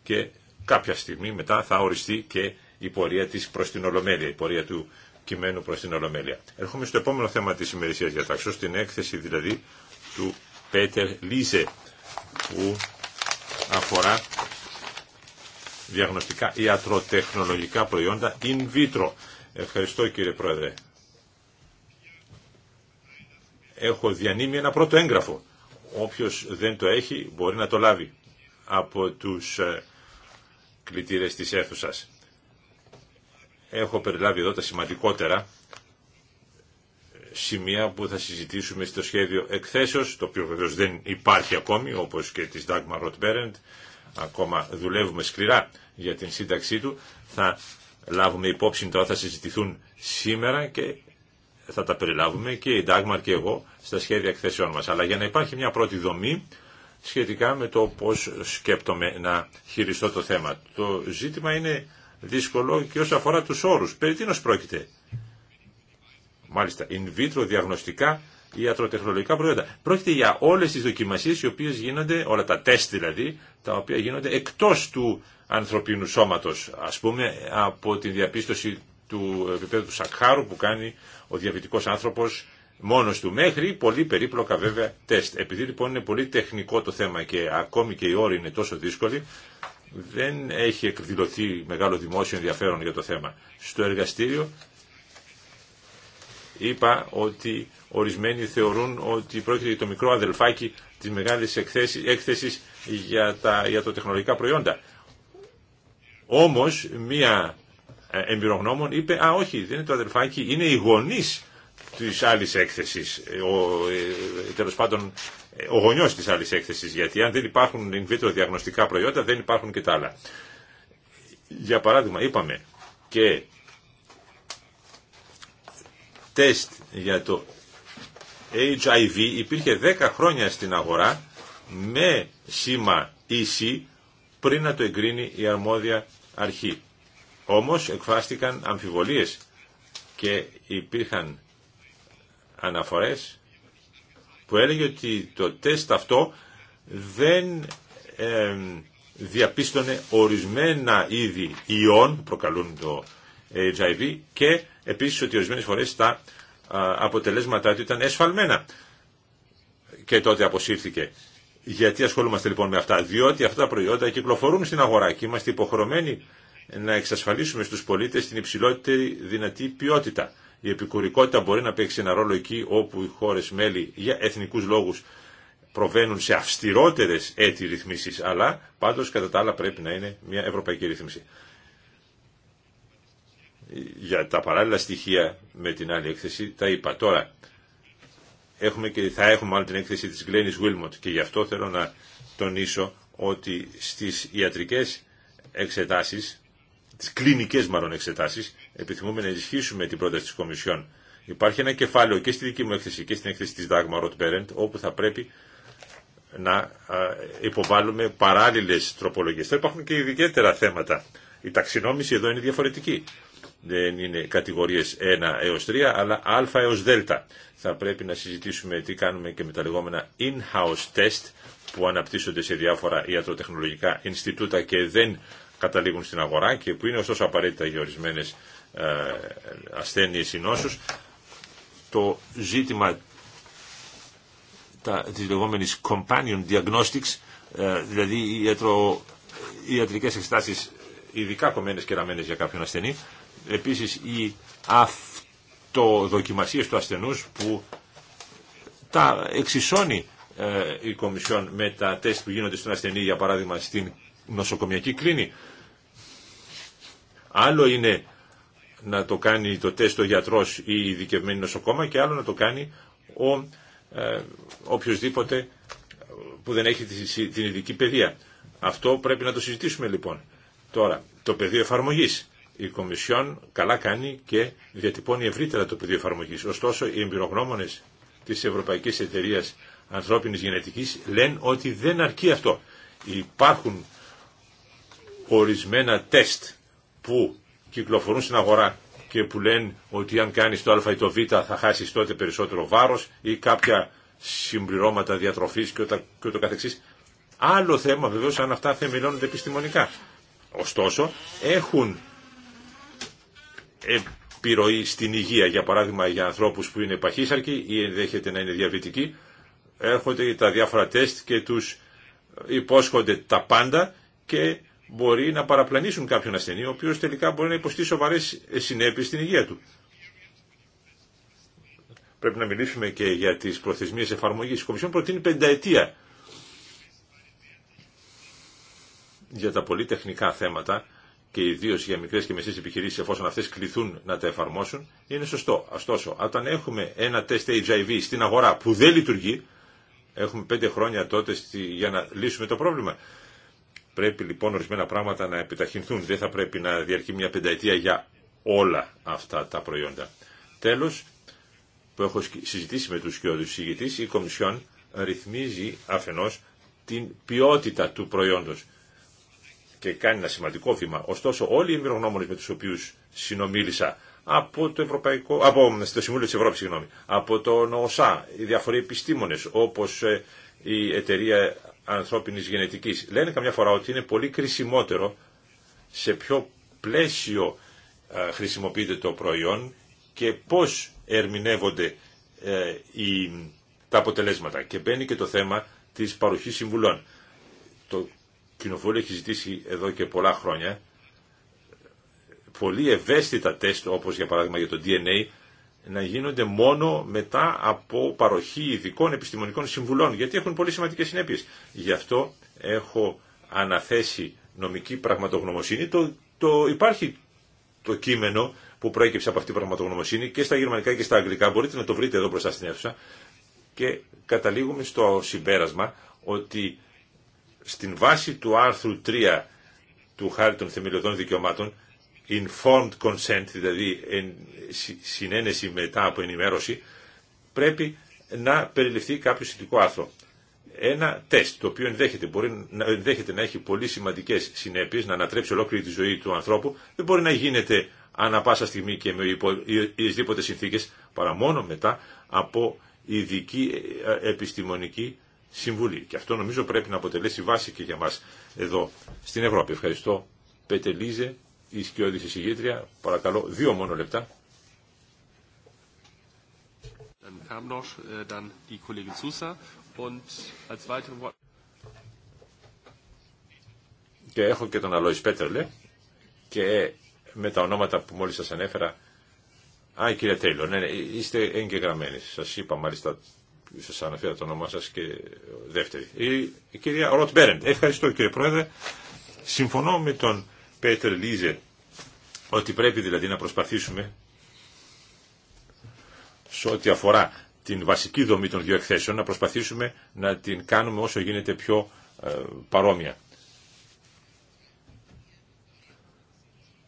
και κάποια στιγμή μετά θα οριστεί και η πορεία της προς την Ολομέλεια, η πορεία του κειμένου προς την Ολομέλεια. Έρχομαι στο επόμενο θέμα της ημερησίας διατάξεως, στην έκθεση δηλαδή του Πέτερ Λίζε που αφορά διαγνωστικά ιατροτεχνολογικά προϊόντα in vitro. Ευχαριστώ κύριε Πρόεδρε. Έχω διανύμει ένα πρώτο έγγραφο. Όποιος δεν το έχει μπορεί να το λάβει από τους ε, κλητήρες της αίθουσας. Έχω περιλάβει εδώ τα σημαντικότερα σημεία που θα συζητήσουμε στο σχέδιο εκθέσεως, το οποίο βεβαίως δεν υπάρχει ακόμη, όπως και της Dagmar Rothberend, ακόμα δουλεύουμε σκληρά για την σύνταξή του. Θα λάβουμε υπόψη τώρα, θα συζητηθούν σήμερα και θα τα περιλάβουμε και η Dagmar και εγώ στα σχέδια εκθέσεών μας. Αλλά για να υπάρχει μια πρώτη δομή σχετικά με το πώς σκέπτομαι να χειριστώ το θέμα. Το ζήτημα είναι δύσκολο και όσον αφορά τους όρους. Περί τίνος πρόκειται. Μάλιστα, in vitro διαγνωστικά ιατροτεχνολογικά προϊόντα. Πρόκειται για όλες τις δοκιμασίες οι οποίες γίνονται, όλα τα τεστ δηλαδή, τα οποία γίνονται εκτός του ανθρωπίνου σώματος, ας πούμε, από τη διαπίστωση του επίπεδου του σακχάρου που κάνει ο διαβητικός άνθρωπος μόνος του μέχρι, πολύ περίπλοκα βέβαια τεστ. Επειδή λοιπόν είναι πολύ τεχνικό το θέμα και ακόμη και οι όροι είναι τόσο δύσκολοι, δεν έχει εκδηλωθεί μεγάλο δημόσιο ενδιαφέρον για το θέμα. Στο εργαστήριο είπα ότι ορισμένοι θεωρούν ότι πρόκειται για το μικρό αδελφάκι της μεγάλης έκθεσης για τα τεχνολογικά προϊόντα. Όμως μία ε, εμπειρογνώμων είπε «Α, όχι, δεν είναι το αδελφάκι, είναι οι γονείς της άλλης έκθεσης». Ο, ε, ε, τέλος πάντων ο γονιός της άλλης έκθεσης, γιατί αν δεν υπάρχουν in διαγνωστικά προϊόντα δεν υπάρχουν και τα άλλα. Για παράδειγμα είπαμε και τεστ για το HIV υπήρχε 10 χρόνια στην αγορά με σήμα EC πριν να το εγκρίνει η αρμόδια αρχή. Όμως εκφράστηκαν αμφιβολίες και υπήρχαν αναφορές που έλεγε ότι το τεστ αυτό δεν ε, διαπίστωνε ορισμένα είδη ιών που προκαλούν το HIV και επίσης ότι ορισμένες φορές τα αποτελέσματά του ήταν εσφαλμένα. Και τότε αποσύρθηκε. Γιατί ασχολούμαστε λοιπόν με αυτά. Διότι αυτά τα προϊόντα κυκλοφορούν στην αγορά και είμαστε υποχρεωμένοι να εξασφαλίσουμε στους πολίτες την υψηλότερη δυνατή ποιότητα. Η επικουρικότητα μπορεί να παίξει ένα ρόλο εκεί όπου οι χώρες μέλη για εθνικούς λόγους προβαίνουν σε αυστηρότερες έτη ρυθμίσει αλλά πάντω κατά τα άλλα πρέπει να είναι μια ευρωπαϊκή ρύθμιση. Για τα παράλληλα στοιχεία με την άλλη έκθεση τα είπα. Τώρα έχουμε και, θα έχουμε άλλη την έκθεση της Γκλένη Βίλμοντ και γι' αυτό θέλω να τονίσω ότι στις ιατρικές εξετάσεις, τις κλινικές μάλλον εξετάσεις, επιθυμούμε να ενισχύσουμε την πρόταση τη Κομισιόν. Υπάρχει ένα κεφάλαιο και στη δική μου έκθεση και στην έκθεση τη Dagmar Ροτ Parent όπου θα πρέπει να υποβάλουμε παράλληλε τροπολογίε. Θα υπάρχουν και ιδιαίτερα θέματα. Η ταξινόμηση εδώ είναι διαφορετική. Δεν είναι κατηγορίε 1 έω 3 αλλά α έως δ. Θα πρέπει να συζητήσουμε τι κάνουμε και με τα λεγόμενα in-house test που αναπτύσσονται σε διάφορα ιατροτεχνολογικά Ινστιτούτα και δεν καταλήγουν στην αγορά και που είναι ωστόσο απαραίτητα για ορισμένε. Ε, ασθένειες ή νόσους, το ζήτημα τα, της λεγόμενης companion diagnostics, ε, δηλαδή οι ιατρο, ιατρικές εξετάσεις ειδικά κομμένες και ραμμένες για κάποιον ασθενή, επίσης οι αυτοδοκιμασίες του ασθενούς που τα εξισώνει ε, η Κομισιόν με τα τεστ που γίνονται στον ασθενή, για παράδειγμα στην νοσοκομιακή κλίνη. Άλλο είναι να το κάνει το τεστ ο γιατρός ή η ειδικευμένη νοσοκόμα και άλλο να το κάνει ο ε, οποιοδήποτε που δεν έχει την ειδική παιδεία. Αυτό πρέπει να το συζητήσουμε λοιπόν. Τώρα, το πεδίο εφαρμογής. Η Κομισιόν καλά κάνει και διατυπώνει ευρύτερα το πεδίο εφαρμογής. Ωστόσο, οι εμπειρογνώμονες της Ευρωπαϊκής Εταιρείας Ανθρώπινης Γενετικής λένε ότι δεν αρκεί αυτό. Υπάρχουν ορισμένα τεστ που κυκλοφορούν στην αγορά και που λένε ότι αν κάνεις το α ή το β θα χάσεις τότε περισσότερο βάρος ή κάποια συμπληρώματα διατροφής και ούτω καθεξής. Άλλο θέμα βεβαίως αν αυτά θεμελώνονται επιστημονικά. Ωστόσο έχουν επιρροή στην υγεία. Για παράδειγμα για ανθρώπους που είναι παχύσαρκοι ή ενδέχεται να είναι διαβητικοί έρχονται τα διάφορα τεστ και τους υπόσχονται τα πάντα και μπορεί να παραπλανήσουν κάποιον ασθενή, ο οποίος τελικά μπορεί να υποστεί σοβαρέ συνέπειες στην υγεία του. Πρέπει να μιλήσουμε και για τις προθεσμίες εφαρμογής. Η Κομισιόν προτείνει πενταετία για τα πολύ τεχνικά θέματα και ιδίω για μικρέ και μεσαίε επιχειρήσει, εφόσον αυτέ κληθούν να τα εφαρμόσουν, είναι σωστό. Ωστόσο, όταν έχουμε ένα τεστ HIV στην αγορά που δεν λειτουργεί, έχουμε πέντε χρόνια τότε για να λύσουμε το πρόβλημα. Πρέπει λοιπόν ορισμένα πράγματα να επιταχυνθούν. Δεν θα πρέπει να διαρκεί μια πενταετία για όλα αυτά τα προϊόντα. Τέλος, που έχω συζητήσει με τους ο συζητητή, η Κομισιόν ρυθμίζει αφενός την ποιότητα του προϊόντος και κάνει ένα σημαντικό βήμα. Ωστόσο, όλοι οι εμπειρογνώμονε με τους οποίους συνομίλησα από το Συμβούλιο τη Ευρώπη, από τον ΟΣΑ, οι διαφοροί επιστήμονε όπω ε, η εταιρεία ανθρώπινης γενετικής. Λένε καμιά φορά ότι είναι πολύ κρισιμότερο σε ποιο πλαίσιο ε, χρησιμοποιείται το προϊόν και πώς ερμηνεύονται ε, τα αποτελέσματα. Και μπαίνει και το θέμα της παροχή συμβουλών. Το Κοινοβούλιο έχει ζητήσει εδώ και πολλά χρόνια πολύ ευαίσθητα τεστ, όπως για παράδειγμα για το DNA, να γίνονται μόνο μετά από παροχή ειδικών επιστημονικών συμβουλών, γιατί έχουν πολύ σημαντικές συνέπειες. Γι' αυτό έχω αναθέσει νομική πραγματογνωμοσύνη. Το, το υπάρχει το κείμενο που προέκυψε από αυτή την πραγματογνωμοσύνη και στα γερμανικά και στα αγγλικά, μπορείτε να το βρείτε εδώ μπροστά στην αίθουσα, και καταλήγουμε στο συμπέρασμα ότι στην βάση του άρθρου 3 του Χάρη των Θεμελιωδών Δικαιωμάτων informed consent, δηλαδή συνένεση μετά από ενημέρωση, πρέπει να περιληφθεί κάποιο σχετικό άρθρο. Ένα τεστ, το οποίο ενδέχεται, μπορεί, ενδέχεται να έχει πολύ σημαντικέ συνέπειε, να ανατρέψει ολόκληρη τη ζωή του ανθρώπου, δεν μπορεί να γίνεται ανά πάσα στιγμή και με οποιασδήποτε συνθήκε, παρά μόνο μετά από ειδική ε, ε, επιστημονική συμβουλή. Και αυτό νομίζω πρέπει να αποτελέσει βάση και για μα εδώ στην Ευρώπη. Ευχαριστώ, Πετελίζε η Σκιώδη εισηγήτρια. Παρακαλώ, δύο μόνο λεπτά. Äh, και έχω και τον Αλόης Πέτρελε και με τα ονόματα που μόλις σας ανέφερα. Α, η κυρία Τέιλο, ναι, ναι, είστε εγγεγραμμένοι. Σας είπα μάλιστα, σας αναφέρα το όνομά σας και δεύτερη. η κυρία Ροτ Μπέρεντ. Ευχαριστώ κύριε Πρόεδρε. Συμφωνώ με τον Πέτερ Λίζε ότι πρέπει δηλαδή να προσπαθήσουμε σε ό,τι αφορά την βασική δομή των δύο εκθέσεων να προσπαθήσουμε να την κάνουμε όσο γίνεται πιο ε, παρόμοια.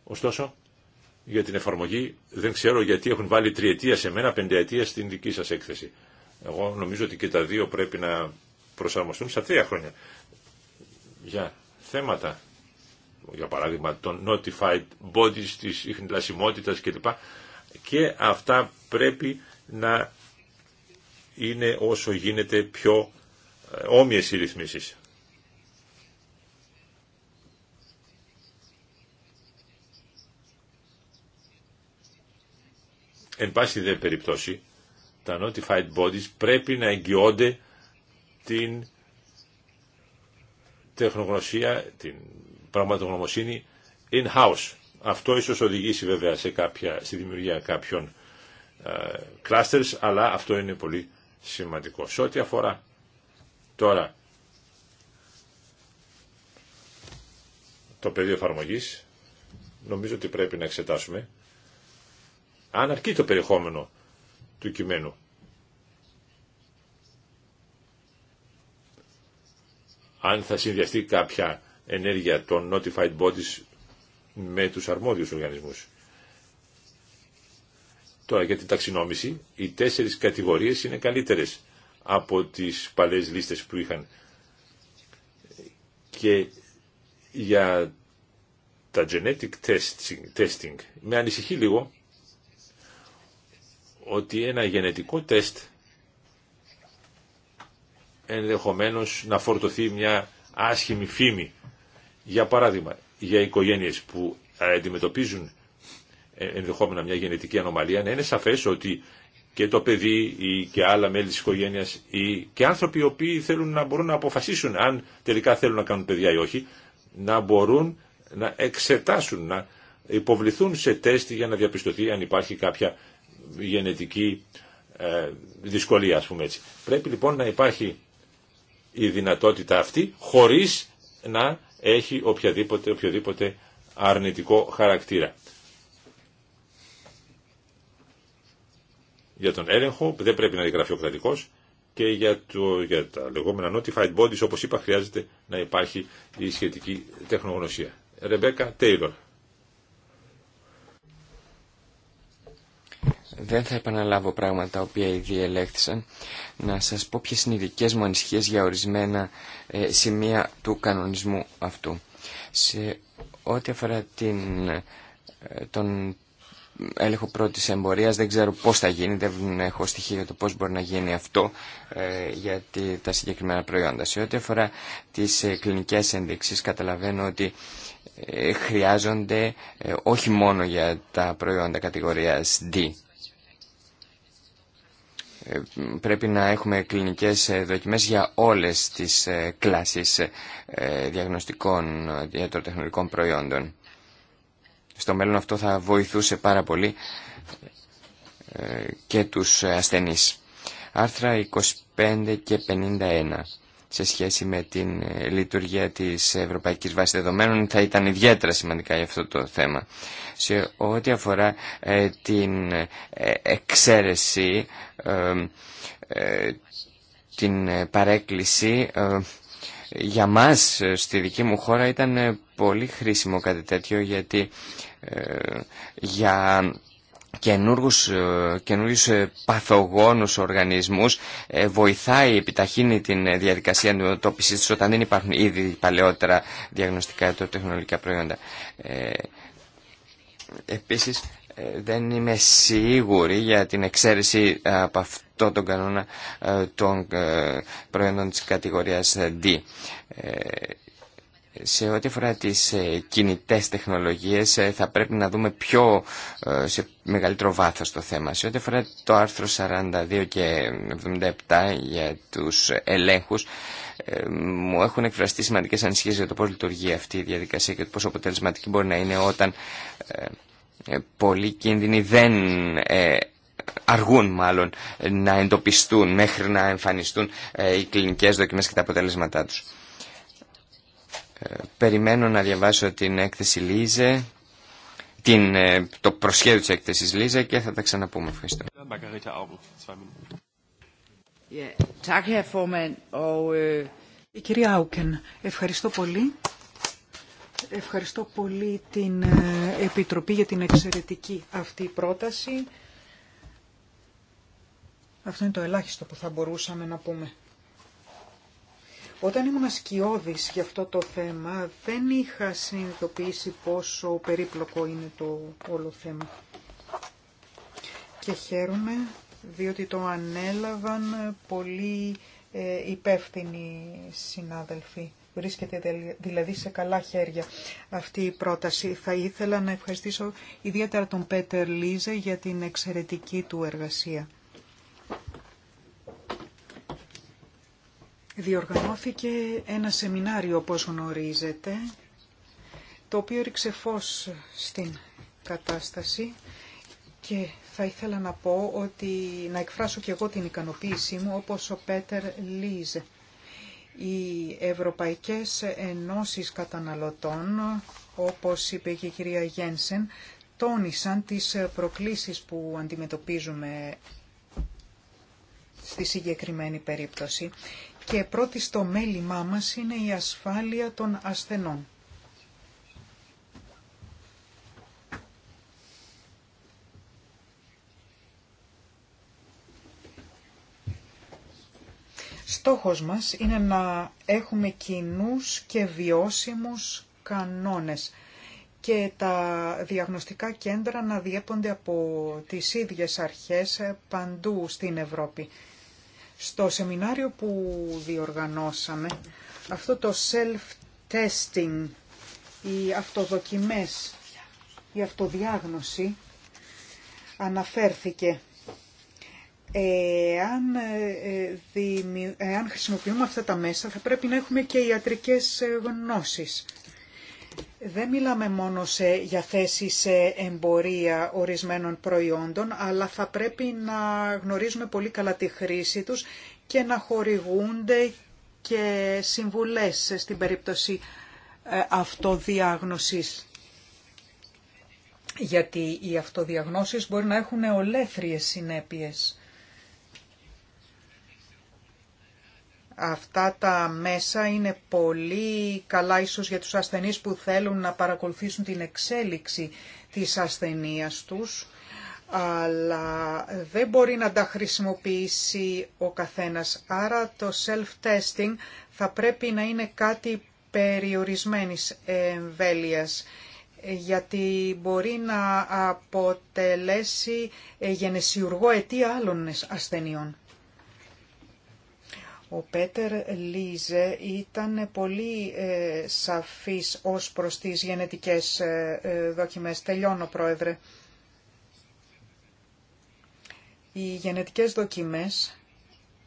Ωστόσο, για την εφαρμογή δεν ξέρω γιατί έχουν βάλει τριετία σε μένα, πενταετία στην δική σας έκθεση. Εγώ νομίζω ότι και τα δύο πρέπει να προσαρμοστούν στα τρία χρόνια. Για θέματα για παράδειγμα των notified bodies της ιχνηλασιμότητας κλπ. Και αυτά πρέπει να είναι όσο γίνεται πιο ε, όμοιες οι ρυθμίσεις. Εν πάση δε περιπτώσει, τα notified bodies πρέπει να εγγυώνται την τεχνογνωσία, την πραγματογνωμοσύνη in-house. Αυτό ίσως οδηγήσει βέβαια σε κάποια, στη δημιουργία κάποιων ε, clusters, αλλά αυτό είναι πολύ σημαντικό. Σε ό,τι αφορά τώρα το πεδίο εφαρμογή, νομίζω ότι πρέπει να εξετάσουμε αν αρκεί το περιεχόμενο του κειμένου. Αν θα συνδυαστεί κάποια ενέργεια των notified bodies με τους αρμόδιους οργανισμούς. Τώρα για την ταξινόμηση, οι τέσσερις κατηγορίες είναι καλύτερες από τις παλές λίστες που είχαν και για τα genetic testing, testing με ανησυχεί λίγο ότι ένα γενετικό τεστ ενδεχομένως να φορτωθεί μια άσχημη φήμη για παράδειγμα, για οικογένειες που ε, αντιμετωπίζουν ε, ενδεχόμενα μια γενετική ανομαλία, να είναι σαφές ότι και το παιδί ή και άλλα μέλη της οικογένειας ή και άνθρωποι οι οποίοι θέλουν να μπορούν να αποφασίσουν αν τελικά θέλουν να κάνουν παιδιά ή όχι, να μπορούν να εξετάσουν, να υποβληθούν σε τεστ για να διαπιστωθεί αν υπάρχει κάποια γενετική ε, δυσκολία, πούμε έτσι. Πρέπει λοιπόν να υπάρχει η δυνατότητα αυτή χωρίς να έχει οποιαδήποτε, οποιοδήποτε αρνητικό χαρακτήρα. Για τον έλεγχο δεν πρέπει να διαγραφεί ο κρατικός και για, το, για τα λεγόμενα notified bodies όπως είπα χρειάζεται να υπάρχει η σχετική τεχνογνωσία. Ρεμπέκα Τέιλορ. Δεν θα επαναλάβω πράγματα τα οποία ήδη ελέγχθησαν. Να σας πω ποιες είναι οι δικές μου ανησυχίες για ορισμένα ε, σημεία του κανονισμού αυτού. Σε ό,τι αφορά την, ε, τον έλεγχο πρώτης εμπορίας, δεν ξέρω πώς θα γίνει, δεν έχω στοιχεία για το πώ μπορεί να γίνει αυτό ε, για τα συγκεκριμένα προϊόντα. Σε ό,τι αφορά τις ε, κλινικές ένδειξεις, καταλαβαίνω ότι χρειάζονται όχι μόνο για τα προϊόντα κατηγορίας D πρέπει να έχουμε κλινικές ε, δοκιμές για όλες τις ε, κλάσεις ε, διαγνωστικών ιατροτεχνολογικών προϊόντων. Στο μέλλον αυτό θα βοηθούσε πάρα πολύ και τους ασθενείς. Άρθρα 25 και 51 σε σχέση με την ε, λειτουργία της Ευρωπαϊκής Βάσης Δεδομένων θα ήταν ιδιαίτερα σημαντικά για αυτό το θέμα. Σε ό,τι αφορά ε, την ε, εξαίρεση, την παρέκκληση, για μας στη δική μου χώρα ήταν πολύ χρήσιμο κάτι τέτοιο γιατί για καινούργους, παθογόνου ε, ε, παθογόνους οργανισμούς ε, βοηθάει, επιταχύνει την διαδικασία αντιμετώπισης τους όταν δεν υπάρχουν ήδη παλαιότερα διαγνωστικά τεχνολογικά προϊόντα. Ε, επίσης δεν είμαι σίγουρη για την εξαίρεση από αυτόν τον κανόνα των προϊόντων της κατηγορίας D. Σε ό,τι αφορά τις ε, κινητές τεχνολογίες ε, θα πρέπει να δούμε πιο ε, σε μεγαλύτερο βάθος το θέμα. Σε ό,τι αφορά το άρθρο 42 και 77 για τους ελέγχους μου έχουν εκφραστεί σημαντικές ανησυχίες για το πώς λειτουργεί αυτή η διαδικασία και το πόσο αποτελεσματική μπορεί να είναι όταν πολλοί κίνδυνοι δεν αργούν μάλλον να εντοπιστούν μέχρι να εμφανιστούν οι κλινικές δοκιμές και τα αποτελέσματά τους περιμένω να διαβάσω την έκθεση Λίζε, την, ε, το προσχέδιο της έκθεσης Λίζε και θα τα ξαναπούμε. Ευχαριστώ. Oh, ε, Η κυρία Άουκεν, ευχαριστώ πολύ. Ευχαριστώ πολύ την ε, Επιτροπή για την εξαιρετική αυτή πρόταση. Αυτό είναι το ελάχιστο που θα μπορούσαμε να πούμε. Όταν ήμουν ασκιώδης για αυτό το θέμα, δεν είχα συνειδητοποιήσει πόσο περίπλοκο είναι το όλο θέμα. Και χαίρομαι διότι το ανέλαβαν πολύ ε, υπεύθυνοι συνάδελφοι. Βρίσκεται δηλαδή σε καλά χέρια αυτή η πρόταση. Θα ήθελα να ευχαριστήσω ιδιαίτερα τον Πέτερ Λίζε για την εξαιρετική του εργασία. Διοργανώθηκε ένα σεμινάριο, όπως γνωρίζετε, το οποίο ρίξε φως στην κατάσταση και θα ήθελα να πω ότι να εκφράσω και εγώ την ικανοποίησή μου όπως ο Πέτερ Λίζ. Οι Ευρωπαϊκές Ενώσεις Καταναλωτών, όπως είπε και η κυρία Γένσεν, τόνισαν τις προκλήσεις που αντιμετωπίζουμε στη συγκεκριμένη περίπτωση και πρώτη στο μέλημά μας είναι η ασφάλεια των ασθενών. Στόχος μας είναι να έχουμε κοινούς και βιώσιμους κανόνες και τα διαγνωστικά κέντρα να διέπονται από τις ίδιες αρχές παντού στην Ευρώπη. Στο σεμινάριο που διοργανώσαμε, αυτό το self-testing, οι αυτοδοκιμές, η αυτοδιάγνωση αναφέρθηκε. Εάν, ε, ε, Εάν χρησιμοποιούμε αυτά τα μέσα θα πρέπει να έχουμε και ιατρικές ε, γνώσεις δεν μιλάμε μόνο σε, για θέση σε εμπορία ορισμένων προϊόντων, αλλά θα πρέπει να γνωρίζουμε πολύ καλά τη χρήση τους και να χορηγούνται και συμβουλές στην περίπτωση ε, αυτοδιάγνωσης. Γιατί οι αυτοδιαγνώσεις μπορεί να έχουν ολέθριες συνέπειες Αυτά τα μέσα είναι πολύ καλά ίσως για τους ασθενείς που θέλουν να παρακολουθήσουν την εξέλιξη της ασθενείας τους, αλλά δεν μπορεί να τα χρησιμοποιήσει ο καθένας. Άρα το self-testing θα πρέπει να είναι κάτι περιορισμένης εμβέλειας γιατί μπορεί να αποτελέσει ε, γενεσιουργό αιτία άλλων ασθενειών. Ο Πέτερ Λίζε ήταν πολύ ε, σαφής ως προς τις γενετικές ε, ε, δοκιμές. Τελειώνω, Πρόεδρε. Οι γενετικές δοκιμές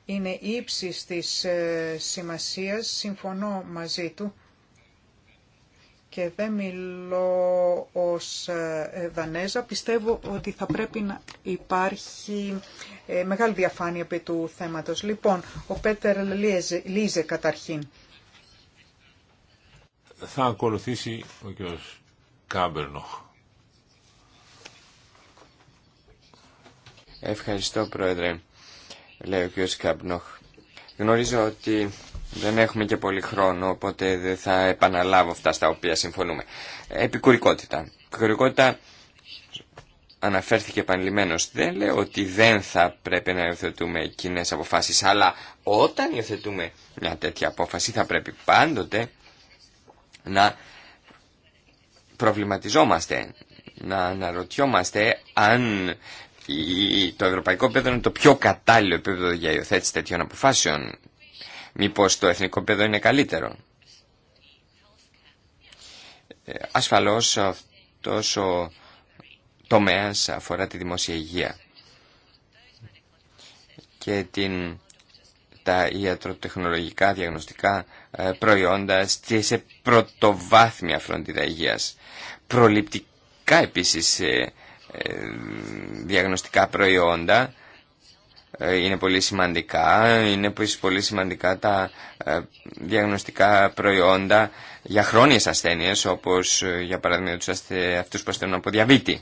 είναι ύψης της ε, σημασίας. Συμφωνώ μαζί του και δεν μιλώ ως ε, Δανέζα, πιστεύω ότι θα πρέπει να υπάρχει ε, μεγάλη διαφάνεια επί του θέματος. Λοιπόν, ο Πέτερ Λίζε καταρχήν. Θα ακολουθήσει ο κ. Κάμπερνοχ. Ευχαριστώ, Πρόεδρε, λέει ο κ. Κάμπερνοχ. Γνωρίζω ότι δεν έχουμε και πολύ χρόνο, οπότε δεν θα επαναλάβω αυτά στα οποία συμφωνούμε. Επικουρικότητα. Επικουρικότητα αναφέρθηκε επανειλημμένως. Δεν λέω ότι δεν θα πρέπει να υιοθετούμε κοινέ αποφάσει, αλλά όταν υιοθετούμε μια τέτοια απόφαση θα πρέπει πάντοτε να προβληματιζόμαστε, να αναρωτιόμαστε αν το ευρωπαϊκό Πέδρο είναι το πιο κατάλληλο επίπεδο για υιοθέτηση τέτοιων αποφάσεων. Μήπως το εθνικό πεδίο είναι καλύτερο. Ε, ασφαλώς αυτός ο τομέας αφορά τη δημόσια υγεία και την, τα ιατροτεχνολογικά διαγνωστικά ε, προϊόντα σε πρωτοβάθμια φροντίδα υγείας. Προληπτικά επίσης ε, διαγνωστικά προϊόντα είναι πολύ σημαντικά. Είναι επίσης πολύ σημαντικά τα ε, διαγνωστικά προϊόντα για χρόνιες ασθένειες, όπως ε, για παράδειγμα τους αυτούς που ασθενούν από διαβήτη.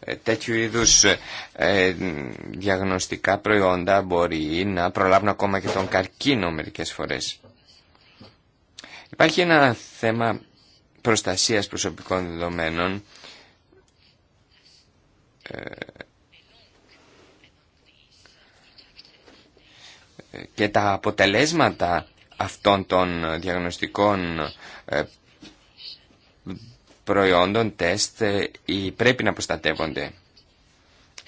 Ε, τέτοιου είδους διαγνωστικά προϊόντα μπορεί να προλάβουν ακόμα και τον καρκίνο μερικές φορές. Υπάρχει ένα θέμα προστασίας προσωπικών δεδομένων ε, και τα αποτελέσματα αυτών των διαγνωστικών ε, προϊόντων, τεστ, ε, πρέπει να προστατεύονται.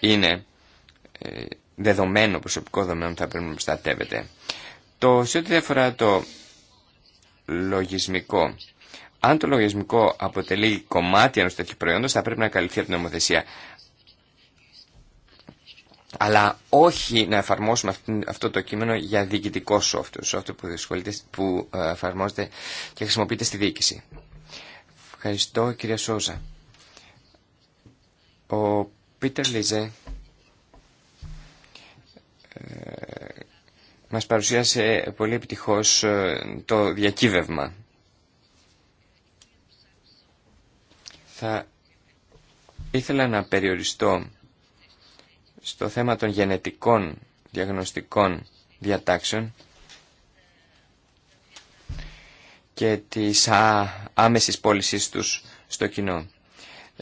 Είναι δεδομένο, προσωπικό δεδομένο θα πρέπει να προστατεύεται. Το σε ό,τι αφορά το λογισμικό, αν το λογισμικό αποτελεί κομμάτι ενός τέτοιου προϊόντος, θα πρέπει να καλυφθεί από την νομοθεσία. Αλλά όχι να εφαρμόσουμε αυτό το κείμενο για διοικητικό software, software που, που ε, εφαρμόζεται και χρησιμοποιείται στη διοίκηση. Ευχαριστώ κυρία Σόζα. Ο Πίτερ Λίζε ε, μας παρουσίασε πολύ επιτυχώς ε, το διακύβευμα Θα ήθελα να περιοριστώ στο θέμα των γενετικών διαγνωστικών διατάξεων και της άμεσης πώλησή τους στο κοινό.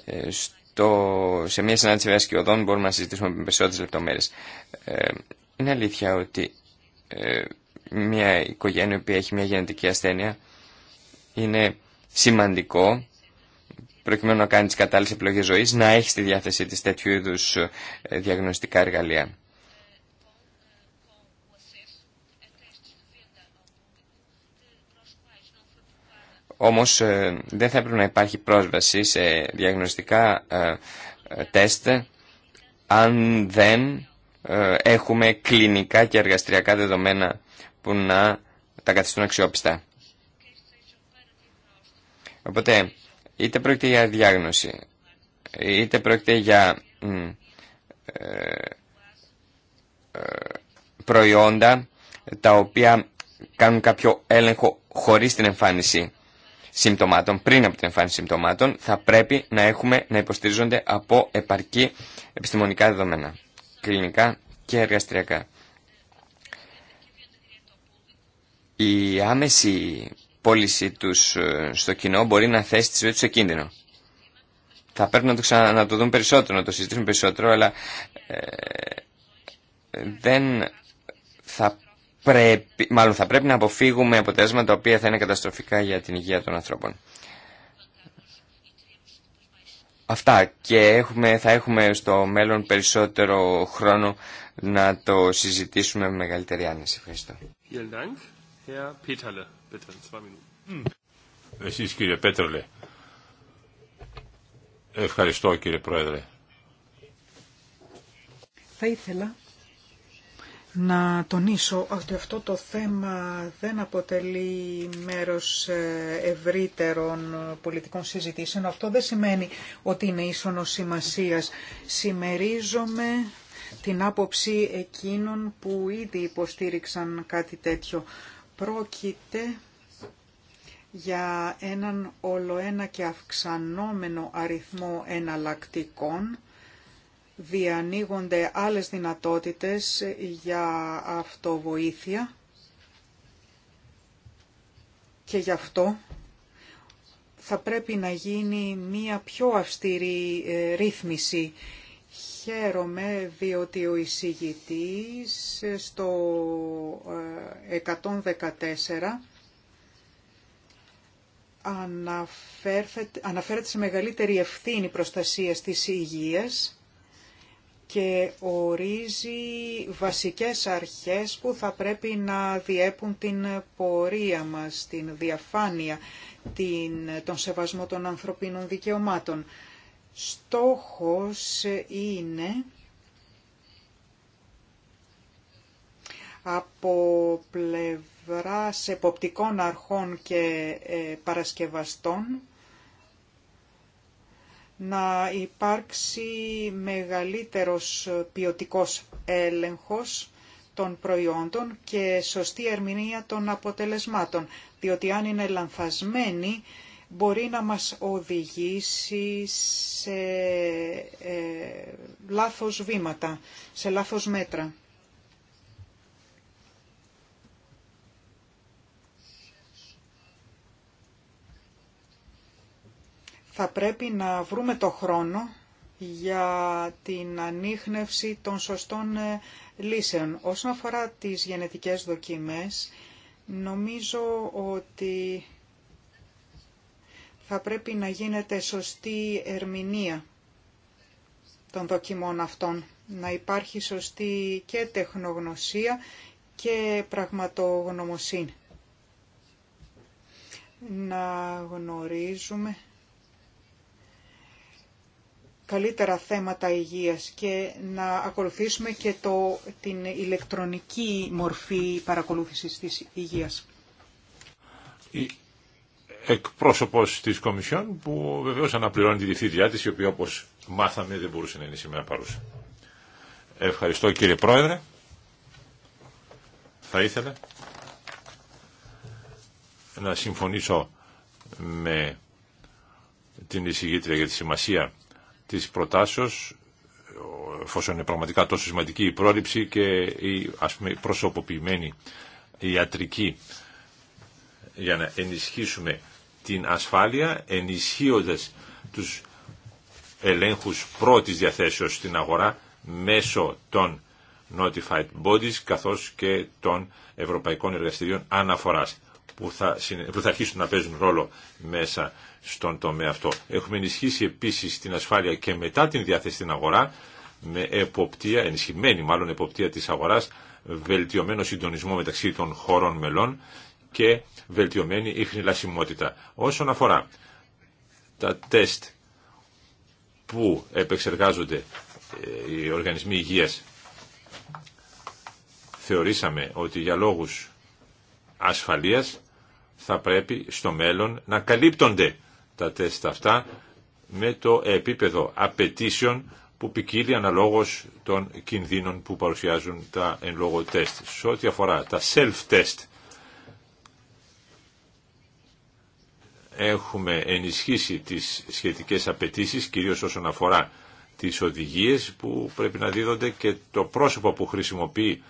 Ε, στο, σε μια συνάντηση βέβαια σκιωδών μπορούμε να συζητήσουμε με περισσότερες λεπτομέρειες. Ε, είναι αλήθεια ότι ε, μια οικογένεια που έχει μια γενετική ασθένεια είναι σημαντικό προκειμένου να κάνει τι κατάλληλε επιλογέ ζωή, να έχει στη διάθεσή τη τέτοιου είδου ε, διαγνωστικά εργαλεία. Όμως ε, δεν θα έπρεπε να υπάρχει πρόσβαση σε διαγνωστικά ε, τεστ αν δεν έχουμε κλινικά και εργαστριακά δεδομένα που να τα καθιστούν αξιόπιστα. Οπότε είτε πρόκειται για διάγνωση, είτε πρόκειται για ε, ε, προϊόντα τα οποία κάνουν κάποιο έλεγχο χωρίς την εμφάνιση συμπτωμάτων, πριν από την εμφάνιση συμπτωμάτων, θα πρέπει να έχουμε να υποστηρίζονται από επαρκή επιστημονικά δεδομένα, κλινικά και εργαστριακά. Η άμεση πώλησή του ε, στο κοινό μπορεί να θέσει τη ζωή του σε κίνδυνο. Θα πρέπει να το, ξανα, να το περισσότερο, να το συζητήσουμε περισσότερο, αλλά ε, δεν θα πρέπει, μάλλον θα πρέπει να αποφύγουμε αποτέλεσμα τα οποία θα είναι καταστροφικά για την υγεία των ανθρώπων. Αυτά και έχουμε, θα έχουμε στο μέλλον περισσότερο χρόνο να το συζητήσουμε με μεγαλύτερη άνεση. Ευχαριστώ. Hm. Εσείς κύριε Πέτρελε. Ευχαριστώ κύριε Πρόεδρε. Θα ήθελα να τονίσω ότι αυτό το θέμα δεν αποτελεί μέρος ε, ευρύτερων πολιτικών συζητήσεων. Αυτό δεν σημαίνει ότι είναι ίσονος σημασίας. Σημερίζομαι την άποψη εκείνων που ήδη υποστήριξαν κάτι τέτοιο. Πρόκειται για έναν ολοένα και αυξανόμενο αριθμό εναλλακτικών διανοίγονται άλλες δυνατότητες για αυτοβοήθεια και γι' αυτό θα πρέπει να γίνει μία πιο αυστηρή ε, ρύθμιση Χαίρομαι διότι ο εισηγητής στο 114 ε, αναφέρεται σε μεγαλύτερη ευθύνη προστασίας της υγείας και ορίζει βασικές αρχές που θα πρέπει να διέπουν την πορεία μας, την διαφάνεια, την, τον σεβασμό των ανθρωπίνων δικαιωμάτων. Στόχος είναι από πλευράς εποπτικών αρχών και ε, παρασκευαστών να υπάρξει μεγαλύτερος ποιοτικός έλεγχος των προϊόντων και σωστή ερμηνεία των αποτελεσμάτων, διότι αν είναι λανθασμένη μπορεί να μας οδηγήσει σε ε, λάθος βήματα, σε λάθος μέτρα. Θα πρέπει να βρούμε το χρόνο για την ανείχνευση των σωστών ε, λύσεων. Όσον αφορά τις γενετικές δοκιμές, νομίζω ότι θα πρέπει να γίνεται σωστή ερμηνεία των δοκιμών αυτών, να υπάρχει σωστή και τεχνογνωσία και πραγματογνωμοσύνη. Να γνωρίζουμε καλύτερα θέματα υγείας και να ακολουθήσουμε και το, την ηλεκτρονική μορφή παρακολούθησης της υγείας. Εκπρόσωπο της Κομισιόν που βεβαίω αναπληρώνει τη διευθύντριά τη, η οποία όπως μάθαμε δεν μπορούσε να είναι σήμερα παρούσα. Ευχαριστώ κύριε Πρόεδρε. Θα ήθελα να συμφωνήσω με την εισηγήτρια για τη σημασία της προτάσεως εφόσον είναι πραγματικά τόσο σημαντική η πρόληψη και η ας πούμε, προσωποποιημένη ιατρική για να ενισχύσουμε την ασφάλεια ενισχύοντας τους ελέγχους πρώτης διαθέσεως στην αγορά μέσω των notified bodies καθώς και των Ευρωπαϊκών Εργαστηρίων Αναφοράς που θα, θα αρχίσουν να παίζουν ρόλο μέσα στον τομέα αυτό. Έχουμε ενισχύσει επίσης την ασφάλεια και μετά την διάθεση στην αγορά με εποπτεία, ενισχυμένη μάλλον εποπτεία της αγοράς, βελτιωμένο συντονισμό μεταξύ των χωρών μελών και βελτιωμένη ηχνηλασιμότητα. Όσον αφορά τα τεστ που επεξεργάζονται ε, οι οργανισμοί υγείας, θεωρήσαμε ότι για λόγους ασφαλείας θα πρέπει στο μέλλον να καλύπτονται τα τεστ αυτά με το επίπεδο απαιτήσεων που ποικίλει αναλόγως των κινδύνων που παρουσιάζουν τα εν λόγω τεστ. Σε ό,τι αφορά τα self-test έχουμε ενισχύσει τις σχετικές απαιτήσεις, κυρίως όσον αφορά τις οδηγίες που πρέπει να δίδονται και το πρόσωπο που χρησιμοποιεί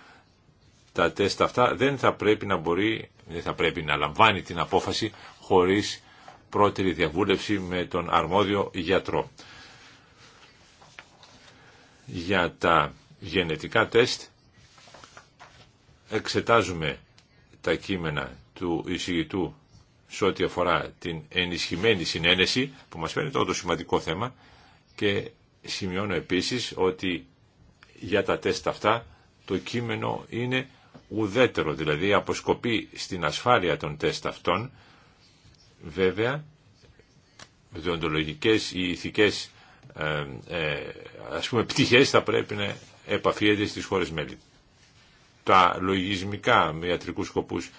τα τεστ αυτά δεν θα πρέπει να μπορεί, δεν θα πρέπει να λαμβάνει την απόφαση χωρίς πρώτερη διαβούλευση με τον αρμόδιο γιατρό. Για τα γενετικά τεστ εξετάζουμε τα κείμενα του εισηγητού σε ό,τι αφορά την ενισχυμένη συνένεση που μας φαίνεται το σημαντικό θέμα και σημειώνω επίσης ότι για τα τεστ αυτά το κείμενο είναι ουδέτερο, δηλαδή αποσκοπεί στην ασφάλεια των τεστ αυτών βέβαια διοντολογικές ή ηθικές ε, ε ας πούμε πτυχές θα πρέπει να επαφιέται στις χώρες μέλη. Τα λογισμικά με ιατρικούς σκοπούς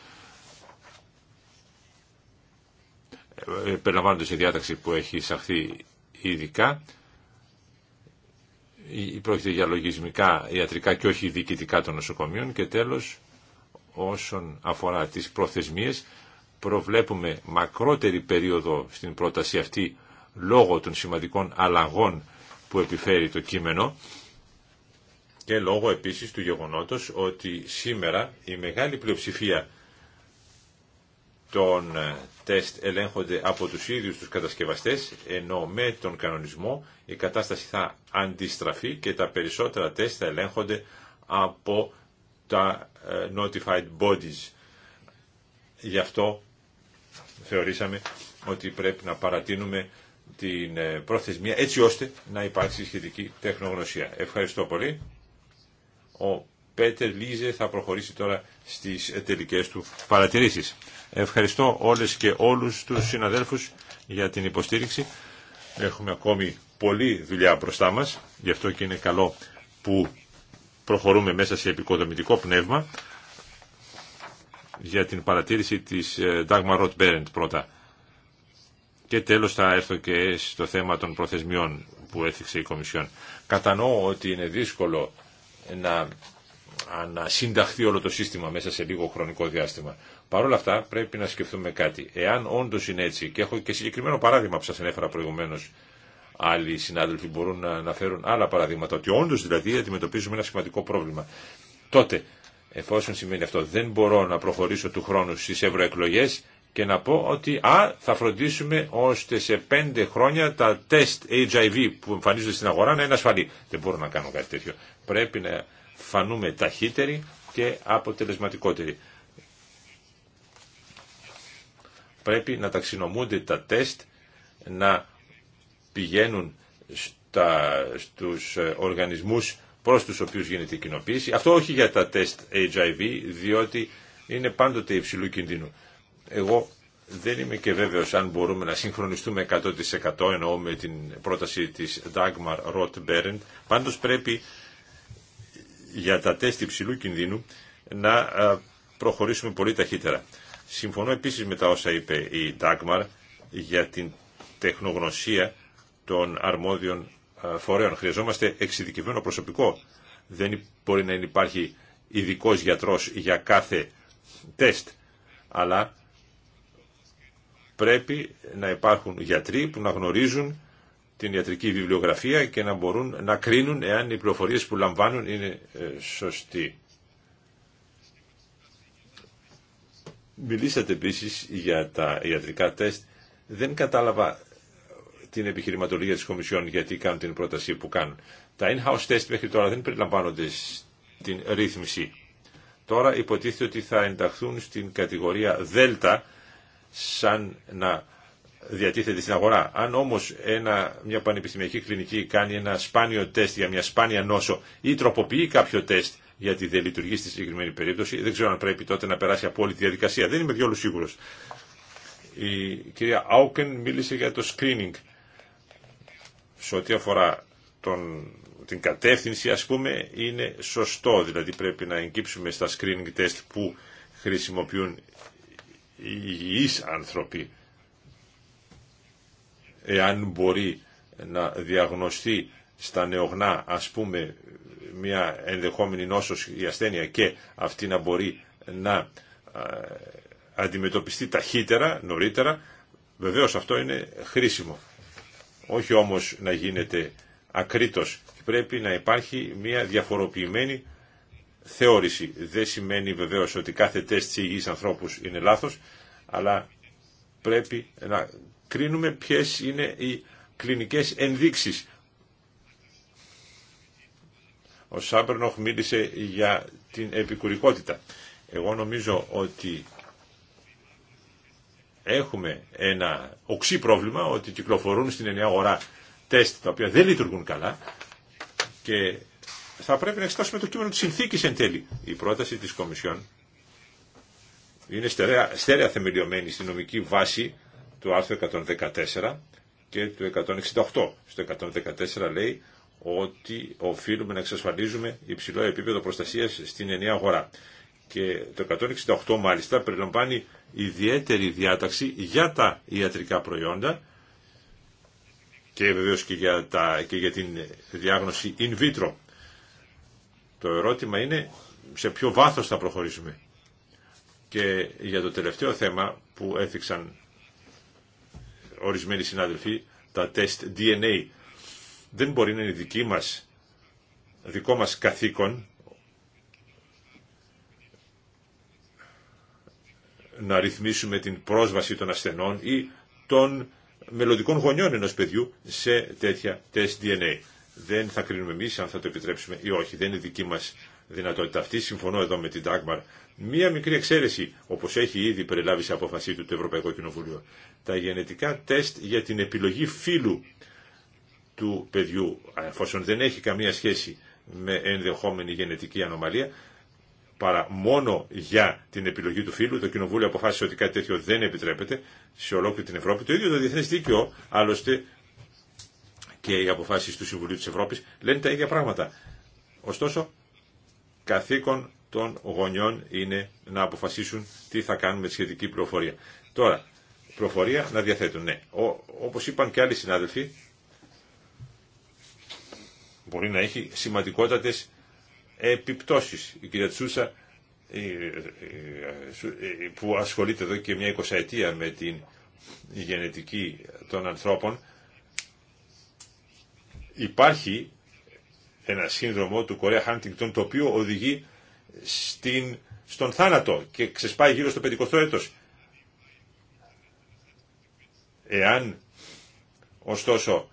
Ε, περιλαμβάνονται η διάταξη που έχει εισαχθεί ειδικά. Πρόκειται για λογισμικά, ιατρικά και όχι διοικητικά των νοσοκομείων. Και τέλος, όσον αφορά τις προθεσμίες, προβλέπουμε μακρότερη περίοδο στην πρόταση αυτή λόγω των σημαντικών αλλαγών που επιφέρει το κείμενο και λόγω επίσης του γεγονότος ότι σήμερα η μεγάλη πλειοψηφία των ε, τεστ ελέγχονται από τους ίδιους τους κατασκευαστές, ενώ με τον κανονισμό η κατάσταση θα αντιστραφεί και τα περισσότερα τεστ θα ελέγχονται από τα ε, notified bodies. Γι' αυτό θεωρήσαμε ότι πρέπει να παρατείνουμε την ε, προθεσμία έτσι ώστε να υπάρξει σχετική τεχνογνωσία. Ευχαριστώ πολύ. Πέτερ Λίζε θα προχωρήσει τώρα στις ε, τελικές του παρατηρήσεις. Ευχαριστώ όλες και όλους τους συναδέλφους για την υποστήριξη. Έχουμε ακόμη πολλή δουλειά μπροστά μας, γι' αυτό και είναι καλό που προχωρούμε μέσα σε επικοδομητικό πνεύμα για την παρατήρηση της ε, Dagmar Roth πρώτα. Και τέλος θα έρθω και στο θέμα των προθεσμιών που έθιξε η Κομισιόν. Κατανοώ ότι είναι δύσκολο να να συνταχθεί όλο το σύστημα μέσα σε λίγο χρονικό διάστημα. Παρ' όλα αυτά πρέπει να σκεφτούμε κάτι. Εάν όντω είναι έτσι, και έχω και συγκεκριμένο παράδειγμα που σα ανέφερα προηγουμένω, άλλοι συνάδελφοι μπορούν να αναφέρουν άλλα παραδείγματα, ότι όντω δηλαδή αντιμετωπίζουμε ένα σημαντικό πρόβλημα. Τότε, εφόσον σημαίνει αυτό, δεν μπορώ να προχωρήσω του χρόνου στι ευρωεκλογέ και να πω ότι α, θα φροντίσουμε ώστε σε πέντε χρόνια τα τεστ HIV που εμφανίζονται στην αγορά να είναι ασφαλή. Δεν μπορώ να κάνω κάτι τέτοιο. Πρέπει να φανούμε ταχύτεροι και αποτελεσματικότεροι. Πρέπει να ταξινομούνται τα τεστ, να πηγαίνουν στα, στους ε, οργανισμούς προς τους οποίους γίνεται η κοινοποίηση. Αυτό όχι για τα τεστ HIV, διότι είναι πάντοτε υψηλού κινδύνου. Εγώ δεν είμαι και βέβαιος αν μπορούμε να συγχρονιστούμε 100% εννοώ με την πρόταση της Dagmar Roth Berend. Πάντως πρέπει για τα τεστ υψηλού κινδύνου να ε, προχωρήσουμε πολύ ταχύτερα. Συμφωνώ επίσης με τα όσα είπε η Ντάγμαρ για την τεχνογνωσία των αρμόδιων ε, φορέων. Χρειαζόμαστε εξειδικευμένο προσωπικό. Δεν μπορεί να υπάρχει ειδικό γιατρός για κάθε τεστ, αλλά πρέπει να υπάρχουν γιατροί που να γνωρίζουν την ιατρική βιβλιογραφία και να μπορούν να κρίνουν εάν οι πληροφορίες που λαμβάνουν είναι ε, σωστοί. Μιλήσατε επίσης για τα ιατρικά τεστ. Δεν κατάλαβα την επιχειρηματολογία της Κομισιόν γιατί κάνουν την πρόταση που κάνουν. Τα in-house τεστ μέχρι τώρα δεν περιλαμβάνονται στην ρύθμιση. Τώρα υποτίθεται ότι θα ενταχθούν στην κατηγορία Δέλτα σαν να διατίθεται στην αγορά. Αν όμως μια πανεπιστημιακή κλινική κάνει ένα σπάνιο τεστ για μια σπάνια νόσο ή τροποποιεί κάποιο τεστ γιατί δεν λειτουργεί στη συγκεκριμένη περίπτωση, δεν ξέρω αν πρέπει τότε να περάσει από όλη τη διαδικασία. Δεν είμαι διόλου σίγουρος. Η κυρία Άουκεν μίλησε για το screening σε ό,τι αφορά τον, την κατεύθυνση ας πούμε είναι σωστό δηλαδή πρέπει να εγκύψουμε στα screening test που χρησιμοποιούν οι υγιείς άνθρωποι εάν μπορεί να διαγνωστεί στα νεογνά ας πούμε μια ενδεχόμενη νόσος η ασθένεια και αυτή να μπορεί να αντιμετωπιστεί ταχύτερα, νωρίτερα, βεβαίως αυτό είναι χρήσιμο. Όχι όμως να γίνεται ακρίτος. Πρέπει να υπάρχει μια διαφοροποιημένη θεώρηση. Δεν σημαίνει βεβαίως ότι κάθε τεστ της υγιής ανθρώπους είναι λάθος, αλλά πρέπει να κρίνουμε ποιες είναι οι κλινικές ενδείξεις. Ο Σάμπερνοχ μίλησε για την επικουρικότητα. Εγώ νομίζω ότι έχουμε ένα οξύ πρόβλημα ότι κυκλοφορούν στην ενιαία αγορά τεστ τα οποία δεν λειτουργούν καλά και θα πρέπει να εξετάσουμε το κείμενο της συνθήκης εν τέλει. Η πρόταση της Κομισιόν είναι στέρεα, θεμελιωμένη στη νομική βάση του άρθρου 114 και του 168. Στο 114 λέει ότι οφείλουμε να εξασφαλίζουμε υψηλό επίπεδο προστασίας στην ενιαία αγορά. Και το 168 μάλιστα περιλαμβάνει ιδιαίτερη διάταξη για τα ιατρικά προϊόντα και βεβαίως και για, και για την διάγνωση in vitro. Το ερώτημα είναι σε ποιο βάθος θα προχωρήσουμε. Και για το τελευταίο θέμα που έθιξαν ορισμένοι συνάδελφοι, τα τεστ DNA, δεν μπορεί να είναι δική μας, δικό μας καθήκον να ρυθμίσουμε την πρόσβαση των ασθενών ή των μελλοντικών γονιών ενός παιδιού σε τέτοια τεστ DNA. Δεν θα κρίνουμε εμείς αν θα το επιτρέψουμε ή όχι. Δεν είναι δική μας δυνατότητα αυτή. Συμφωνώ εδώ με την Τάγμαρ. Μία μικρή εξαίρεση, όπω έχει ήδη περιλάβει σε απόφασή του το Ευρωπαϊκό Κοινοβούλιο. Τα γενετικά τεστ για την επιλογή φύλου του παιδιού, εφόσον δεν έχει καμία σχέση με ενδεχόμενη γενετική ανομαλία, παρά μόνο για την επιλογή του φύλου. Το Κοινοβούλιο αποφάσισε ότι κάτι τέτοιο δεν επιτρέπεται σε ολόκληρη την Ευρώπη. Το ίδιο το Διεθνέ Δίκαιο, άλλωστε, και οι αποφάσει του Συμβουλίου τη Ευρώπη λένε τα ίδια πράγματα. Ωστόσο, καθήκον των γονιών είναι να αποφασίσουν τι θα κάνουν με τη σχετική προφορία. Τώρα, προφορία να διαθέτουν. Ναι, όπως είπαν και άλλοι συνάδελφοι, μπορεί να έχει σημαντικότατες επιπτώσεις. Η κυρία Τσούσα που ασχολείται εδώ και μια εικοσαετία με την γενετική των ανθρώπων υπάρχει ένα σύνδρομο του Κορέα Χάντιγκτον το οποίο οδηγεί στην, στον θάνατο και ξεσπάει γύρω στο 50 έτος. Εάν ωστόσο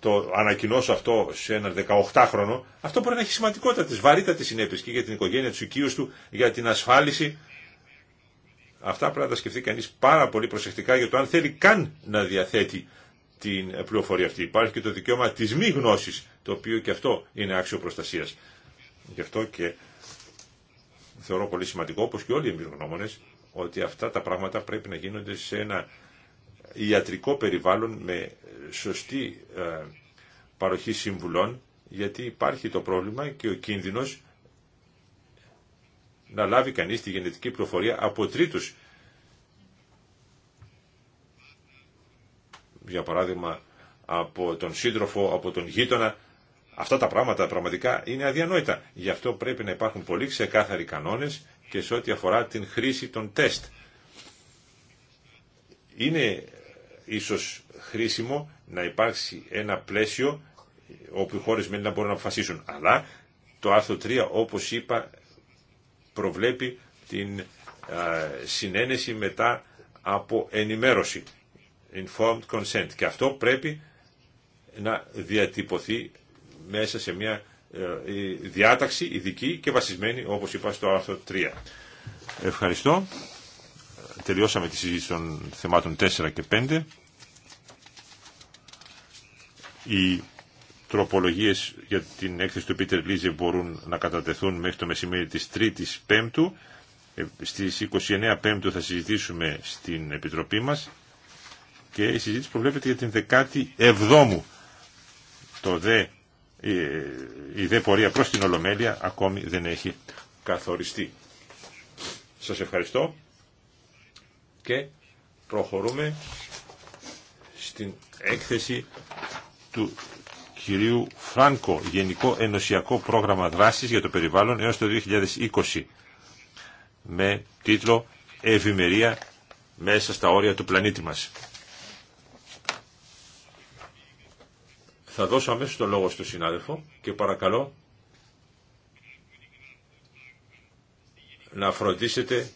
το ανακοινώσω αυτό σε έναν 18χρονο, αυτό μπορεί να έχει τη. βαρύτατες συνέπειες και για την οικογένεια, του οικείου του, για την ασφάλιση. Αυτά πρέπει να τα σκεφτεί κανείς πάρα πολύ προσεκτικά για το αν θέλει καν να διαθέτει την πληροφορία αυτή. Υπάρχει και το δικαίωμα της μη γνώση, το οποίο και αυτό είναι άξιο προστασίας. Γι' αυτό και θεωρώ πολύ σημαντικό, όπως και όλοι οι εμπειρογνώμονε, ότι αυτά τα πράγματα πρέπει να γίνονται σε ένα ιατρικό περιβάλλον με σωστή ε, παροχή συμβουλών, γιατί υπάρχει το πρόβλημα και ο κίνδυνος να λάβει κανείς τη γενετική πληροφορία από τρίτους για παράδειγμα από τον σύντροφο, από τον γείτονα. Αυτά τα πράγματα πραγματικά είναι αδιανόητα. Γι' αυτό πρέπει να υπάρχουν πολύ ξεκάθαροι κανόνες και σε ό,τι αφορά την χρήση των τεστ. Είναι ίσως χρήσιμο να υπάρξει ένα πλαίσιο όπου οι χώρες μέλη να μπορούν να αποφασίσουν. Αλλά το άρθρο 3, όπως είπα, προβλέπει την συνένεση μετά από ενημέρωση informed consent. Και αυτό πρέπει να διατυπωθεί μέσα σε μια ε, διάταξη ειδική και βασισμένη, όπως είπα, στο άρθρο 3. Ευχαριστώ. Τελειώσαμε τη συζήτηση των θεμάτων 4 και 5. Οι τροπολογίες για την έκθεση του Πίτερ Λίζε μπορούν να κατατεθούν μέχρι το μεσημέρι της 3ης Πέμπτου. Ε, στις 29 Πέμπτου θα συζητήσουμε στην Επιτροπή μας και η συζήτηση προβλέπεται για την 17η. Το δε, η δε πορεία προς την Ολομέλεια ακόμη δεν έχει καθοριστεί. Σας ευχαριστώ και προχωρούμε στην έκθεση του κυρίου Φράνκο, Γενικό Ενωσιακό Πρόγραμμα Δράσης για το Περιβάλλον έως το 2020 με τίτλο «Ευημερία μέσα στα όρια του πλανήτη μας». Θα δώσω αμέσως το λόγο στον συνάδελφο και παρακαλώ να φροντίσετε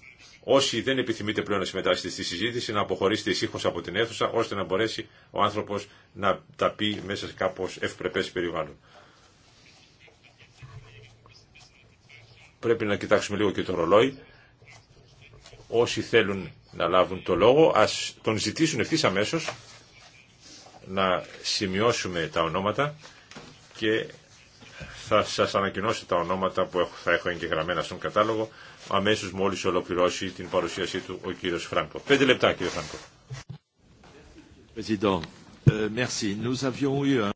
όσοι δεν επιθυμείτε πλέον να συμμετάσχετε στη συζήτηση να αποχωρήσετε ησύχως από την αίθουσα ώστε να μπορέσει ο άνθρωπος να τα πει μέσα σε κάπως ευπρεπές περιβάλλον. Πρέπει να κοιτάξουμε λίγο και το ρολόι. Όσοι θέλουν να λάβουν το λόγο ας τον ζητήσουν ευθύ αμέσως να σημειώσουμε τα ονόματα και θα σας ανακοινώσω τα ονόματα που θα έχω εγγεγραμμένα στον κατάλογο αμέσως μόλις ολοκληρώσει την παρουσίασή του ο κύριος Φράνκο. Πέντε λεπτά κύριε Φράνκο. Euh,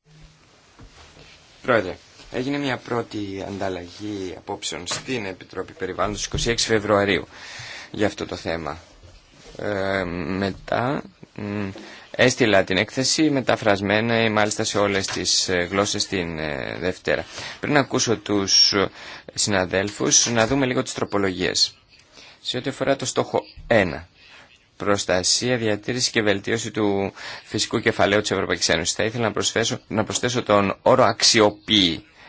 Πρόεδρε, έγινε μια πρώτη ανταλλαγή απόψεων στην Επιτροπή Περιβάλλοντος 26 Φεβρουαρίου για αυτό το θέμα. Ε, μετά Έστειλα την έκθεση μεταφρασμένα μάλιστα σε όλες τις ε, γλώσσες την ε, Δευτέρα. Πριν ακούσω τους ε, συναδέλφους να δούμε λίγο τις τροπολογίες. Σε ό,τι αφορά το στόχο 1, προστασία, διατήρηση και βελτίωση του φυσικού κεφαλαίου της Ευρωπαϊκής Ένωσης. Θα ήθελα να, προσθέσω, να προσθέσω τον όρο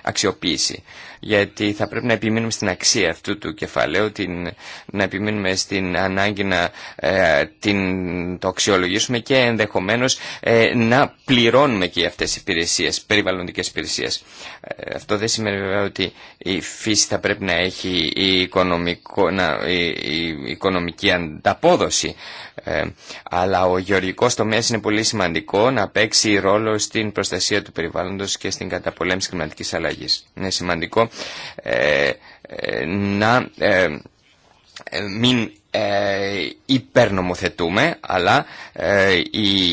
αξιοποίηση γιατί θα πρέπει να επιμείνουμε στην αξία αυτού του κεφαλαίου, την, να επιμείνουμε στην ανάγκη να ε, την, το αξιολογήσουμε και ενδεχομένως ε, να πληρώνουμε και αυτές τις υπηρεσίες, περιβαλλοντικές υπηρεσίες. Ε, αυτό δεν σημαίνει βέβαια ότι η φύση θα πρέπει να έχει η, οικονομικό, να, η οικονομική ανταπόδοση, αλλά ο γεωργικός τομέας είναι πολύ σημαντικό να παίξει ρόλο στην προστασία του περιβάλλοντος και στην καταπολέμηση κλιματικής αλλαγής. Είναι σημαντικό ε, να ε, ε, μην υπερνομοθετούμε, αλλά η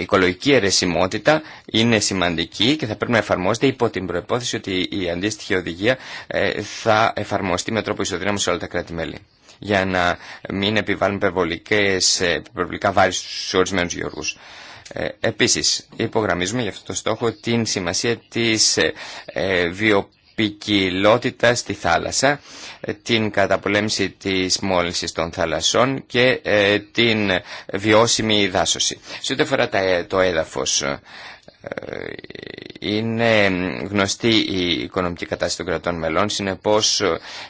οικολογική αιρεσιμότητα είναι σημαντική και θα πρέπει να εφαρμόζεται υπό την προπόθεση ότι η αντίστοιχη οδηγία θα εφαρμοστεί με τρόπο ισοδύναμο σε όλα τα κράτη-μέλη για να μην επιβάλλουν υπερβολικά βάρη στους ορισμένους γεωργούς. Επίσης, υπογραμμίζουμε για αυτό το στόχο την σημασία της βιοποίησης ποικιλότητα στη θάλασσα, την καταπολέμηση της μόλυνσης των θαλασσών και ε, την βιώσιμη δάσωση. Σε ό,τι αφορά ε, το έδαφος, είναι γνωστή η οικονομική κατάσταση των κρατών μελών, συνεπώς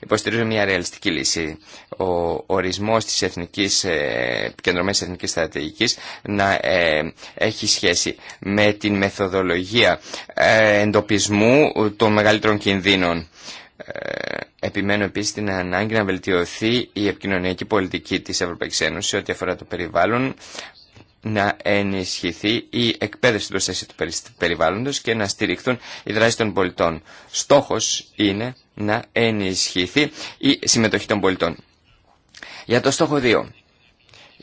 υποστηρίζω μια ρεαλιστική λύση. Ο ορισμός της εθνικής, Εθνική εθνικής στρατηγικής να ε, έχει σχέση με την μεθοδολογία ε, εντοπισμού των μεγαλύτερων κινδύνων. Ε, επιμένω επίσης την ανάγκη να βελτιωθεί η επικοινωνιακή πολιτική της Ευρωπαϊκής Ένωσης ό,τι αφορά το περιβάλλον να ενισχυθεί η εκπαίδευση στην προστασία του περιβάλλοντος και να στηριχθούν οι δράσεις των πολιτών. Στόχος είναι να ενισχυθεί η συμμετοχή των πολιτών. Για το στόχο 2.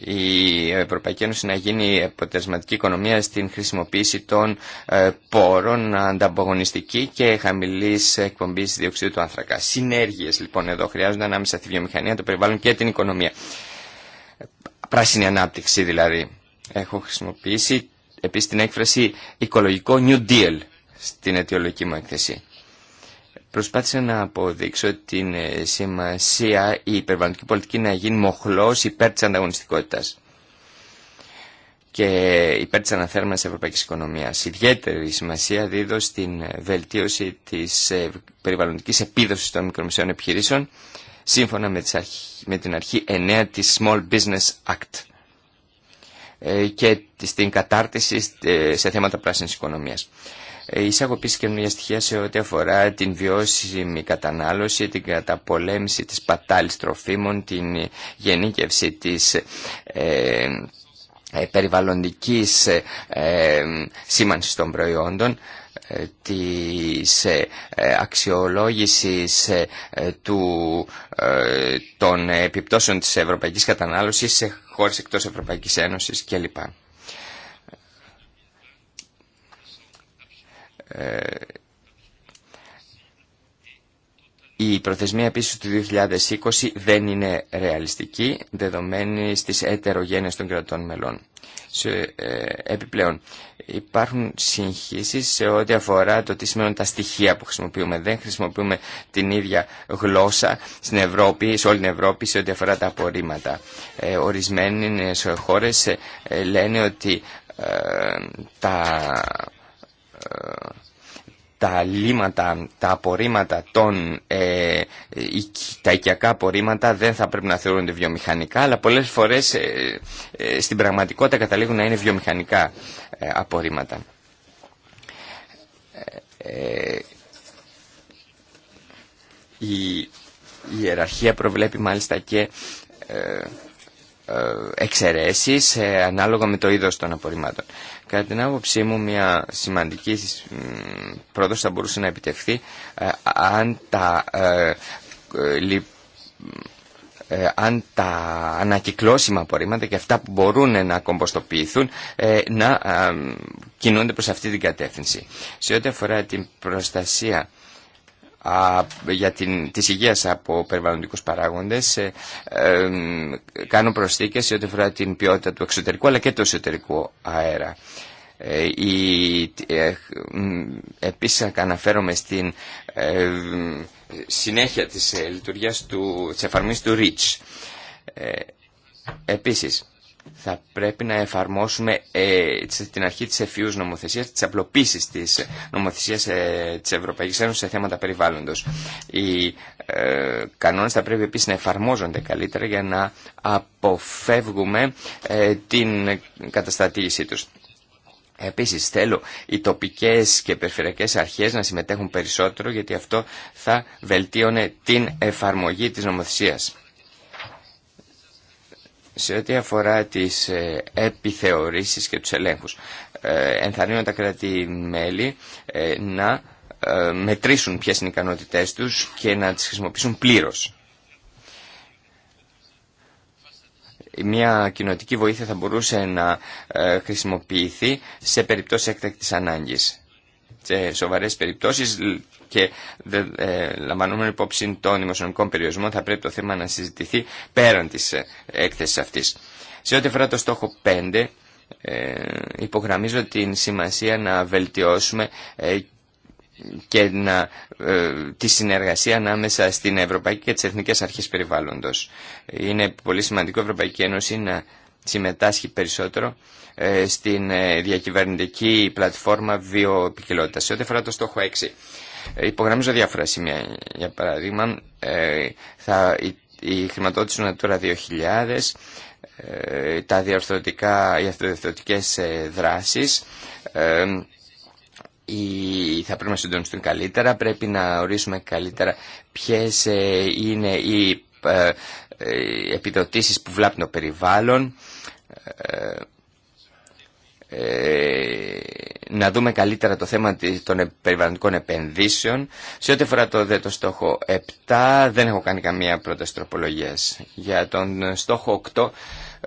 Η Ευρωπαϊκή Ένωση να γίνει αποτελεσματική οικονομία στην χρησιμοποίηση των ε, πόρων ανταπογωνιστική και χαμηλή εκπομπή διοξιδίου του άνθρακα. Συνέργειε λοιπόν εδώ χρειάζονται ανάμεσα στη βιομηχανία, το περιβάλλον και την οικονομία. Πράσινη ανάπτυξη δηλαδή. Έχω χρησιμοποιήσει επίση την έκφραση οικολογικό New Deal στην αιτιολογική μου έκθεση. Προσπάθησα να αποδείξω την ε, σημασία η περιβαλλοντική πολιτική να γίνει μοχλός υπέρ της ανταγωνιστικότητας και υπέρ της αναθέρμανσης ευρωπαϊκής οικονομίας. Ιδιαίτερη σημασία δίδω στην βελτίωση της ε, περιβαλλοντικής επίδοσης των μικρομεσαίων επιχειρήσεων σύμφωνα με την αρχή 9 της Small Business Act. Ε, και στην κατάρτιση ε, σε θέματα πράσινης οικονομίας. Ε, εισάγω και μια στοιχεία σε ό,τι αφορά την βιώσιμη κατανάλωση, την καταπολέμηση της πατάλης τροφίμων, την γενίκευση της ε, περιβαλλοντικής ε, σήμανσης των προϊόντων της ε, ε, αξιολόγησης ε, του, των επιπτώσεων της ευρωπαϊκής κατανάλωσης σε χώρες εκτός Ευρωπαϊκής Ένωσης κλπ. Η προθεσμία επίσης του 2020 δεν είναι ρεαλιστική, δεδομένη στις ετερογένειες των κρατών μελών. Σε επιπλέον, υπάρχουν συγχύσεις σε ό,τι αφορά το τι σημαίνουν τα στοιχεία που χρησιμοποιούμε. Δεν χρησιμοποιούμε την ίδια γλώσσα στην Ευρώπη, σε όλη την Ευρώπη σε ό,τι αφορά τα απορρίμματα. Ε, ορισμένοι χώρες ε, λένε ότι ε, τα, ε, τα τα απορρίμματα, των, ε, τα οικιακά απορρίμματα δεν θα πρέπει να θεωρούνται βιομηχανικά, αλλά πολλές φορές ε, στην πραγματικότητα καταλήγουν να είναι βιομηχανικά ε, απορρίμματα. Ε, ε, η ιεραρχία προβλέπει μάλιστα και εξαιρέσεις ανάλογα με το είδος των απορριμμάτων. Κατά την άποψή μου μια σημαντική πρόταση θα μπορούσε να επιτευχθεί αν τα ε, αν τα ανακυκλώσιμα απορρίμματα και αυτά που μπορούν να κομποστοποιηθούν ε, να ε, κινούνται προς αυτή την κατεύθυνση. Σε ό,τι αφορά την προστασία α, για την, της υγείας από περιβαλλοντικούς παράγοντες κάνω ε, προσθήκες σε ό,τι αφορά την ποιότητα του εξωτερικού αλλά και του εσωτερικού αέρα. Ε, η, ε, επίσης αναφέρομαι στην συνέχεια της ε, λειτουργίας του, της του REACH. Ε, επίσης, θα πρέπει να εφαρμόσουμε ε, την αρχή της εφιούς νομοθεσίας, της απλοποίησης της νομοθεσίας ε, της Ευρωπαϊκής Ένωσης σε θέματα περιβάλλοντος. Οι κανόνες θα πρέπει επίσης να εφαρμόζονται καλύτερα για να αποφεύγουμε την καταστατήγησή τους. Επίσης θέλω οι τοπικές και περιφερειακές αρχές να συμμετέχουν περισσότερο γιατί αυτό θα βελτίωνε την εφαρμογή της νομοθεσίας. Σε ό,τι αφορά τις ε, επιθεωρήσεις και τους ελέγχους, ε, ενθαρρύνω τα κράτη-μέλη ε, να μετρήσουν ποιες είναι οι ικανότητές τους και να τις χρησιμοποιήσουν πλήρως. μια κοινοτική βοήθεια θα μπορούσε να ε, χρησιμοποιηθεί σε περιπτώσεις έκτακτης ανάγκης. Σε σοβαρές περιπτώσεις και ε, λαμβανόμενο υπόψη των δημοσιονομικών περιορισμών θα πρέπει το θέμα να συζητηθεί πέραν της ε, έκθεσης αυτής. Σε ό,τι αφορά το στόχο 5, υπογραμμίζω την σημασία να βελτιώσουμε και να, ε, τη συνεργασία ανάμεσα στην Ευρωπαϊκή και τις Εθνικές Αρχές Περιβάλλοντος. Είναι πολύ σημαντικό η Ευρωπαϊκή Ένωση να συμμετάσχει περισσότερο ε, στην ε, διακυβερνητική πλατφόρμα βιοποικιλότητας. Σε ό,τι αφορά το στόχο 6, υπογραμμίζω διάφορα σημεία. Για παράδειγμα, θα, η, η χρηματοδότηση του Natura 2000, τα διορθωτικά, οι αυτοδιορθωτικές δράσεις, θα πρέπει να συντονιστούν καλύτερα, πρέπει να ορίσουμε καλύτερα ποιες ε, είναι οι ε, ε, επιδοτήσεις που βλάπτουν το περιβάλλον, να δούμε καλύτερα το θέμα των περιβαλλοντικών επενδύσεων. Σε ό,τι αφορά το, δε, το στόχο 7, δεν έχω κάνει καμία πρόταση τροπολογίας. Για τον στόχο 8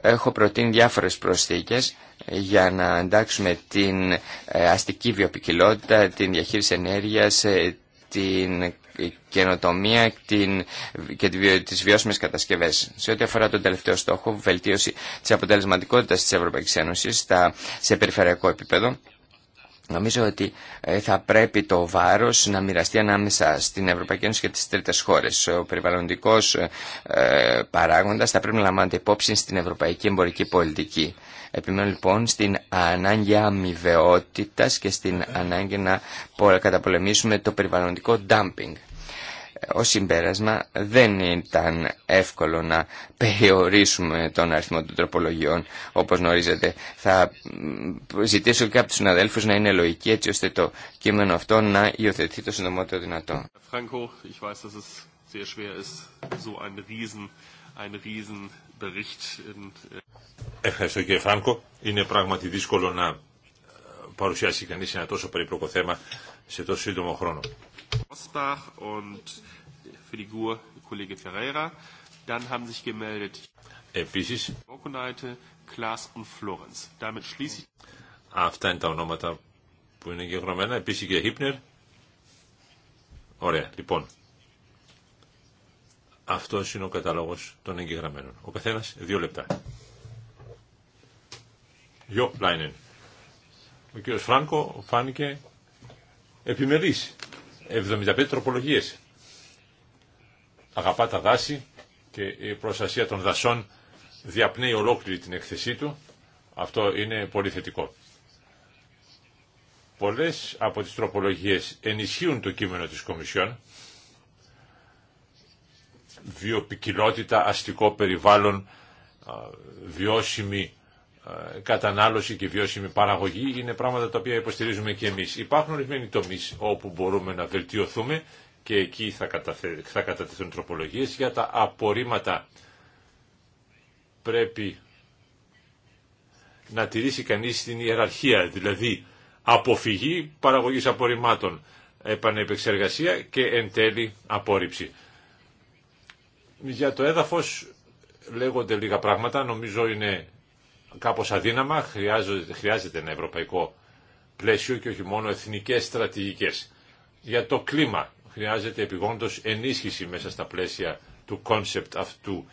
έχω προτείνει διάφορες προσθήκες για να εντάξουμε την ε, αστική βιοπικιλότητα, την διαχείριση ενέργειας, ε, την καινοτομία την, και τις βιώσιμες κατασκευές. Σε ό,τι αφορά τον τελευταίο στόχο, βελτίωση της αποτελεσματικότητας της Ευρωπαϊκής Ένωσης σε περιφερειακό επίπεδο, Νομίζω ότι ε, θα πρέπει το βάρος να μοιραστεί ανάμεσα στην Ευρωπαϊκή Ένωση και τις τρίτες χώρες. Ο περιβαλλοντικός παράγοντας θα πρέπει να λαμβάνεται υπόψη στην ευρωπαϊκή εμπορική πολιτική. Επιμένω λοιπόν στην ανάγκη αμοιβαιότητα και στην ανάγκη να καταπολεμήσουμε το περιβαλλοντικό dumping. Ως συμπέρασμα δεν ήταν εύκολο να περιορίσουμε τον αριθμό των τροπολογιών όπως γνωρίζετε. Θα ζητήσω και από τους συναδέλφους να είναι λογικοί έτσι ώστε το κείμενο αυτό να υιοθετηθεί το συντομότερο δυνατό. ich weiß, dass es sehr schwer ist, so Äh, Ευχαριστώ κύριε Φράνκο. Είναι πράγματι δύσκολο να ε, παρουσιάσει κανείς ένα τόσο περίπλοκο θέμα σε τόσο σύντομο χρόνο. Επίσης, αυτά είναι τα ονόματα που είναι γεγραμμένα. Επίσης και Χίπνερ. Ωραία, λοιπόν. Αυτό είναι ο καταλόγο των εγγεγραμμένων. Ο καθένα δύο λεπτά. Γιο Ο κύριο Φράνκο φάνηκε επιμελής. 75 τροπολογίε, Αγαπά τα δάση και η προστασία των δασών διαπνέει ολόκληρη την εκθεσή του. Αυτό είναι πολύ θετικό. Πολλές από τις τροπολογίες ενισχύουν το κείμενο της Κομισιόν βιοπικιλότητα, αστικό περιβάλλον, βιώσιμη κατανάλωση και βιώσιμη παραγωγή είναι πράγματα τα οποία υποστηρίζουμε και εμείς. Υπάρχουν ορισμένοι τομείς όπου μπορούμε να βελτιωθούμε και εκεί θα, θα κατατεθούν τροπολογίες για τα απορρίμματα. Πρέπει να τηρήσει κανείς την ιεραρχία, δηλαδή αποφυγή παραγωγής απορριμμάτων, επανεπεξεργασία και εν τέλει απόρριψη. Για το έδαφος λέγονται λίγα πράγματα, νομίζω είναι κάπως αδύναμα, χρειάζεται, χρειάζεται ένα ευρωπαϊκό πλαίσιο και όχι μόνο εθνικές στρατηγικές. Για το κλίμα χρειάζεται επιγόντως ενίσχυση μέσα στα πλαίσια του κόνσεπτ αυτού.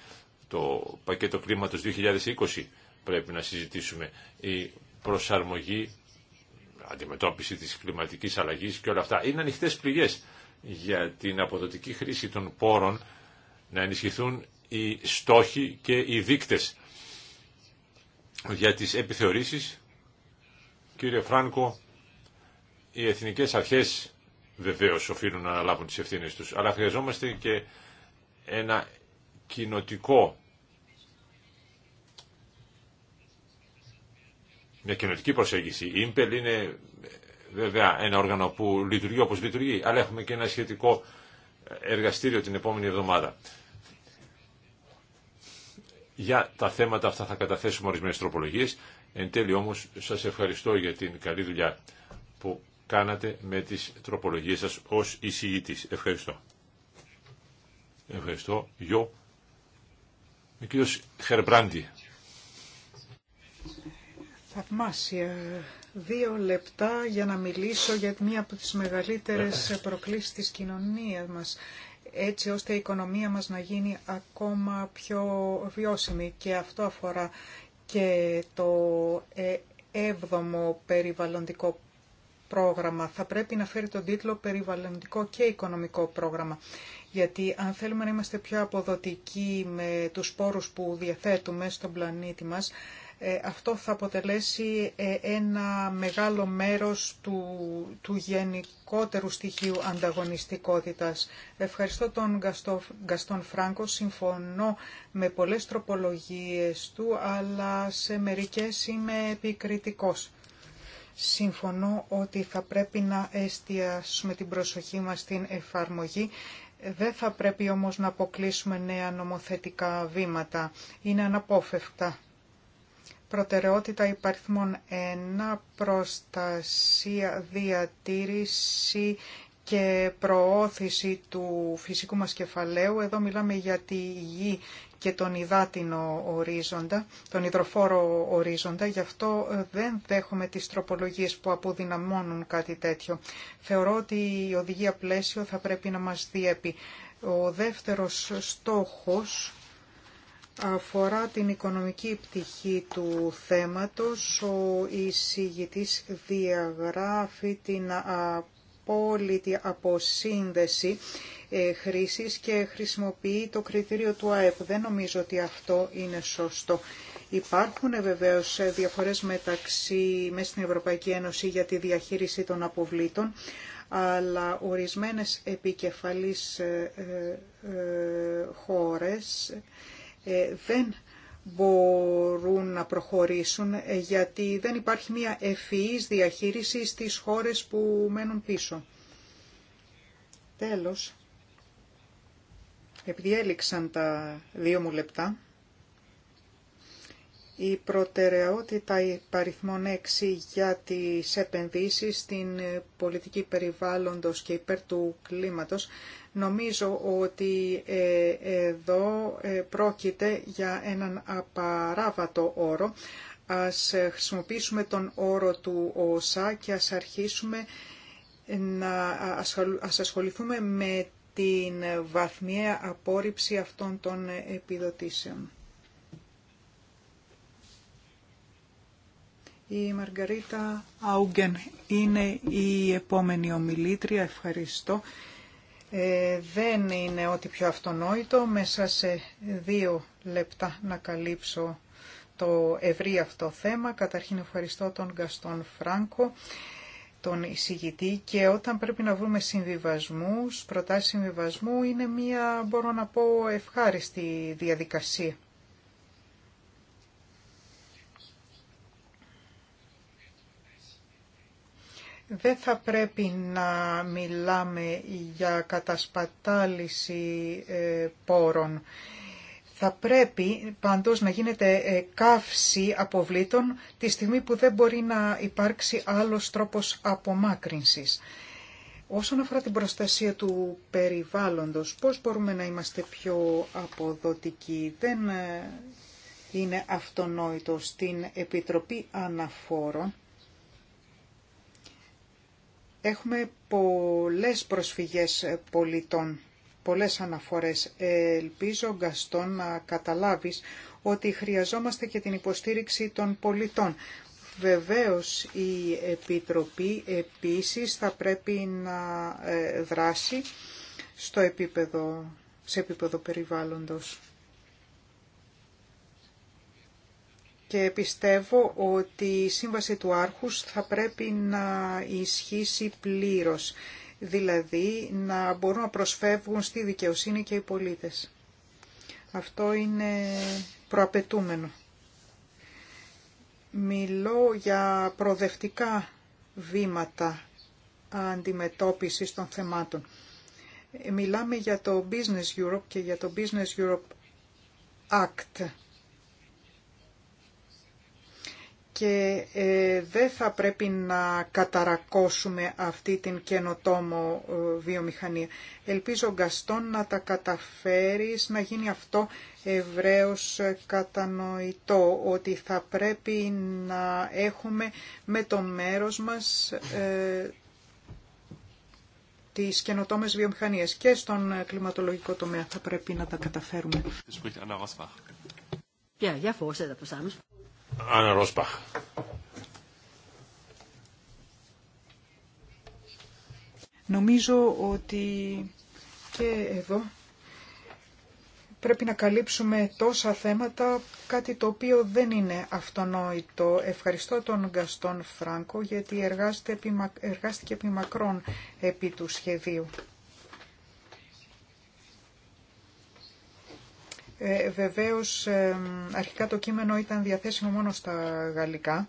Το πακέτο κλίματος 2020 πρέπει να συζητήσουμε. Η προσαρμογή, αντιμετώπιση της κλιματικής αλλαγής και όλα αυτά είναι ανοιχτές πληγές για την αποδοτική χρήση των πόρων να ενισχυθούν οι στόχοι και οι δείκτες για τις επιθεωρήσεις. Κύριε Φράνκο, οι εθνικές αρχές βεβαίως οφείλουν να αναλάβουν τις ευθύνες τους, αλλά χρειαζόμαστε και ένα κοινοτικό μια κοινοτική προσέγγιση. Η ΙΜΠΕΛ είναι βέβαια ένα όργανο που λειτουργεί όπως λειτουργεί, αλλά έχουμε και ένα σχετικό εργαστήριο την επόμενη εβδομάδα. Για τα θέματα αυτά θα καταθέσουμε ορισμένες τροπολογίες. Εν τέλει όμως σας ευχαριστώ για την καλή δουλειά που κάνατε με τις τροπολογίες σας ως εισηγητής. Ευχαριστώ. Ευχαριστώ. Γιο. Ο κύριος Χερμπράντι. Θαυμάσια δύο λεπτά για να μιλήσω για μία από τις μεγαλύτερες προκλήσεις της κοινωνίας μας έτσι ώστε η οικονομία μας να γίνει ακόμα πιο βιώσιμη και αυτό αφορά και το ε, έβδομο περιβαλλοντικό πρόγραμμα. Θα πρέπει να φέρει τον τίτλο περιβαλλοντικό και οικονομικό πρόγραμμα. Γιατί αν θέλουμε να είμαστε πιο αποδοτικοί με τους πόρους που διαθέτουμε στον πλανήτη μας, ε, αυτό θα αποτελέσει ε, ένα μεγάλο μέρος του, του γενικότερου στοιχείου ανταγωνιστικότητας. Ευχαριστώ τον Γκαστόν Φράγκο, συμφωνώ με πολλές τροπολογίες του, αλλά σε μερικές είμαι επικριτικός. Συμφωνώ ότι θα πρέπει να εστιάσουμε την προσοχή μας στην εφαρμογή δεν θα πρέπει όμως να αποκλείσουμε νέα νομοθετικά βήματα. Είναι αναπόφευκτα. Προτεραιότητα υπαριθμών 1, προστασία, διατήρηση και προώθηση του φυσικού μας κεφαλαίου. Εδώ μιλάμε για τη γη και τον υδάτινο ορίζοντα, τον υδροφόρο ορίζοντα. Γι' αυτό ε, δεν δέχομαι τις τροπολογίες που αποδυναμώνουν κάτι τέτοιο. Θεωρώ ότι η οδηγία πλαίσιο θα πρέπει να μας διέπει. Ο δεύτερος στόχος αφορά την οικονομική πτυχή του θέματος. Ο εισηγητής διαγράφει την απόλυτη αποσύνδεση ε, χρήσης και χρησιμοποιεί το κριτήριο του ΑΕΠ. Δεν νομίζω ότι αυτό είναι σωστό. Υπάρχουν ε, βεβαίως ε, διαφορές μεταξύ μέσα στην Ευρωπαϊκή Ένωση για τη διαχείριση των αποβλήτων, αλλά ορισμένες επικεφαλής χώρες ε, δεν μπορούν να προχωρήσουν ε, γιατί δεν υπάρχει μια ευφυής διαχείριση στις χώρες που μένουν πίσω. Τέλος, επειδή έληξαν τα δύο μου λεπτά, η προτεραιότητα υπαριθμών 6 για τις επενδύσεις στην πολιτική περιβάλλοντος και υπέρ του κλίματος Νομίζω ότι ε, εδώ ε, πρόκειται για έναν απαράβατο όρο. Ας ε, χρησιμοποιήσουμε τον όρο του ΩΣΑ και ας αρχίσουμε να ας ασχοληθούμε με την βαθμιαία απόρριψη αυτών των επιδοτήσεων. Η Μαργαρίτα Άουγκεν είναι η επόμενη ομιλήτρια. Ευχαριστώ ε, δεν είναι ότι πιο αυτονόητο μέσα σε δύο λεπτά να καλύψω το ευρύ αυτό θέμα. Καταρχήν ευχαριστώ τον Γκαστόν Φράνκο, τον εισηγητή και όταν πρέπει να βρούμε συμβιβασμούς, προτάσεις συμβιβασμού είναι μία μπορώ να πω ευχάριστη διαδικασία. δεν θα πρέπει να μιλάμε για κατασπατάληση ε, πόρων. Θα πρέπει πάντως να γίνεται ε, καύση αποβλήτων τη στιγμή που δεν μπορεί να υπάρξει άλλος τρόπος απομάκρυνσης. Όσον αφορά την προστασία του περιβάλλοντος, πώς μπορούμε να είμαστε πιο αποδοτικοί. Δεν ε, είναι αυτονόητο στην Επιτροπή Αναφόρων Έχουμε πολλές προσφυγές πολιτών, πολλές αναφορές. Ελπίζω, Γκαστόν, να καταλάβεις ότι χρειαζόμαστε και την υποστήριξη των πολιτών. Βεβαίως, η Επιτροπή επίσης θα πρέπει να ε, δράσει στο επίπεδο, σε επίπεδο περιβάλλοντος. και πιστεύω ότι η σύμβαση του άρχους θα πρέπει να ισχύσει πλήρως, δηλαδή να μπορούν να προσφεύγουν στη δικαιοσύνη και οι πολίτες. Αυτό είναι προαπαιτούμενο. Μιλώ για προοδευτικά βήματα αντιμετώπισης των θεμάτων. Μιλάμε για το Business Europe και για το Business Europe Act και ε, δεν θα πρέπει να καταρακώσουμε αυτή την καινοτόμο ε, βιομηχανία. Ελπίζω, Γκαστόν, να τα καταφέρεις να γίνει αυτό ευρέως κατανοητό, ότι θα πρέπει να έχουμε με το μέρος μας ε, τις καινοτόμες βιομηχανίες και στον ε, κλιματολογικό τομέα θα πρέπει να τα καταφέρουμε. Ja, ja, Νομίζω ότι και εδώ πρέπει να καλύψουμε τόσα θέματα, κάτι το οποίο δεν είναι αυτονόητο. Ευχαριστώ τον Γκαστόν Φράνκο γιατί εργάστηκε επί μακρόν επί του σχεδίου. Ε, βεβαίως, ε, αρχικά το κείμενο ήταν διαθέσιμο μόνο στα γαλλικά,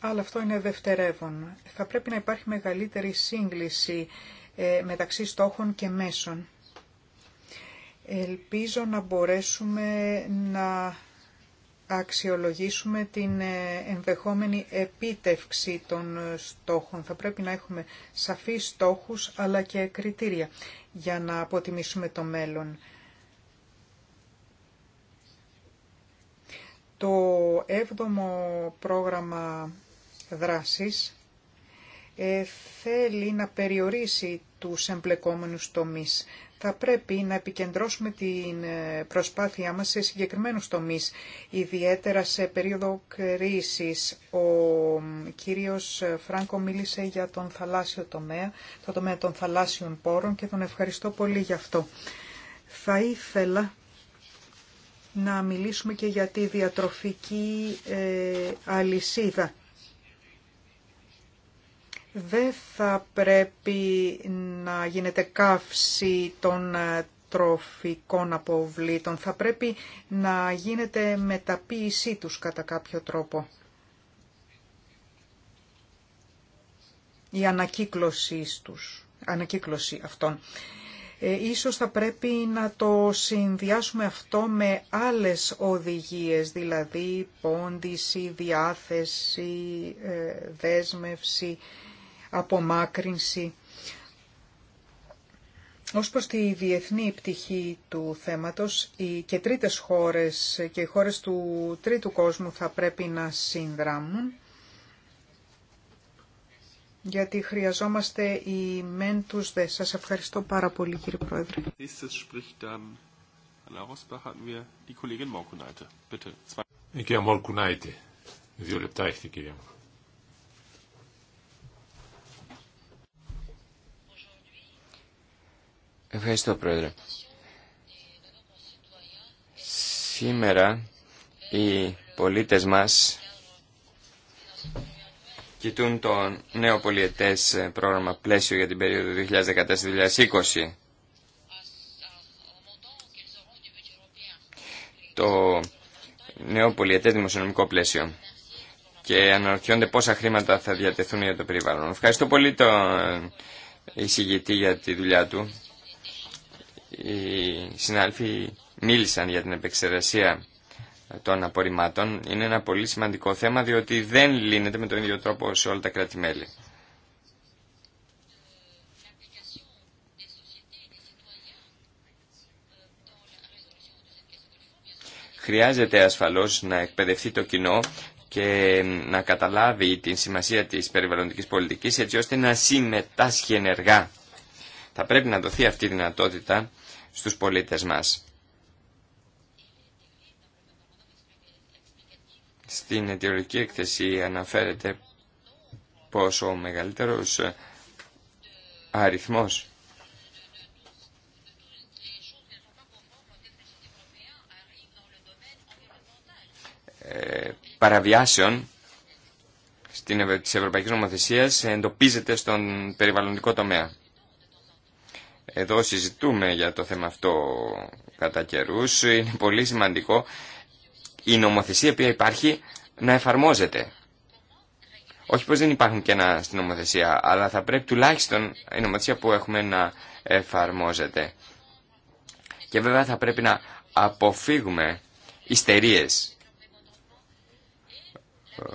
αλλά αυτό είναι δευτερεύον. Θα πρέπει να υπάρχει μεγαλύτερη σύγκληση ε, μεταξύ στόχων και μέσων. Ελπίζω να μπορέσουμε να αξιολογήσουμε την ε, ενδεχόμενη επίτευξη των ε, στόχων. Θα πρέπει να έχουμε σαφείς στόχους αλλά και κριτήρια για να αποτιμήσουμε το μέλλον. Το έβδομο πρόγραμμα δράσης ε, θέλει να περιορίσει τους εμπλεκόμενους τομείς θα πρέπει να επικεντρώσουμε την ε, προσπάθειά μας σε συγκεκριμένους τομείς, ιδιαίτερα σε περίοδο κρίσης. Ο κύριος Φράνκο μίλησε για τον θαλάσσιο τομέα, το τομέα των θαλάσσιων πόρων και τον ευχαριστώ πολύ γι' αυτό. Θα ήθελα να μιλήσουμε και για τη διατροφική ε, αλυσίδα δεν θα πρέπει να γίνεται καύση των ε, τροφικών αποβλήτων. Θα πρέπει να γίνεται μεταποίησή τους κατά κάποιο τρόπο. Η ανακύκλωσή τους, ανακύκλωση αυτών. Ε, ίσως θα πρέπει να το συνδυάσουμε αυτό με άλλες οδηγίες, δηλαδή πόντιση, διάθεση, ε, δέσμευση, απομάκρυνση. Ως προς τη διεθνή πτυχή του θέματος, οι και τρίτες χώρες και οι χώρες του τρίτου κόσμου θα πρέπει να συνδράμουν, γιατί χρειαζόμαστε οι μεν τους δε. Σας ευχαριστώ πάρα πολύ κύριε Πρόεδρε. Η κυρία Δύο λεπτά έχετε κυρία μου. Ευχαριστώ, Πρόεδρε. Σήμερα οι πολίτες μας κοιτούν το νέο πολιετές πρόγραμμα πλαίσιο για την περίοδο 2014-2020. Το νέο πολιετές δημοσιονομικό πλαίσιο και αναρωτιόνται πόσα χρήματα θα διατεθούν για το περιβάλλον. Ευχαριστώ πολύ τον εισηγητή για τη δουλειά του οι συνάδελφοι μίλησαν για την επεξεργασία των απορριμμάτων είναι ένα πολύ σημαντικό θέμα διότι δεν λύνεται με τον ίδιο τρόπο σε όλα τα κράτη-μέλη. Χρειάζεται ασφαλώς να εκπαιδευτεί το κοινό και να καταλάβει την σημασία της περιβαλλοντικής πολιτικής έτσι ώστε να συμμετάσχει ενεργά. Θα πρέπει να δοθεί αυτή η δυνατότητα στους πολίτες μας. Στην αιτιολογική εκθεσή αναφέρεται πως ο μεγαλύτερος αριθμός παραβιάσεων της ευρωπαϊκή Νομοθεσίας εντοπίζεται στον περιβαλλοντικό τομέα. Εδώ συζητούμε για το θέμα αυτό κατά καιρού. Είναι πολύ σημαντικό η νομοθεσία που υπάρχει να εφαρμόζεται. Όχι πως δεν υπάρχουν και ένα στην νομοθεσία, αλλά θα πρέπει τουλάχιστον η νομοθεσία που έχουμε να εφαρμόζεται. Και βέβαια θα πρέπει να αποφύγουμε ιστερίες, ε,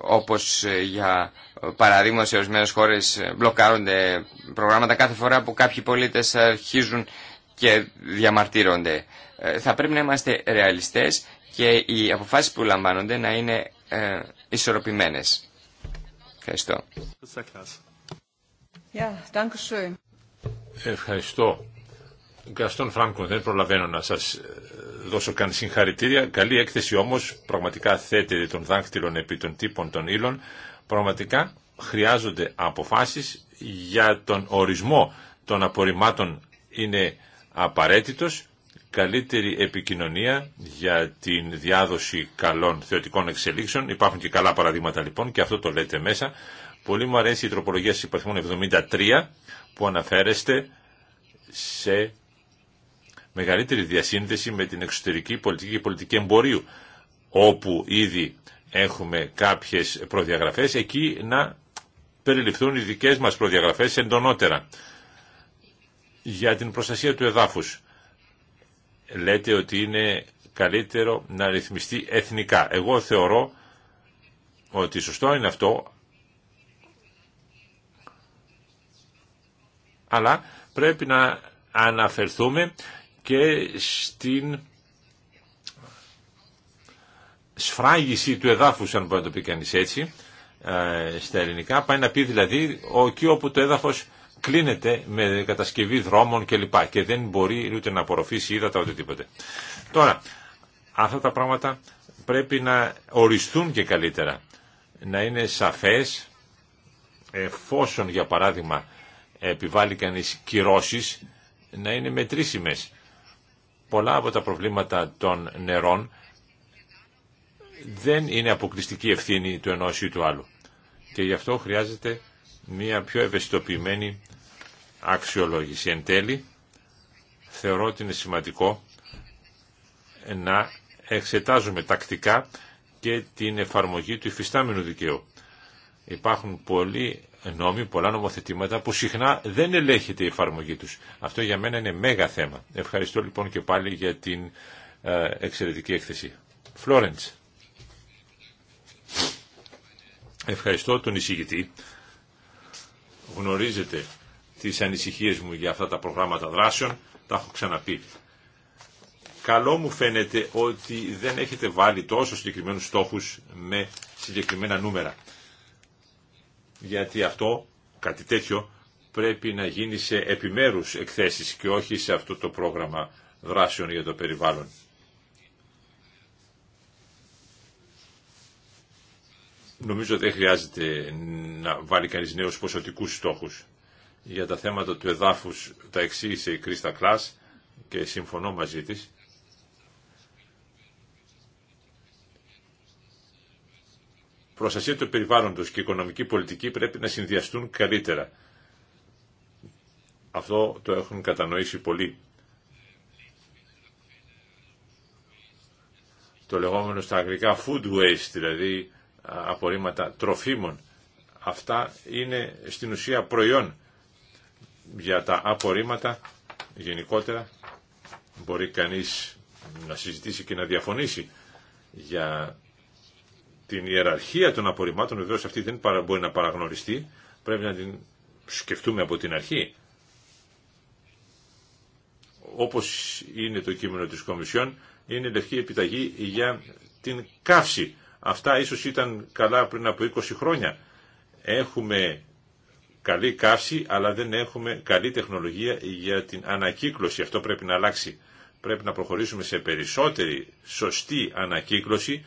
όπως για Παραδείγματο, σε ορισμένε χώρε ε, μπλοκάρονται προγράμματα κάθε φορά που κάποιοι πολίτε αρχίζουν και διαμαρτύρονται. Ε, θα πρέπει να είμαστε ρεαλιστέ και οι αποφάσει που λαμβάνονται να είναι ε, ισορροπημένε. Ευχαριστώ. Yeah, Ευχαριστώ. Γκαστόν Φράγκο, δεν προλαβαίνω να σα δώσω καν συγχαρητήρια. Καλή έκθεση όμω, πραγματικά θέτεται των δάχτυλων επί των τύπων των ύλων πραγματικά χρειάζονται αποφάσεις για τον ορισμό των απορριμμάτων είναι απαραίτητος καλύτερη επικοινωνία για την διάδοση καλών θεωτικών εξελίξεων. Υπάρχουν και καλά παραδείγματα λοιπόν και αυτό το λέτε μέσα. Πολύ μου αρέσει η τροπολογία στις υπαριθμών 73 που αναφέρεστε σε μεγαλύτερη διασύνδεση με την εξωτερική πολιτική και πολιτική εμπορίου όπου ήδη έχουμε κάποιες προδιαγραφές, εκεί να περιληφθούν οι δικές μας προδιαγραφές εντονότερα. Για την προστασία του εδάφους, λέτε ότι είναι καλύτερο να ρυθμιστεί εθνικά. Εγώ θεωρώ ότι σωστό είναι αυτό, αλλά πρέπει να αναφερθούμε και στην σφράγιση του εδάφου αν μπορεί να το πει κανεί έτσι, ε, στα ελληνικά. Πάει να πει δηλαδή εκεί όπου το έδαφος κλείνεται με κατασκευή δρόμων κλπ. Και, και δεν μπορεί ούτε να απορροφήσει ύδατα τίποτε. Τώρα, αυτά τα πράγματα πρέπει να οριστούν και καλύτερα. Να είναι σαφές, εφόσον για παράδειγμα επιβάλλει κανείς κυρώσεις, να είναι μετρήσιμες. Πολλά από τα προβλήματα των νερών δεν είναι αποκλειστική ευθύνη του ενός ή του άλλου. Και γι' αυτό χρειάζεται μια πιο ευαισθητοποιημένη αξιολόγηση. Εν τέλει, θεωρώ ότι είναι σημαντικό να εξετάζουμε τακτικά και την εφαρμογή του υφιστάμενου δικαίου. Υπάρχουν πολλοί νόμοι, πολλά νομοθετήματα που συχνά δεν ελέγχεται η εφαρμογή τους. Αυτό για μένα είναι μέγα θέμα. Ευχαριστώ λοιπόν και πάλι για την ε, εξαιρετική έκθεση. Φλόρεντς. Ευχαριστώ τον εισηγητή. Γνωρίζετε τις ανησυχίες μου για αυτά τα προγράμματα δράσεων. Τα έχω ξαναπεί. Καλό μου φαίνεται ότι δεν έχετε βάλει τόσο συγκεκριμένους στόχους με συγκεκριμένα νούμερα. Γιατί αυτό, κάτι τέτοιο, πρέπει να γίνει σε επιμέρους εκθέσεις και όχι σε αυτό το πρόγραμμα δράσεων για το περιβάλλον. Νομίζω δεν χρειάζεται να βάλει κανεί νέου ποσοτικούς στόχου Για τα θέματα του εδάφους τα εξήγησε η Κρίστα Κλά και συμφωνώ μαζί της. Προστασία του περιβάλλοντος και οικονομική πολιτική πρέπει να συνδυαστούν καλύτερα. Αυτό το έχουν κατανοήσει πολλοί. Το λεγόμενο στα αγγλικά food waste, δηλαδή απορρίμματα τροφίμων. Αυτά είναι στην ουσία προϊόν για τα απορρίμματα γενικότερα. Μπορεί κανείς να συζητήσει και να διαφωνήσει για την ιεραρχία των απορριμμάτων. Βεβαίω αυτή δεν μπορεί να παραγνωριστεί. Πρέπει να την σκεφτούμε από την αρχή. Όπως είναι το κείμενο της Κομισιόν, είναι λευκή επιταγή για την καύση Αυτά ίσως ήταν καλά πριν από 20 χρόνια. Έχουμε καλή καύση, αλλά δεν έχουμε καλή τεχνολογία για την ανακύκλωση. Αυτό πρέπει να αλλάξει. Πρέπει να προχωρήσουμε σε περισσότερη σωστή ανακύκλωση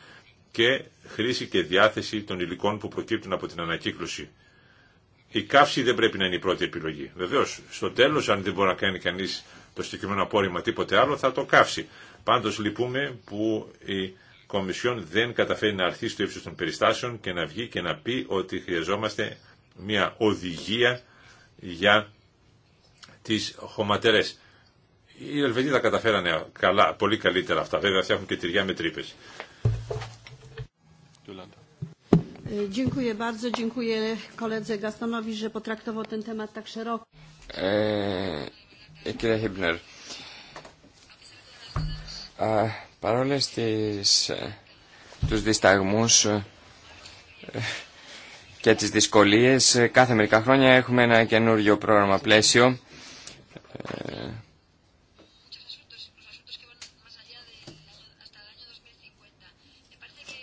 και χρήση και διάθεση των υλικών που προκύπτουν από την ανακύκλωση. Η καύση δεν πρέπει να είναι η πρώτη επιλογή. Βεβαίω, στο τέλο, αν δεν μπορεί να κάνει κανεί το συγκεκριμένο απόρριμα τίποτε άλλο, θα το καύσει. Πάντω λυπούμε που η Κομισιόν δεν καταφέρει να αρθεί στο ύψος των περιστάσεων και να βγει και να πει ότι χρειαζόμαστε μια οδηγία για τις χωματερές. Οι Ελβετοί τα καταφέρανε καλά, πολύ καλύτερα αυτά. Βέβαια, αυτά έχουν και τυριά με τρύπε. Παρόλες τις, ε, τους δισταγμούς ε, και τις δυσκολίες, ε, κάθε μερικά χρόνια έχουμε ένα καινούριο πρόγραμμα πλαίσιο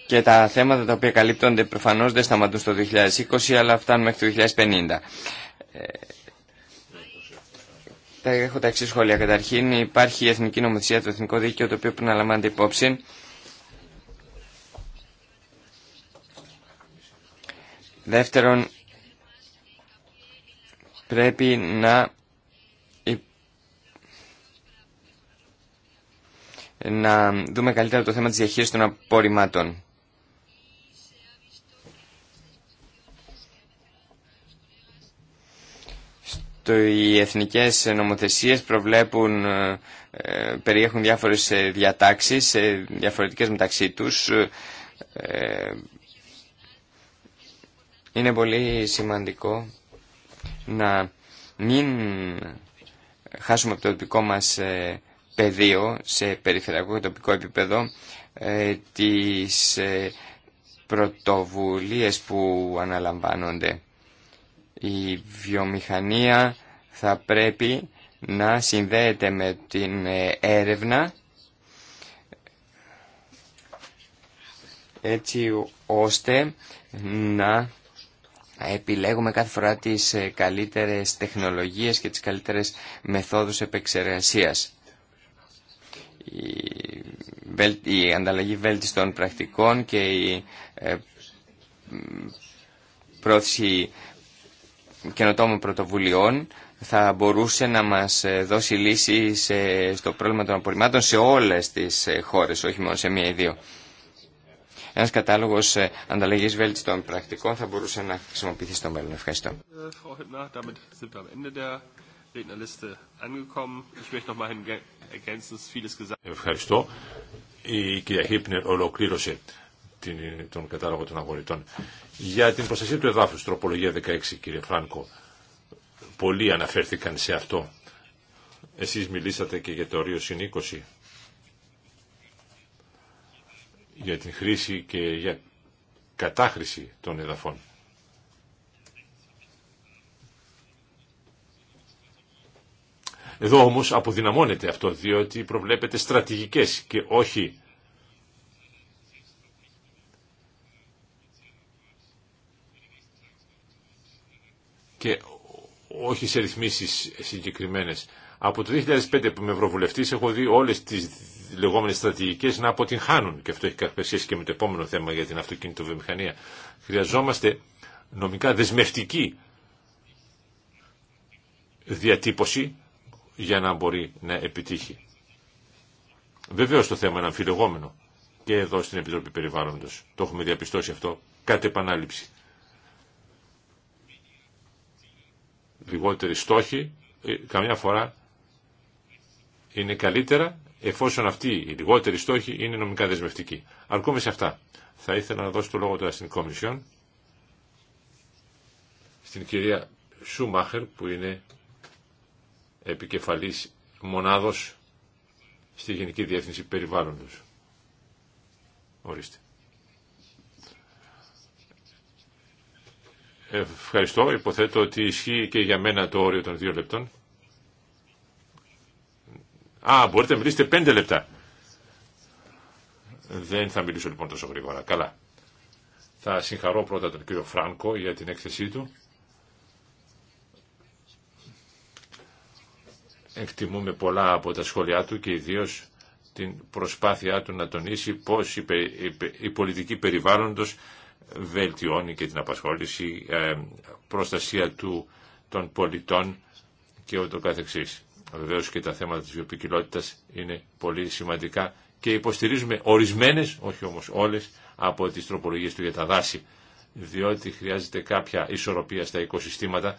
και τα θέματα τα οποία καλύπτονται προφανώς δεν σταματούν στο 2020 αλλά φτάνουν μέχρι το 2050. Έχω τα εξή σχόλια. Καταρχήν υπάρχει η εθνική νομοθεσία, το εθνικό δίκαιο, το οποίο πρέπει να λαμβάνεται υπόψη. Δεύτερον, πρέπει να, να δούμε καλύτερα το θέμα της διαχείρισης των απορριμμάτων. οι εθνικές νομοθεσίες προβλέπουν, ε, ε, περιέχουν διάφορες ε, διατάξεις, διαφορετικές μεταξύ τους. Είναι πολύ σημαντικό να μην χάσουμε από το τοπικό μας πεδίο σε περιφερειακό και τοπικό επίπεδο τις πρωτοβουλίες που αναλαμβάνονται η βιομηχανία θα πρέπει να συνδέεται με την ε, έρευνα έτσι ώστε να επιλέγουμε κάθε φορά τις ε, καλύτερες τεχνολογίες και τις καλύτερες μεθόδους επεξεργασίας. Η ανταλλαγή βέλτιστων πρακτικών και η ε, πρόθεση καινοτόμων πρωτοβουλειών θα μπορούσε να μας ε, δώσει λύση στο πρόβλημα των απορριμμάτων σε όλες τις ε, χώρες, όχι μόνο σε μία ή δύο. Ένας κατάλογος ε, ανταλλαγής βέλτιστων πρακτικών θα μπορούσε να χρησιμοποιηθεί στο μέλλον. Ευχαριστώ. Äh, Ευχαριστώ. Η κυρία Χίπνερ ολοκλήρωσε τον κατάλογο των αγορητών. Για την προστασία του εδάφους, τροπολογία 16 κύριε Φράνκο, πολλοί αναφέρθηκαν σε αυτό. Εσείς μιλήσατε και για το ορίο συν 20, για την χρήση και για κατάχρηση των εδαφών. Εδώ όμως αποδυναμώνεται αυτό, διότι προβλέπεται στρατηγικές και όχι και όχι σε ρυθμίσεις συγκεκριμένες. Από το 2005 που είμαι ευρωβουλευτής έχω δει όλες τις λεγόμενες στρατηγικές να αποτυγχάνουν και αυτό έχει κάποια σχέση και με το επόμενο θέμα για την αυτοκινητοβιομηχανία. Χρειαζόμαστε νομικά δεσμευτική διατύπωση για να μπορεί να επιτύχει. Βεβαίως το θέμα είναι αμφιλεγόμενο και εδώ στην Επιτροπή Περιβάλλοντος. Το έχουμε διαπιστώσει αυτό κατ' επανάληψη. λιγότεροι στόχοι ε, καμιά φορά είναι καλύτερα εφόσον αυτοί οι λιγότεροι στόχοι είναι νομικά δεσμευτικοί. Αρκούμε σε αυτά. Θα ήθελα να δώσω το λόγο τώρα στην Κομισιόν, στην κυρία Σούμαχερ που είναι επικεφαλής μονάδος στη Γενική Διεύθυνση Περιβάλλοντος. Ορίστε. Ευχαριστώ. Υποθέτω ότι ισχύει και για μένα το όριο των δύο λεπτών. Α, μπορείτε να μιλήσετε πέντε λεπτά. Δεν θα μιλήσω λοιπόν τόσο γρήγορα. Καλά. Θα συγχαρώ πρώτα τον κύριο Φράνκο για την έκθεσή του. Εκτιμούμε πολλά από τα σχόλιά του και ιδίως την προσπάθειά του να τονίσει πώς η πολιτική περιβάλλοντος βελτιώνει και την απασχόληση, ε, προστασία του, των πολιτών και ούτω καθεξής. Βεβαίως και τα θέματα της βιοποικιλότητας είναι πολύ σημαντικά και υποστηρίζουμε ορισμένες, όχι όμως όλες, από τις τροπολογίες του για τα δάση, διότι χρειάζεται κάποια ισορροπία στα οικοσυστήματα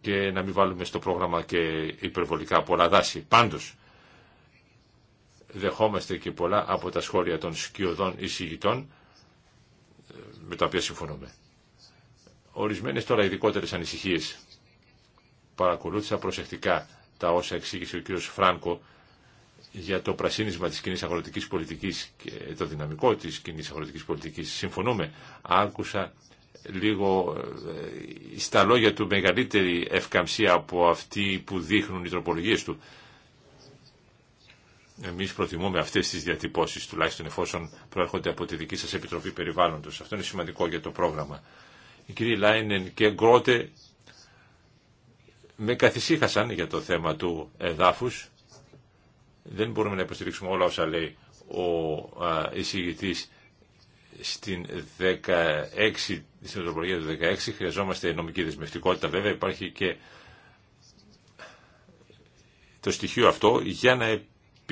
και να μην βάλουμε στο πρόγραμμα και υπερβολικά πολλά δάση. Πάντως, δεχόμαστε και πολλά από τα σχόλια των σκιωδών εισηγητών, με τα οποία συμφωνούμε. Ορισμένες τώρα ειδικότερες ανησυχίες. Παρακολούθησα προσεκτικά τα όσα εξήγησε ο κ. Φράνκο για το πρασίνισμα της κοινή αγροτικής πολιτικής και το δυναμικό της κοινή αγροτικής πολιτικής. Συμφωνούμε. Άκουσα λίγο ε, στα λόγια του μεγαλύτερη ευκαμψία από αυτή που δείχνουν οι τροπολογίες του. Εμείς προτιμούμε αυτές τις διατυπώσεις, τουλάχιστον εφόσον προέρχονται από τη δική σας Επιτροπή Περιβάλλοντος. Αυτό είναι σημαντικό για το πρόγραμμα. Οι κύριοι Λάινεν και Γκρότε με καθησύχασαν για το θέμα του εδάφους. Δεν μπορούμε να υποστηρίξουμε όλα όσα λέει ο εισηγητής στην 16, στην του 16. Χρειαζόμαστε νομική δεσμευτικότητα βέβαια. Υπάρχει και το στοιχείο αυτό για να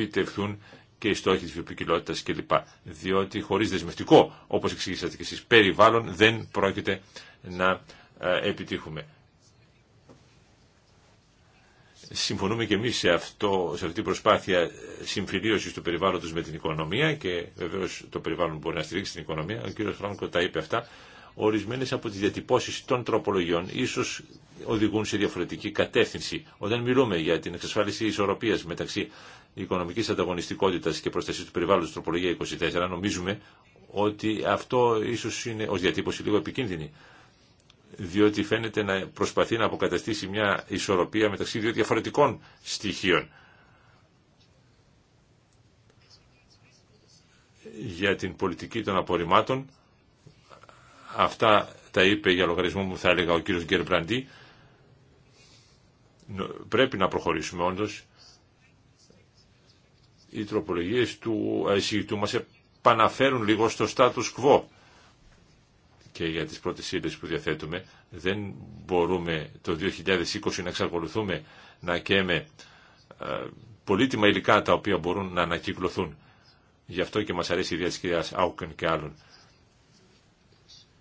επιτευχθούν και οι στόχοι τη βιοποικιλότητας κλπ. Διότι χωρί δεσμευτικό, όπω εξηγήσατε και εσεί, περιβάλλον δεν πρόκειται να ε, επιτύχουμε. Συμφωνούμε και εμεί σε, αυτή την προσπάθεια συμφιλίωση του περιβάλλοντος με την οικονομία και βεβαίω το περιβάλλον μπορεί να στηρίξει την οικονομία. Ο κ. Φράνκο τα είπε αυτά. ορισμένε από τι διατυπώσει των τροπολογιών ίσω οδηγούν σε διαφορετική κατεύθυνση. Όταν μιλούμε για την εξασφάλιση ισορροπία μεταξύ οικονομική ανταγωνιστικότητα και προστασία του περιβάλλοντος τροπολογία 24 νομίζουμε ότι αυτό ίσως είναι ω διατύπωση λίγο επικίνδυνη διότι φαίνεται να προσπαθεί να αποκαταστήσει μια ισορροπία μεταξύ δύο διαφορετικών στοιχείων. Για την πολιτική των απορριμμάτων, αυτά τα είπε για λογαριασμό μου θα έλεγα ο κύριος Γκερμπραντή, πρέπει να προχωρήσουμε όντως οι τροπολογίες του εισηγητού μας επαναφέρουν λίγο στο status quo και για τις πρώτες σύλλες που διαθέτουμε. Δεν μπορούμε το 2020 να εξακολουθούμε να καίμε ε, πολύτιμα υλικά τα οποία μπορούν να ανακυκλωθούν. Γι' αυτό και μας αρέσει η ιδέα της κυρίας Άουκεν και άλλων.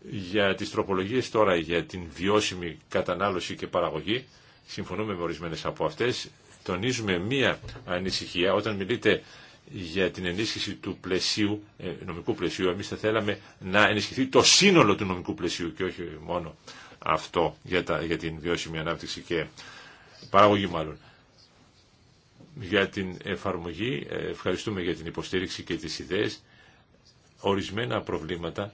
Για τις τροπολογίες τώρα για την βιώσιμη κατανάλωση και παραγωγή συμφωνούμε με ορισμένες από αυτές τονίζουμε μία ανησυχία όταν μιλείτε για την ενίσχυση του πλαισίου, ε, νομικού πλαισίου. Εμείς θα θέλαμε να ενισχυθεί το σύνολο του νομικού πλαισίου και όχι μόνο αυτό για, για την βιώσιμη ανάπτυξη και παραγωγή μάλλον. Για την εφαρμογή, ε, ευχαριστούμε για την υποστήριξη και τις ιδέες. Ορισμένα προβλήματα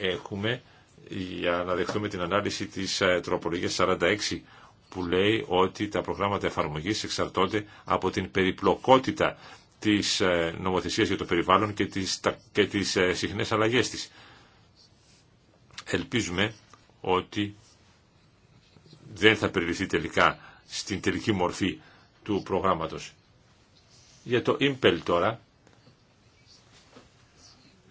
έχουμε για να δεχτούμε την ανάλυση της ε, τροπολογίας 46 που λέει ότι τα προγράμματα εφαρμογής εξαρτώνται από την περιπλοκότητα της ε, νομοθεσίας για το περιβάλλον και τις, και τις ε, συχνές αλλαγές της. Ελπίζουμε ότι δεν θα περιληφθεί τελικά στην τελική μορφή του προγράμματος. Για το Impel τώρα,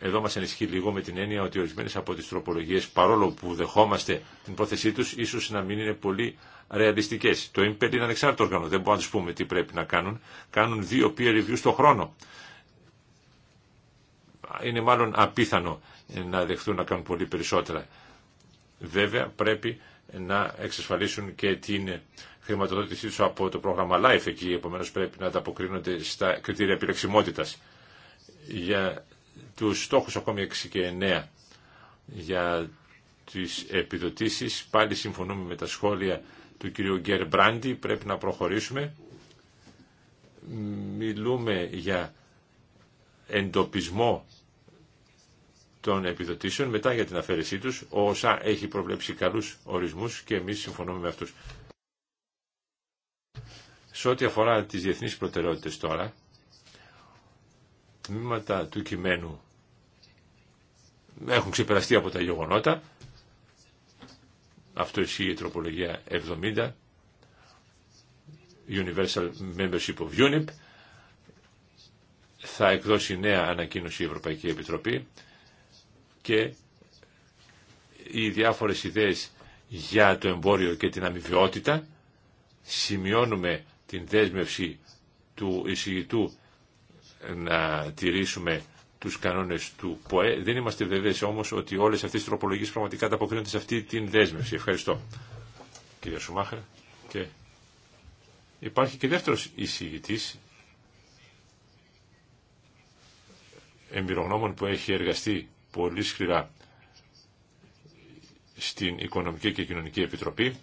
εδώ μας ενισχύει λίγο με την έννοια ότι ορισμένες από τις τροπολογίες, παρόλο που δεχόμαστε την πρόθεσή τους, ίσως να μην είναι πολύ ρεαλιστικές. Το ΙΜΠΕΛ είναι ανεξάρτητο όργανο, δεν μπορούμε να τους πούμε τι πρέπει να κάνουν. Κάνουν δύο peer reviews το χρόνο. Είναι μάλλον απίθανο να δεχθούν να κάνουν πολύ περισσότερα. Βέβαια πρέπει να εξασφαλίσουν και την χρηματοδότησή τους από το πρόγραμμα LIFE εκεί, επομένως πρέπει να ανταποκρίνονται στα κριτήρια επιλεξιμότητας. Για τους στόχους ακόμη 6 και 9 για τις επιδοτήσεις. Πάλι συμφωνούμε με τα σχόλια του κυρίου Γκέρ Μπράντι, πρέπει να προχωρήσουμε. Μιλούμε για εντοπισμό των επιδοτήσεων μετά για την αφαίρεσή τους. Ο ΩΣΑ έχει προβλέψει καλούς ορισμούς και εμείς συμφωνούμε με αυτούς. Σε ό,τι αφορά τις διεθνείς προτεραιότητες τώρα, τμήματα του κειμένου έχουν ξεπεραστεί από τα γεγονότα. Αυτό ισχύει η τροπολογία 70, Universal Membership of UNIP. Θα εκδώσει νέα ανακοίνωση η Ευρωπαϊκή Επιτροπή και οι διάφορες ιδέες για το εμπόριο και την αμοιβαιότητα. Σημειώνουμε την δέσμευση του εισηγητού να τηρήσουμε τους κανόνες του ΠΟΕ. Δεν είμαστε βεβαίες όμως ότι όλες αυτές οι τροπολογίες πραγματικά αποκρίνονται σε αυτή την δέσμευση. Ευχαριστώ. Κύριε Και υπάρχει και δεύτερος εισηγητής εμπειρογνώμων που έχει εργαστεί πολύ σκληρά στην Οικονομική και Κοινωνική Επιτροπή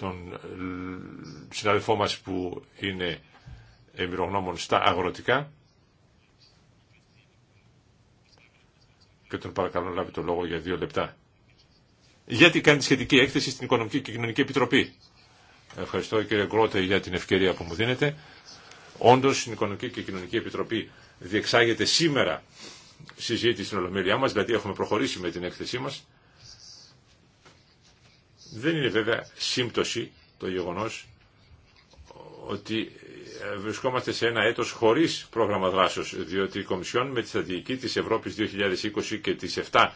τον ε, συναδελφό μας που είναι εμπειρογνώμων στα αγροτικά και τον παρακαλώ να λάβει το λόγο για δύο λεπτά. Γιατί κάνει σχετική έκθεση στην Οικονομική και Κοινωνική Επιτροπή. Ευχαριστώ κύριε Γκρότε για την ευκαιρία που μου δίνετε. Όντως η Οικονομική και Κοινωνική Επιτροπή διεξάγεται σήμερα συζήτηση στην Ολομέλειά μας, δηλαδή έχουμε προχωρήσει με την έκθεσή μας. Δεν είναι βέβαια σύμπτωση το γεγονός ότι ε, βρισκόμαστε σε ένα έτος χωρίς πρόγραμμα δράσεως, διότι η Κομισιόν με τη στρατηγική της Ευρώπης 2020 και τις 7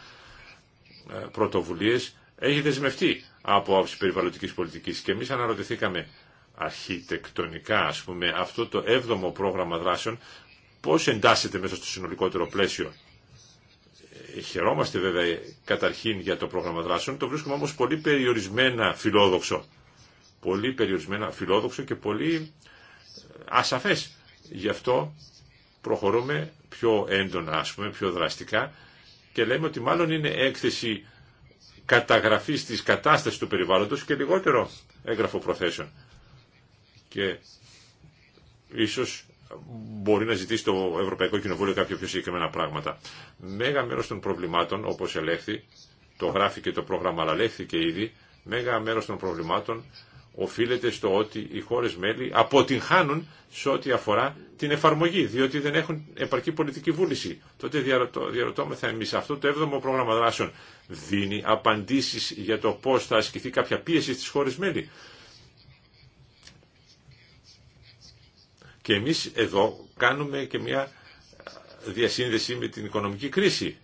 ε, πρωτοβουλίες έχει δεσμευτεί από άψη περιβαλλοντική πολιτική. και εμείς αναρωτηθήκαμε αρχιτεκτονικά ας πούμε αυτό το 7ο πρόγραμμα δράσεων πώς εντάσσεται μέσα στο συνολικότερο πλαίσιο Χαιρόμαστε βέβαια καταρχήν για το πρόγραμμα δράσεων, το βρίσκουμε όμως πολύ περιορισμένα φιλόδοξο. Πολύ περιορισμένα φιλόδοξο και πολύ ε, ασαφές. Γι' αυτό προχωρούμε πιο έντονα, ας πούμε, πιο δραστικά και λέμε ότι μάλλον είναι έκθεση καταγραφής της κατάστασης του περιβάλλοντος και λιγότερο έγγραφο προθέσεων. Και ίσως μπορεί να ζητήσει το Ευρωπαϊκό Κοινοβούλιο κάποια πιο συγκεκριμένα πράγματα. Μέγα μέρο των προβλημάτων, όπω ελέγχθη, το γράφει και το πρόγραμμα, αλλά ελέγχθηκε ήδη, μέγα μέρο των προβλημάτων οφείλεται στο ότι οι χώρε μέλη αποτυγχάνουν σε ό,τι αφορά την εφαρμογή, διότι δεν έχουν επαρκή πολιτική βούληση. Τότε διαρωτώμεθα εμεί, αυτό το 7ο πρόγραμμα δράσεων δίνει απαντήσει για το πώ θα ασκηθεί κάποια πίεση στι χώρε μέλη. Και εμείς εδώ κάνουμε και μια διασύνδεση με την οικονομική κρίση.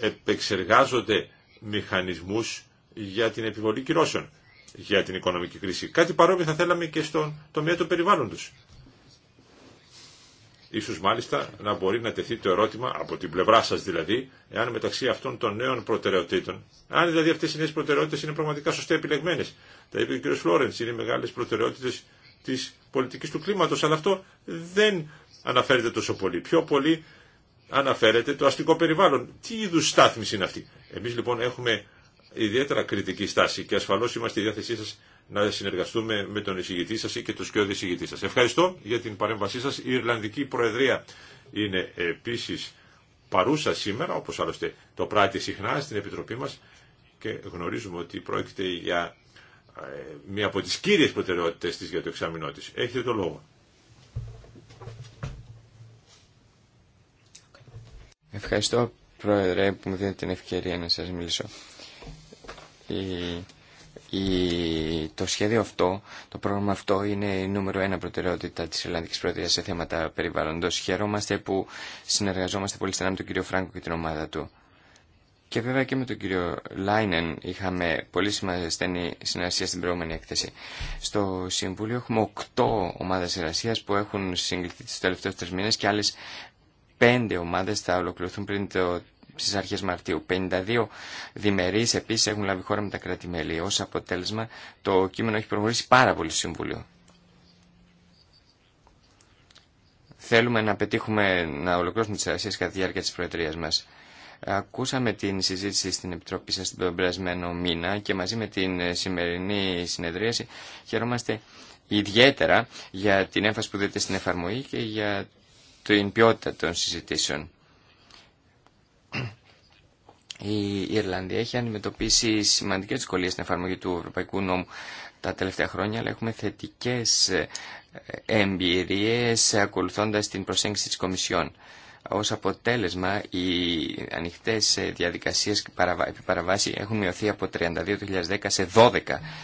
Επεξεργάζονται μηχανισμούς για την επιβολή κυρώσεων για την οικονομική κρίση. Κάτι παρόμοιο θα θέλαμε και στον τομέα του περιβάλλοντος. Ίσως μάλιστα να μπορεί να τεθεί το ερώτημα, από την πλευρά σας δηλαδή, εάν μεταξύ αυτών των νέων προτεραιοτήτων, αν δηλαδή αυτές οι νέες προτεραιότητες είναι πραγματικά σωστά επιλεγμένες. Τα είπε ο κ. Φλόρεντς, είναι οι μεγάλες προτεραιότητες της πολιτικής του κλίματος, αλλά αυτό δεν αναφέρεται τόσο πολύ. Πιο πολύ αναφέρεται το αστικό περιβάλλον. Τι είδους στάθμιση είναι αυτή. Εμείς λοιπόν έχουμε ιδιαίτερα κριτική στάση και ασφαλώς είμαστε στη διάθεσή σας να συνεργαστούμε με τον εισηγητή σας ή και τους κοιόδη εισηγητή σας. Ευχαριστώ για την παρέμβασή σα και τον σκιωδη εισηγητη σα. είναι επίσης παρούσα σήμερα, όπως άλλωστε το πράττει συχνά στην Επιτροπή μα, και γνωρίζουμε ότι πρόκειται για ε, μία από τις κύριες προτεραιότητες της για το εξάμεινό της. Έχετε το λόγο. Ευχαριστώ, Πρόεδρε, που μου δίνετε την ευκαιρία να σας μιλήσω. Η το σχέδιο αυτό, το πρόγραμμα αυτό είναι η νούμερο ένα προτεραιότητα της Ελλανδικής Προεδρίας σε θέματα περιβάλλοντος. Χαιρόμαστε που συνεργαζόμαστε πολύ στενά με τον κύριο Φράγκο και την ομάδα του. Και βέβαια και με τον κύριο Λάινεν είχαμε πολύ σημαντική συνεργασία στην προηγούμενη έκθεση. Στο Συμβούλιο έχουμε οκτώ ομάδες εργασία που έχουν συγκληθεί τους τελευταίους τρεις μήνες και άλλες πέντε ομάδες θα ολοκληρωθούν πριν το στις αρχές Μαρτίου. 52 διμερείς επίσης έχουν λάβει χώρα με τα κράτη-μέλη. Ως αποτέλεσμα το κείμενο έχει προχωρήσει πάρα πολύ στο Συμβούλιο. Θέλουμε να πετύχουμε να ολοκληρώσουμε τις εργασίες κατά τη διάρκεια της Προεδρίας μας. Ακούσαμε την συζήτηση στην Επιτροπή σας τον περασμένο μήνα και μαζί με την σημερινή συνεδρίαση χαιρόμαστε ιδιαίτερα για την έμφαση που δείτε στην εφαρμογή και για την ποιότητα των συζητήσεων. Η Ιρλανδία έχει αντιμετωπίσει σημαντικέ δυσκολίε στην εφαρμογή του Ευρωπαϊκού Νόμου τα τελευταία χρόνια, αλλά έχουμε θετικέ ε, εμπειρίε ακολουθώντα την προσέγγιση τη Κομισιόν. Ω αποτέλεσμα, οι ανοιχτέ ε, διαδικασίε επί παραβάση έχουν μειωθεί από 32 2010 σε 12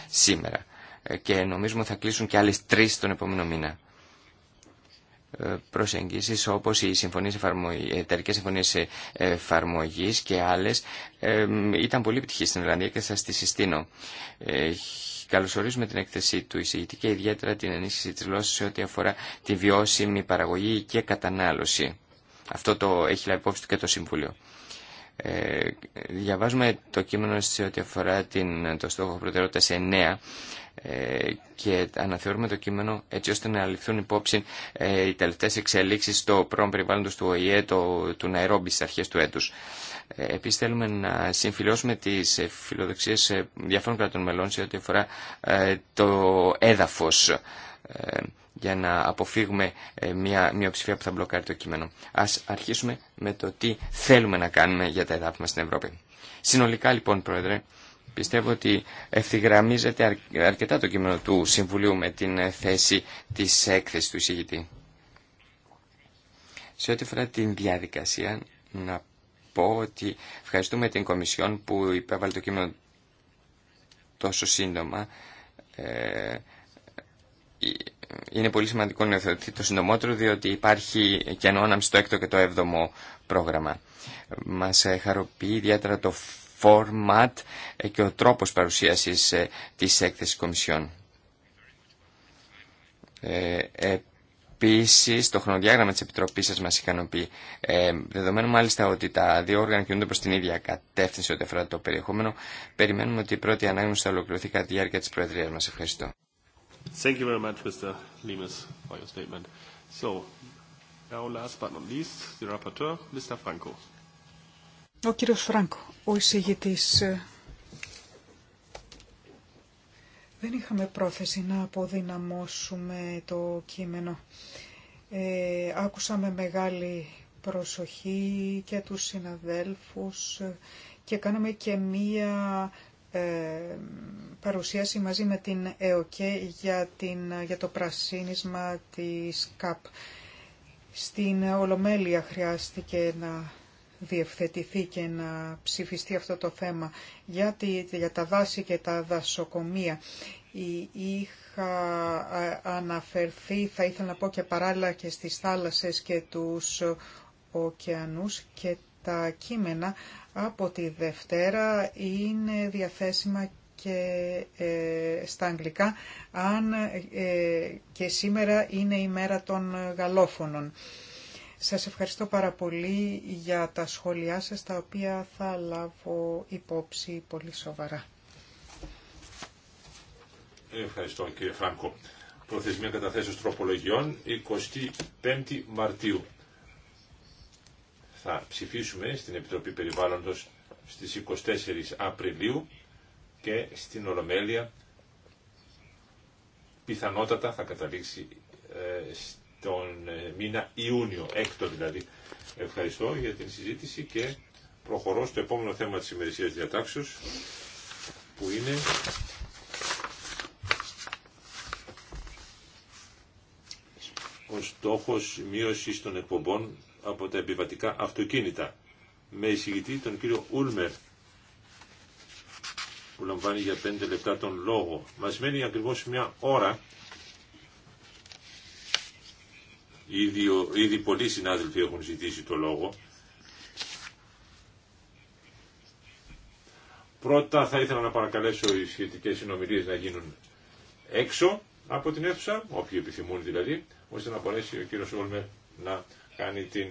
σήμερα ε, και νομίζουμε θα κλείσουν και άλλε τρει τον επόμενο μήνα προσεγγίσεις όπως οι συμφωνίες εφαρμογή, εταιρικές συμφωνίες εφαρμογής και άλλες ήταν πολύ επιτυχή στην Ιρλανδία και σας τη συστήνω. Ε, καλωσορίζουμε την έκθεσή του εισηγητή και ιδιαίτερα την ενίσχυση της γλώσσα σε ό,τι αφορά τη βιώσιμη παραγωγή και κατανάλωση. Αυτό το έχει λάβει υπόψη του και το Συμβούλιο. Ε, διαβάζουμε το κείμενο σε ό,τι αφορά την, το στόχο προτεραιότητα 9 ε, και αναθεωρούμε το κείμενο έτσι ώστε να ληφθούν υπόψη ε, οι τελευταίε εξελίξεις στο πρώο περιβάλλον του ΟΗΕ το, του Ναϊρόμπι στι αρχές του έτου. Ε, θέλουμε να συμφιλώσουμε τι ε, φιλοδοξίε ε, διαφόρων κρατών μελών σε ό,τι αφορά το έδαφος για να αποφύγουμε ε, μια μειοψηφία που θα μπλοκάρει το κείμενο. Ας αρχίσουμε με το τι θέλουμε να κάνουμε για τα εδάφη μας στην Ευρώπη. Συνολικά λοιπόν, Πρόεδρε, πιστεύω ότι ευθυγραμμίζεται αρκετά το κείμενο του Συμβουλίου με την ε, θέση της έκθεση του εισηγητή. Σε ό,τι αφορά την διαδικασία, να πω ότι ευχαριστούμε την Κομισιόν που υπέβαλε το κείμενο τόσο σύντομα. Ε, είναι πολύ σημαντικό να υιοθετηθεί το συντομότερο διότι υπάρχει κενό ανάμεσα στο έκτο και το έβδομο πρόγραμμα. Μα χαροποιεί ιδιαίτερα το format ε, και ο τρόπος παρουσίασης ε, της έκθεσης κομισιών. Ε, Επίση, το χρονοδιάγραμμα τη Επιτροπή σα μα ικανοποιεί. Ε, δεδομένου μάλιστα ότι τα δύο όργανα κινούνται προ την ίδια κατεύθυνση ό,τι αφορά το περιεχόμενο, περιμένουμε ότι η πρώτη ανάγνωση θα ολοκληρωθεί κατά τη διάρκεια τη Προεδρία μα. Ευχαριστώ. Thank you very much, Mr. Limes, for your statement. So, now last but not least, the rapporteur, Mr. Franco. Ο κύριος Φρανκο, ο εισηγητής. Δεν είχαμε πρόθεση να αποδυναμώσουμε το κείμενο. Ε, άκουσα με μεγάλη προσοχή και τους συναδέλφους και κάναμε και μία ε, παρουσίαση μαζί με την ΕΟΚΕ για, την, για το πρασίνισμα της ΚΑΠ. Στην Ολομέλεια χρειάστηκε να διευθετηθεί και να ψηφιστεί αυτό το θέμα για, για τα δάση και τα δασοκομεία. Είχα ε, αναφερθεί, θα ήθελα να πω και παράλληλα και στις θάλασσες και τους ωκεανούς και τα κείμενα από τη Δευτέρα είναι διαθέσιμα και ε, στα αγγλικά, αν ε, και σήμερα είναι η μέρα των γαλλόφωνων. Σας ευχαριστώ πάρα πολύ για τα σχόλιά σας, τα οποία θα λάβω υπόψη πολύ σοβαρά. Ευχαριστώ κύριε Φράγκο. Προθεσμία καταθέσεως τροπολογιών 25 Μαρτίου θα ψηφίσουμε στην Επιτροπή Περιβάλλοντος στις 24 Απριλίου και στην Ολομέλεια πιθανότατα θα καταλήξει ε, στον ε, μήνα Ιούνιο, έκτο δηλαδή. Ευχαριστώ για την συζήτηση και προχωρώ στο επόμενο θέμα της ημερησίας διατάξεως που είναι ο στόχος μείωσης των εκπομπών από τα επιβατικά αυτοκίνητα με εισηγητή τον κύριο Ούλμερ που λαμβάνει για 5 λεπτά τον λόγο. Μας μένει ακριβώς μια ώρα. Ήδη, ήδη πολλοί συνάδελφοι έχουν ζητήσει το λόγο. Πρώτα θα ήθελα να παρακαλέσω οι σχετικές συνομιλίες να γίνουν έξω από την αίθουσα, όποιοι επιθυμούν δηλαδή, ώστε να μπορέσει ο κύριος Ούλμερ να κάνει την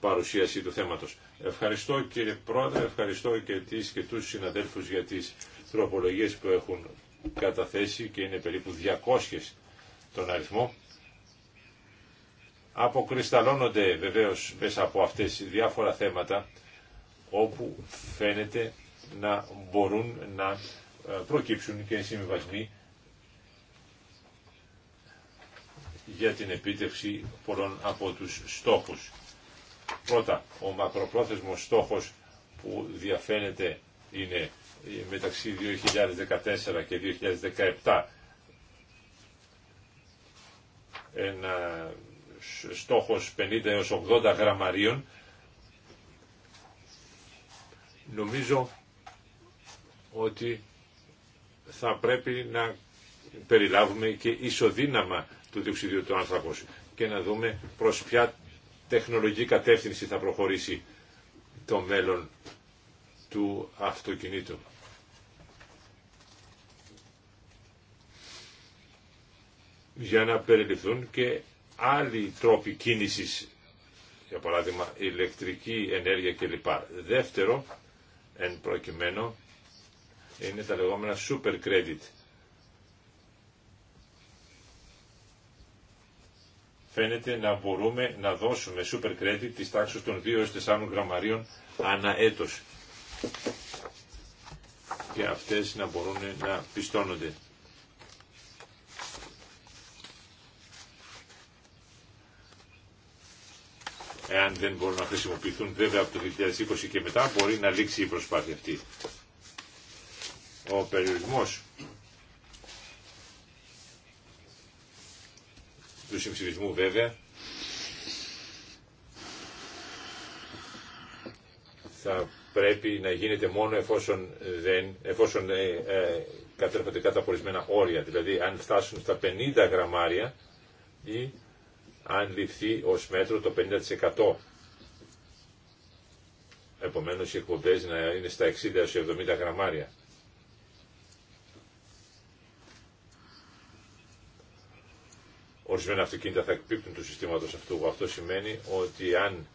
παρουσίαση του θέματος. Ευχαριστώ κύριε Πρόεδρε, ευχαριστώ και τις και τους συναδέλφους για τις τροπολογίες που έχουν καταθέσει και είναι περίπου 200 τον αριθμό. Αποκρισταλώνονται βεβαίως μέσα από αυτές διάφορα θέματα όπου φαίνεται να μπορούν να ε, προκύψουν και συμβιβασμοί για την επίτευξη πολλών από τους στόχους. Πρώτα, ο μακροπρόθεσμος στόχος που διαφαίνεται είναι μεταξύ 2014 και 2017 ένα στόχος 50 έως 80 γραμμαρίων νομίζω ότι θα πρέπει να περιλάβουμε και ισοδύναμα του διοξιδίου του άνθρακος και να δούμε προς ποια τεχνολογική κατεύθυνση θα προχωρήσει το μέλλον του αυτοκινήτου. για να περιληφθούν και άλλοι τρόποι κίνησης, για παράδειγμα ηλεκτρική ενέργεια κλπ. Δεύτερο, εν προκειμένου, είναι τα λεγόμενα super credit, φαίνεται να μπορούμε να δώσουμε super credit της τάξης των 2-4 γραμμαρίων ανά Και αυτές να μπορούν να πιστώνονται. Εάν δεν μπορούν να χρησιμοποιηθούν βέβαια από το 2020 και μετά μπορεί να λήξει η προσπάθεια αυτή. Ο περιορισμός του συμψηφισμού βέβαια θα πρέπει να γίνεται μόνο εφόσον, δεν, εφόσον ε, ε, ορισμένα όρια. Δηλαδή αν φτάσουν στα 50 γραμμάρια ή αν ληφθεί ως μέτρο το 50%. Επομένως οι εκπομπές να είναι στα 60 70 γραμμάρια. ορισμένα αυτοκίνητα θα εκπίπτουν του συστήματο αυτού. Αυτό σημαίνει ότι αν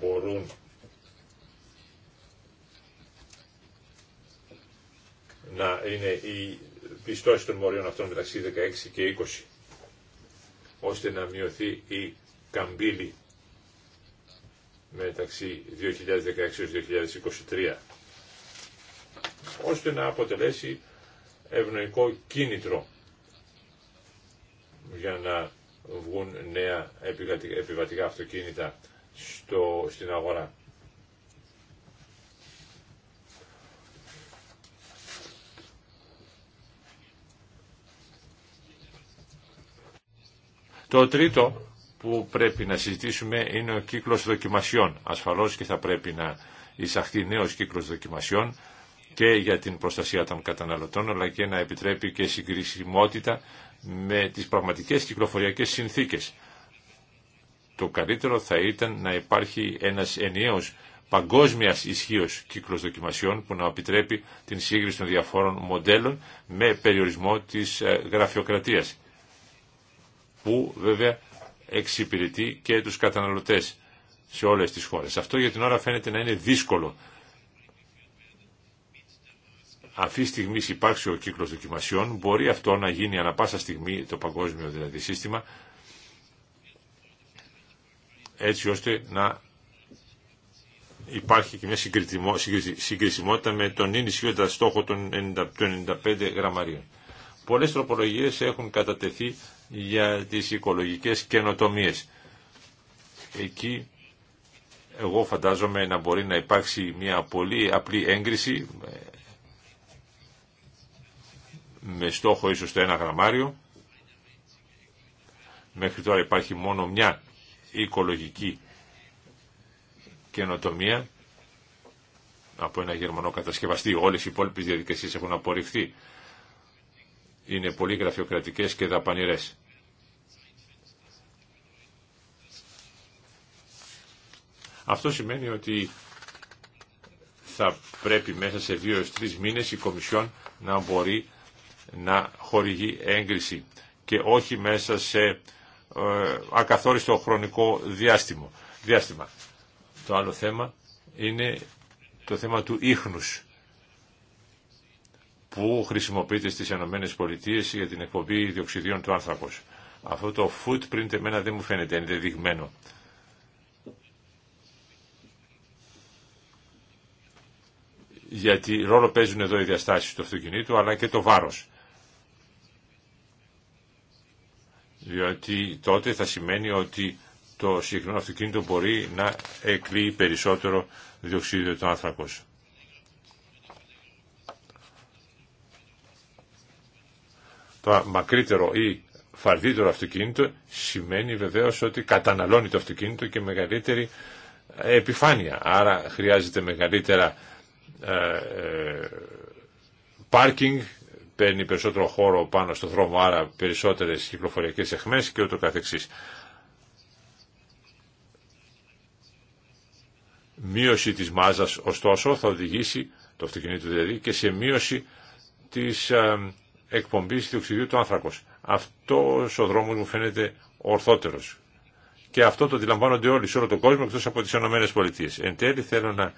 μπορούν να είναι οι πιστώσει των μορίων αυτών μεταξύ 16 και 20 ώστε να μειωθεί η καμπύλη μεταξύ 2016-2023 ώστε να αποτελέσει ευνοϊκό κίνητρο για να βγουν νέα επιβατικά αυτοκίνητα στο, στην αγορά. Το τρίτο που πρέπει να συζητήσουμε είναι ο κύκλος δοκιμασιών. Ασφαλώς και θα πρέπει να εισαχθεί νέος κύκλος δοκιμασιών και για την προστασία των καταναλωτών αλλά και να επιτρέπει και συγκρισιμότητα με τις πραγματικές κυκλοφοριακές συνθήκες. Το καλύτερο θα ήταν να υπάρχει ένας ενιαίος παγκόσμιας ισχύος κύκλος δοκιμασιών που να επιτρέπει την σύγκριση των διαφόρων μοντέλων με περιορισμό της ε, γραφειοκρατίας Που βέβαια εξυπηρετεί και τους καταναλωτές σε όλες τις χώρες. Αυτό για την ώρα φαίνεται να είναι δύσκολο αυτή τη στιγμή υπάρξει ο κύκλος δοκιμασιών, μπορεί αυτό να γίνει ανα πάσα στιγμή το παγκόσμιο δηλαδή σύστημα, έτσι ώστε να υπάρχει και μια συγκρισιμότητα με τον ενισχύοντα στόχο των 95 γραμμαρίων. Πολλέ τροπολογίες έχουν κατατεθεί για τις οικολογικές καινοτομίε, Εκεί εγώ φαντάζομαι να μπορεί να υπάρξει μια πολύ απλή έγκριση με στόχο ίσως το ένα γραμμάριο. Μέχρι τώρα υπάρχει μόνο μια οικολογική καινοτομία από ένα γερμανό κατασκευαστή. Όλες οι υπόλοιπες διαδικασίες έχουν απορριφθεί. Είναι πολύ γραφειοκρατικές και δαπανηρές. Αυτό σημαίνει ότι θα πρέπει μέσα σε δύο η τρεις μήνες η Κομισιόν να μπορεί να χορηγεί έγκριση και όχι μέσα σε ε, ακαθόριστο χρονικό διάστημα. διάστημα. Το άλλο θέμα είναι το θέμα του ίχνους που χρησιμοποιείται στις ΗΠΑ για την εκπομπή διοξιδίων του άνθρακος. Αυτό το footprint εμένα δεν μου φαίνεται ενδεδειγμένο. Γιατί ρόλο παίζουν εδώ οι διαστάσεις του αυτοκινήτου αλλά και το βάρος. διότι τότε θα σημαίνει ότι το συγκεκριμένο αυτοκίνητο μπορεί να εκλείει περισσότερο διοξίδιο του άνθρακος. Το μακρύτερο ή φαρδύτερο αυτοκίνητο σημαίνει βεβαίως ότι καταναλώνει το αυτοκίνητο και μεγαλύτερη ε, επιφάνεια. Άρα χρειάζεται μεγαλύτερα πάρκινγκ ε, ε, παίρνει περισσότερο χώρο πάνω στο δρόμο, άρα περισσότερες κυκλοφοριακές εχμές και ούτω καθεξής. Μείωση της μάζας, ωστόσο, θα οδηγήσει το αυτοκινήτο δηλαδή και σε μείωση της ε, εκπομπής οξυδίου του άνθρακος. Αυτό ο δρόμο μου φαίνεται ορθότερος. Και αυτό το αντιλαμβάνονται όλοι σε όλο τον κόσμο εκτό από τις ΗΠΑ. Εν τέλει θέλω να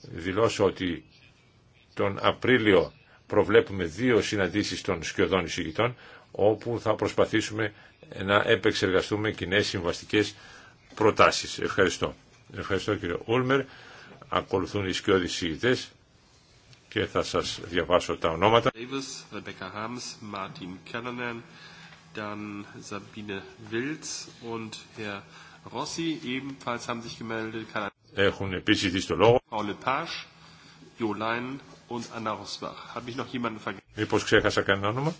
δηλώσω ότι τον Απρίλιο προβλέπουμε δύο συναντήσεις των σκιωδών εισηγητών όπου θα προσπαθήσουμε να επεξεργαστούμε κοινέ συμβαστικέ προτάσεις. Ευχαριστώ. Ευχαριστώ κύριο Ούλμερ. Ακολουθούν οι σκιώδεις εισηγητές και θα σας διαβάσω τα ονόματα. Έχουν επίσης δει στο λόγο und Anna Rosbach. Habe ich noch jemanden vergessen? ξέχασα κανένα όνομα.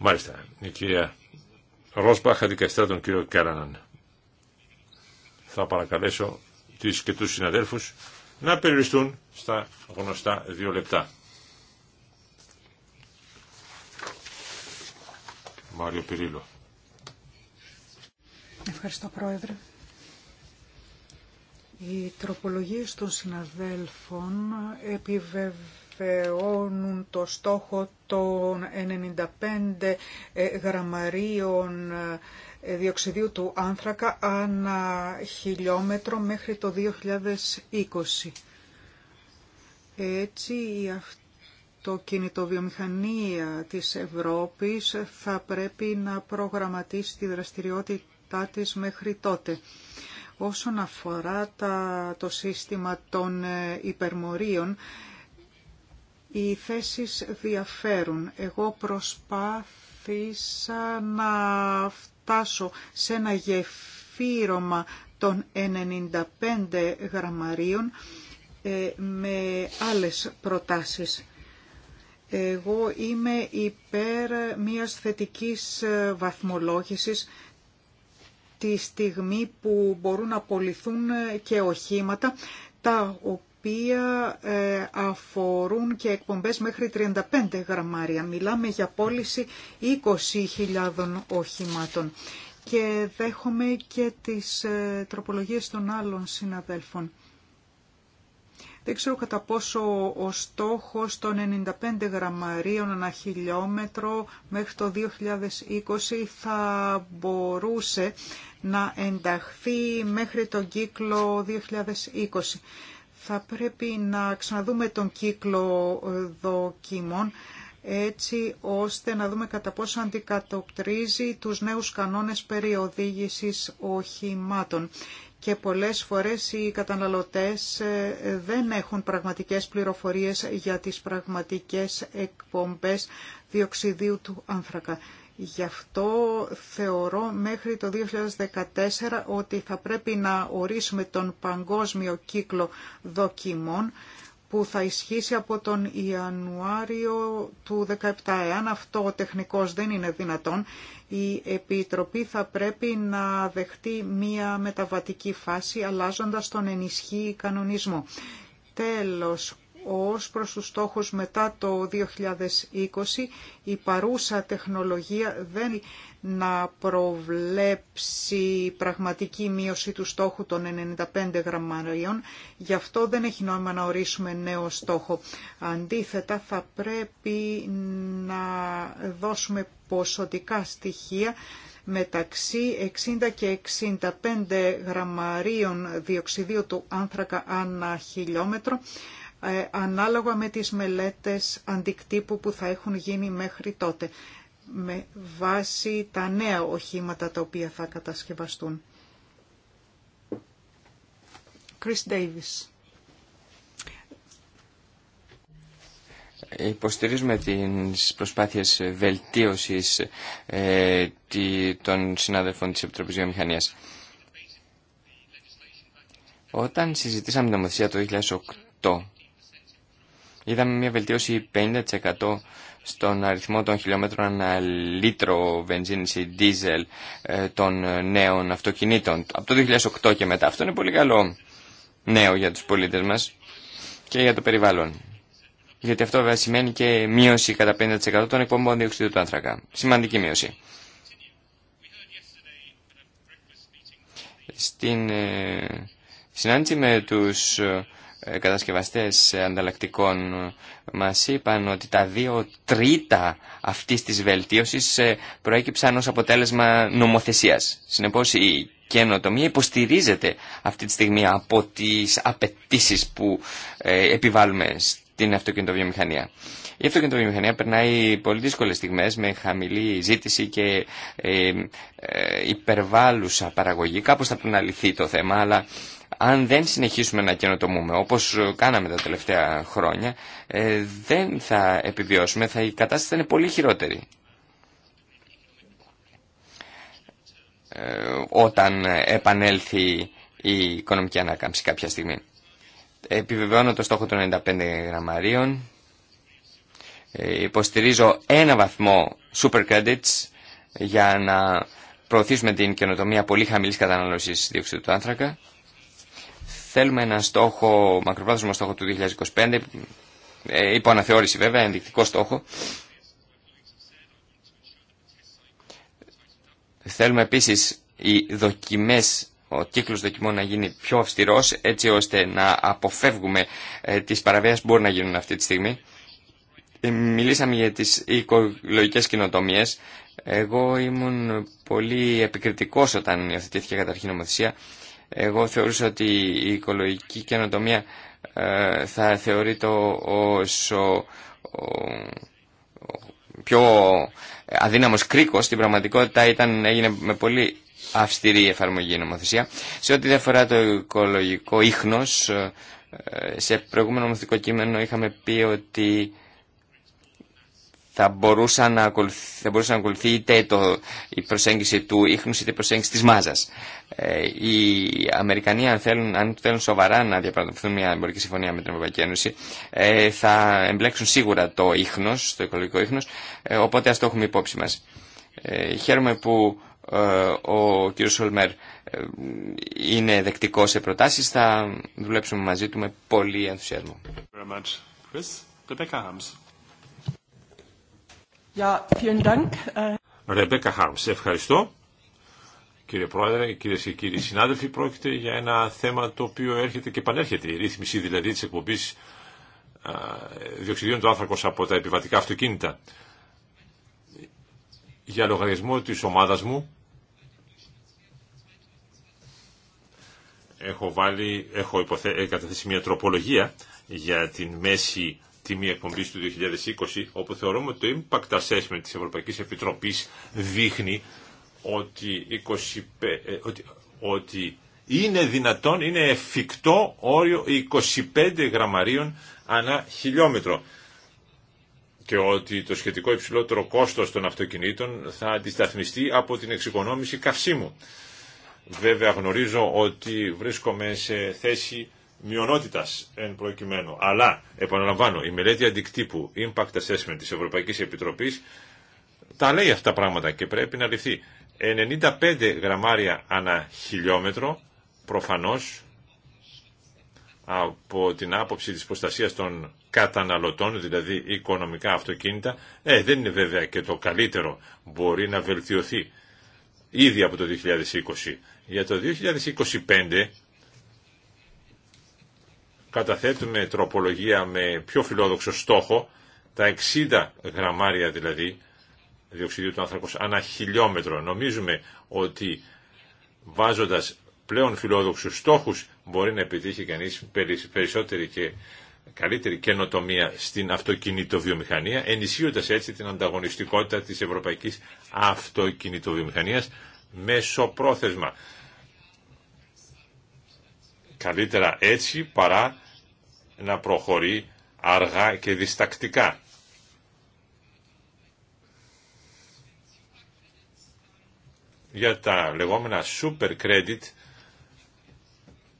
Μάλιστα, η κυρία Ρόσπαχα αντικαστά τον κύριο Κέραναν. Θα παρακαλέσω τις και τους συναδέλφους να περιοριστούν στα γνωστά δύο λεπτά. Μάριο Πυρίλο. Ευχαριστώ Πρόεδρε. Οι τροπολογίες των συναδέλφων επιβεβαιώνουν το στόχο των 95 ε, γραμμαρίων ε, διοξιδίου του άνθρακα ανά χιλιόμετρο μέχρι το 2020. Έτσι, αυτή το βιομηχανία της Ευρώπης θα πρέπει να προγραμματίσει τη δραστηριότητά της μέχρι τότε. Όσον αφορά τα, το σύστημα των ε, υπερμορίων, οι θέσεις διαφέρουν. Εγώ προσπάθησα να φτάσω σε ένα γεφύρωμα των 95 γραμμαρίων ε, με άλλες προτάσεις. Εγώ είμαι υπέρ μιας θετικής ε, βαθμολόγησης τη στιγμή που μπορούν να πολιθούν ε, και οχήματα τα οποία ε, αφορούν και εκπομπές μέχρι 35 γραμμάρια. Μιλάμε για πώληση 20.000 οχημάτων και δέχομαι και τις τροπολογίες των άλλων συναδέλφων. Δεν ξέρω κατά πόσο ο στόχος των 95 γραμμαρίων ανά χιλιόμετρο μέχρι το 2020 θα μπορούσε να ενταχθεί μέχρι τον κύκλο 2020. Θα πρέπει να ξαναδούμε τον κύκλο ε, δοκιμών έτσι ώστε να δούμε κατά πόσο αντικατοπτρίζει τους νέους κανόνες περιοδήγησης οχημάτων και πολλές φορές οι καταναλωτές ε, δεν έχουν πραγματικές πληροφορίες για τις πραγματικές εκπομπές διοξιδίου του άνθρακα. Γι' αυτό θεωρώ μέχρι το 2014 ότι θα πρέπει να ορίσουμε τον παγκόσμιο κύκλο δοκιμών που θα ισχύσει από τον Ιανουάριο του 2017. Εάν αυτό τεχνικός δεν είναι δυνατόν, η Επιτροπή θα πρέπει να δεχτεί μία μεταβατική φάση αλλάζοντας τον ενισχύει κανονισμό. Τέλος, ως προς τους στόχους μετά το 2020, η παρούσα τεχνολογία δεν να προβλέψει πραγματική μείωση του στόχου των 95 γραμμαρίων. Γι' αυτό δεν έχει νόημα να ορίσουμε νέο στόχο. Αντίθετα θα πρέπει να δώσουμε ποσοτικά στοιχεία μεταξύ 60 και 65 γραμμαρίων διοξιδίου του άνθρακα ανά χιλιόμετρο ε, ανάλογα με τις μελέτες αντικτύπου που θα έχουν γίνει μέχρι τότε με βάση τα νέα οχήματα τα οποία θα κατασκευαστούν. Chris Davis. Υποστηρίζουμε τις προσπάθειες βελτίωσης ε, των συνάδελφων της Επιτροπής Βιομηχανίας. Όταν συζητήσαμε την νομοθεσία το 2008, είδαμε μια βελτίωση 50% στον αριθμό των χιλιόμετρων ανά λίτρο βενζίνης ή δίζελ ε, των ε, νέων αυτοκινήτων από το 2008 και μετά. Αυτό είναι πολύ καλό νέο για τους πολίτες μας και για το περιβάλλον. Γιατί αυτό βέβαια σημαίνει και μείωση κατά 50% των εκπομπών διοξιδίου του άνθρακα. Σημαντική μείωση. Στην ε, συνάντηση με τους ε, κατασκευαστές ανταλλακτικών μας είπαν ότι τα δύο τρίτα αυτής της βελτίωσης ε, προέκυψαν ως αποτέλεσμα νομοθεσίας. Συνεπώς η καινοτομία υποστηρίζεται αυτή τη στιγμή από τις απαιτήσει που ε, επιβάλλουμε στην αυτοκινητοβιομηχανία. Η αυτοκινητοβιομηχανία περνάει πολύ δύσκολε στιγμές με χαμηλή ζήτηση και υπερβάλλουσα παραγωγή. Κάπως θα πρέπει να λυθεί το θέμα, αλλά αν δεν συνεχίσουμε να καινοτομούμε όπως κάναμε τα τελευταία χρόνια ε, δεν θα επιβιώσουμε, θα, η κατάσταση θα είναι πολύ χειρότερη. Ε, όταν επανέλθει η οικονομική ανάκαμψη κάποια στιγμή. Επιβεβαιώνω το στόχο των 95 γραμμαρίων. Ε, υποστηρίζω ένα βαθμό super credits για να προωθήσουμε την καινοτομία πολύ χαμηλής κατανάλωσης διοξιδίου του άνθρακα θέλουμε ένα στόχο, μακροπρόθεσμο στόχο του 2025, ε, υπό αναθεώρηση βέβαια, ενδεικτικό στόχο. Θέλουμε επίσης οι δοκιμές, ο κύκλος δοκιμών να γίνει πιο αυστηρός, έτσι ώστε να αποφεύγουμε ε, τις παραβιάσεις που μπορούν να γίνουν αυτή τη στιγμή. Ε, μιλήσαμε για τις οικολογικές κοινοτομίες. Εγώ ήμουν πολύ επικριτικός όταν υιοθετήθηκε καταρχήν νομοθεσία. Εγώ θεωρούσα ότι η οικολογική καινοτομία ε, θα θεωρείται ως πιο αδύναμος κρίκος. Στην πραγματικότητα ήταν, έγινε με πολύ αυστηρή εφαρμογή νομοθεσία. Σε ό,τι αφορά το οικολογικό ίχνος, ε, σε προηγούμενο νομοθετικό κείμενο είχαμε πει ότι θα μπορούσε να ακολουθεί, θα μπορούσε να ακολουθεί είτε το, η προσέγγιση του ίχνους είτε η προσέγγιση της μάζας. Ε, οι Αμερικανοί αν θέλουν, αν θέλουν σοβαρά να διαπραγματευτούν μια εμπορική συμφωνία με την Ευρωπαϊκή Ένωση ε, θα εμπλέξουν σίγουρα το ίχνος, το οικολογικό ίχνος, ε, οπότε ας το έχουμε υπόψη μας. Ε, χαίρομαι που ε, ο κ. Σολμέρ ε, είναι δεκτικό σε προτάσεις. Θα δουλέψουμε μαζί του με πολύ ενθουσιασμό. Very much. Chris, Ja, vielen äh, Χάρμς, ευχαριστώ. Κύριε Πρόεδρε, κυρίε και κύριοι συνάδελφοι, πρόκειται για ένα θέμα το οποίο έρχεται και πανέρχεται, Η ρύθμιση δηλαδή τη εκπομπή διοξιδίων του άνθρακο από τα επιβατικά αυτοκίνητα. Για λογαριασμό τη ομάδα μου, έχω, βάλει, έχω υποθε... καταθέσει μια τροπολογία για την μέση τιμή εκπομπή του 2020, όπου θεωρούμε ότι το impact assessment της Ευρωπαϊκής Επιτροπής δείχνει ότι, 25, ε, ότι, ότι είναι δυνατόν, είναι εφικτό όριο 25 γραμμαρίων ανά χιλιόμετρο και ότι το σχετικό υψηλότερο κόστος των αυτοκινήτων θα αντισταθμιστεί από την εξοικονόμηση καυσίμου. Βέβαια γνωρίζω ότι βρίσκομαι σε θέση μειονότητα εν προκειμένου. Αλλά, επαναλαμβάνω, η μελέτη αντικτύπου Impact Assessment τη Ευρωπαϊκή Επιτροπή τα λέει αυτά τα πράγματα και πρέπει να ληφθεί. 95 γραμμάρια ανά χιλιόμετρο, προφανώς, από την άποψη της προστασίας των καταναλωτών, δηλαδή οικονομικά αυτοκίνητα, ε, δεν είναι βέβαια και το καλύτερο, μπορεί να βελτιωθεί ήδη από το 2020. Για το 2025 καταθέτουμε τροπολογία με πιο φιλόδοξο στόχο, τα 60 γραμμάρια δηλαδή διοξιδίου του άνθρακος ανά χιλιόμετρο. Νομίζουμε ότι βάζοντας πλέον φιλόδοξους στόχους μπορεί να επιτύχει κανείς περισσότερη και καλύτερη καινοτομία στην αυτοκινητοβιομηχανία, ενισχύοντας έτσι την ανταγωνιστικότητα της ευρωπαϊκής αυτοκινητοβιομηχανίας μέσω πρόθεσμα. Καλύτερα έτσι παρά να προχωρεί αργά και διστακτικά. Για τα λεγόμενα super credit,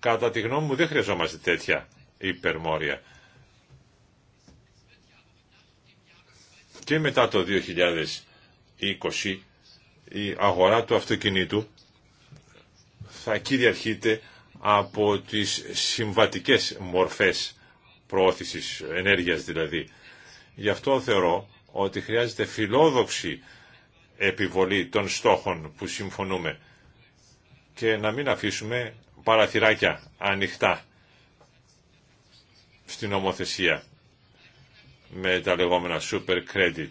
κατά τη γνώμη μου δεν χρειαζόμαστε τέτοια υπερμόρια. Και μετά το 2020 η αγορά του αυτοκινήτου θα κυριαρχείται από τις συμβατικές μορφές προώθησης ενέργειας δηλαδή. Γι' αυτό θεωρώ ότι χρειάζεται φιλόδοξη επιβολή των στόχων που συμφωνούμε και να μην αφήσουμε παραθυράκια ανοιχτά στην ομοθεσία με τα λεγόμενα super credit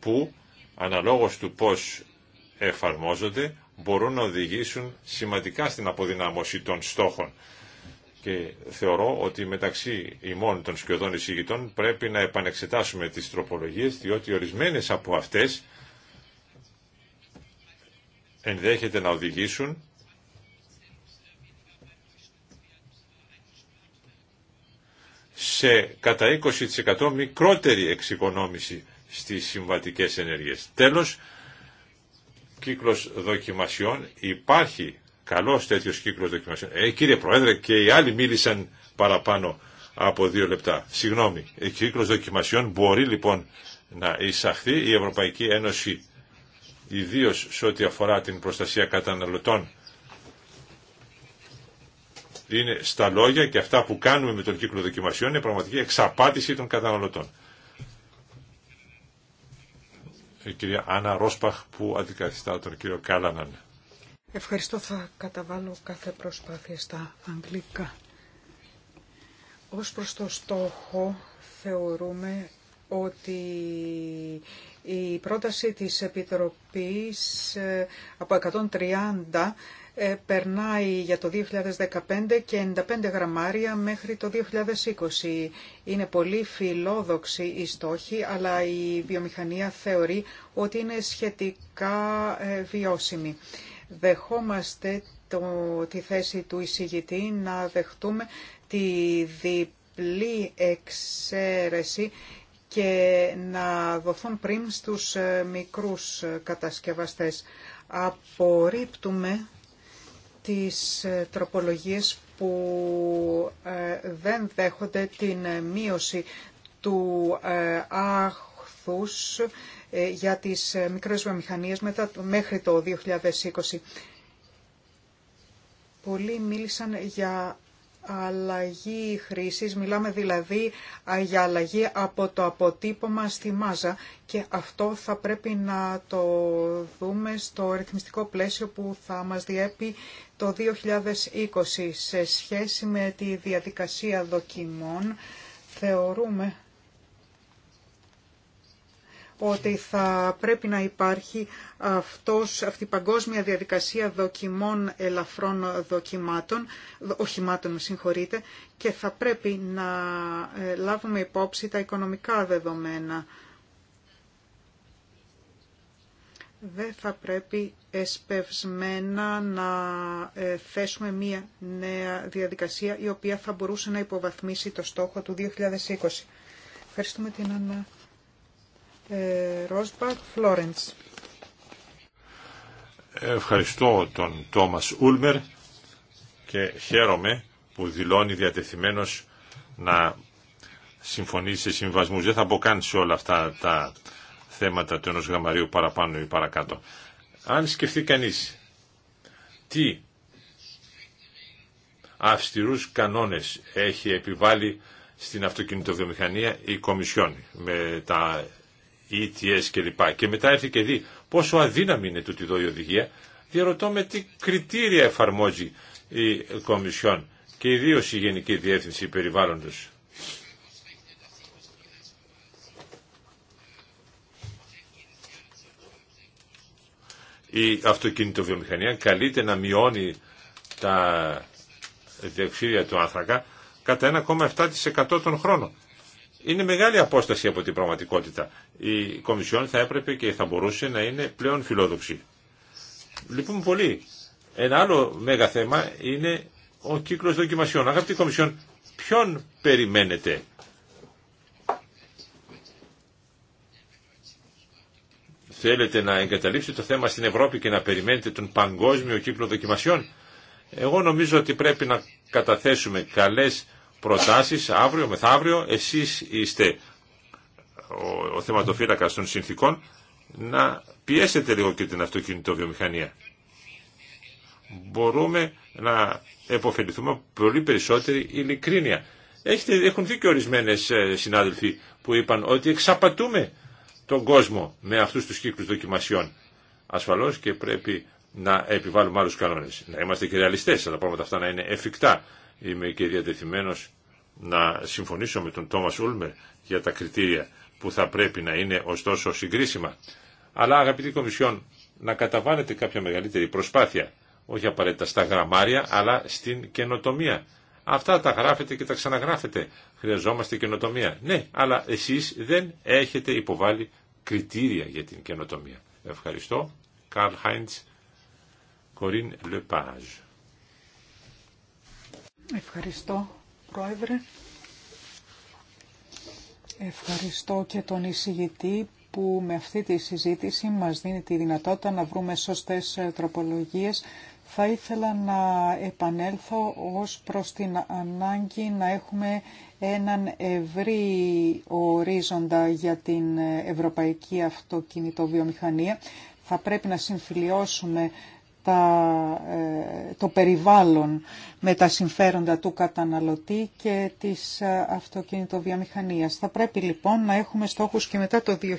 που αναλόγως του πώς εφαρμόζονται μπορούν να οδηγήσουν σημαντικά στην αποδυνάμωση των στόχων. Και θεωρώ ότι μεταξύ ημών των σκιωδών εισηγητών πρέπει να επανεξετάσουμε τις τροπολογίες, διότι ορισμένες από αυτές ενδέχεται να οδηγήσουν σε κατά 20% μικρότερη εξοικονόμηση στις συμβατικές ενέργειες. Τέλος, κύκλος δοκιμασιών, υπάρχει καλός τέτοιος κύκλος δοκιμασιών. Ε, κύριε Πρόεδρε, και οι άλλοι μίλησαν παραπάνω από δύο λεπτά. Συγγνώμη, ο κύκλος δοκιμασιών μπορεί λοιπόν να εισαχθεί η Ευρωπαϊκή Ένωση ιδίω σε ό,τι αφορά την προστασία καταναλωτών είναι στα λόγια και αυτά που κάνουμε με τον κύκλο δοκιμασιών είναι πραγματική εξαπάτηση των καταναλωτών η κυρία Άννα Ρόσπαχ που αντικαθιστά τον κύριο Κάλαναν. Ευχαριστώ, θα καταβάλω κάθε προσπάθεια στα αγγλικά. Ως προς το στόχο θεωρούμε ότι η πρόταση της Επιτροπής ε, από 130 ε, περνάει για το 2015 και 95 γραμμάρια μέχρι το 2020. Είναι πολύ φιλόδοξη η στόχη, αλλά η βιομηχανία θεωρεί ότι είναι σχετικά ε, βιώσιμη. Δεχόμαστε το, τη θέση του εισηγητή να δεχτούμε τη διπλή εξαίρεση και να δοθούν πριν στους ε, μικρούς κατασκευαστές. Απορρίπτουμε τις ε, τροπολογίες που ε, δεν δέχονται την ε, μείωση του άχθους για τις μικρές βιομηχανίες μέχρι το 2020. Πολλοί μίλησαν για αλλαγή χρήσης, μιλάμε δηλαδή για αλλαγή από το αποτύπωμα στη μάζα και αυτό θα πρέπει να το δούμε στο ρυθμιστικό πλαίσιο που θα μας διέπει το 2020 σε σχέση με τη διαδικασία δοκιμών. Θεωρούμε ότι θα πρέπει να υπάρχει αυτός, αυτή η παγκόσμια διαδικασία δοκιμών ελαφρών δοκιμάτων, οχημάτων συγχωρείτε, και θα πρέπει να ε, λάβουμε υπόψη τα οικονομικά δεδομένα. Δεν θα πρέπει εσπευσμένα να ε, θέσουμε μία νέα διαδικασία η οποία θα μπορούσε να υποβαθμίσει το στόχο του 2020. Ευχαριστούμε την ανά Φλόρεντς. Ευχαριστώ τον Τόμας Ούλμερ και χαίρομαι που δηλώνει διατεθειμένος να συμφωνεί σε συμβασμούς. Δεν θα μπω καν σε όλα αυτά τα θέματα του ενός γραμμαρίου παραπάνω ή παρακάτω. Αν σκεφτεί κανείς τι αυστηρούς κανόνες έχει επιβάλει στην αυτοκινητοβιομηχανία η Κομισιόν με τα ETS κλπ. Και μετά έρθει και δει πόσο αδύναμη είναι τούτη εδώ η οδηγία. Διαρωτώ με τι κριτήρια εφαρμόζει η Κομισιόν και ιδίω η Γενική Διεύθυνση Περιβάλλοντος. Η αυτοκινητοβιομηχανία καλείται να μειώνει τα διοξίδια του άνθρακα κατά 1,7% τον χρόνο είναι μεγάλη απόσταση από την πραγματικότητα. Η Κομισιόν θα έπρεπε και θα μπορούσε να είναι πλέον φιλόδοξη. Λυπούμε πολύ. Ένα άλλο μέγα θέμα είναι ο κύκλος δοκιμασιών. Αγαπητή Κομισιόν, ποιον περιμένετε. Θέλετε να εγκαταλείψετε το θέμα στην Ευρώπη και να περιμένετε τον παγκόσμιο κύκλο δοκιμασιών. Εγώ νομίζω ότι πρέπει να καταθέσουμε καλές προτάσεις αύριο, μεθαύριο, εσείς είστε ο, ο των συνθήκων, να πιέσετε λίγο και την αυτοκινητοβιομηχανία. Μπορούμε να επωφεληθούμε πολύ περισσότερη ειλικρίνεια. Έχετε, έχουν δει και ορισμένες ε, συνάδελφοι που είπαν ότι εξαπατούμε τον κόσμο με αυτούς τους κύκλους δοκιμασιών. Ασφαλώς και πρέπει να επιβάλλουμε άλλους κανόνες. Να είμαστε και ρεαλιστές, αλλά πράγματα αυτά να είναι εφικτά είμαι και διατεθειμένος να συμφωνήσω με τον Τόμας Ούλμερ για τα κριτήρια που θα πρέπει να είναι ωστόσο συγκρίσιμα. Αλλά αγαπητοί Κομισιόν, να καταβάνετε κάποια μεγαλύτερη προσπάθεια, όχι απαραίτητα στα γραμμάρια, αλλά στην καινοτομία. Αυτά τα γράφετε και τα ξαναγράφετε. Χρειαζόμαστε καινοτομία. Ναι, αλλά εσείς δεν έχετε υποβάλει κριτήρια για την καινοτομία. Ευχαριστώ. Καρλ Χάιντς, Κορίν Λεπάζ. Ευχαριστώ, Πρόεδρε. Ευχαριστώ και τον εισηγητή που με αυτή τη συζήτηση μας δίνει τη δυνατότητα να βρούμε σωστές ε, τροπολογίες. Θα ήθελα να επανέλθω ως προς την ανάγκη να έχουμε έναν ευρύ ορίζοντα για την ε, ευρωπαϊκή αυτοκινητοβιομηχανία. Θα πρέπει να συμφιλιώσουμε ε, το περιβάλλον με τα συμφέροντα του καταναλωτή και της ε, αυτοκινητοβιομηχανίας. Θα πρέπει λοιπόν να έχουμε στόχους και μετά το 2020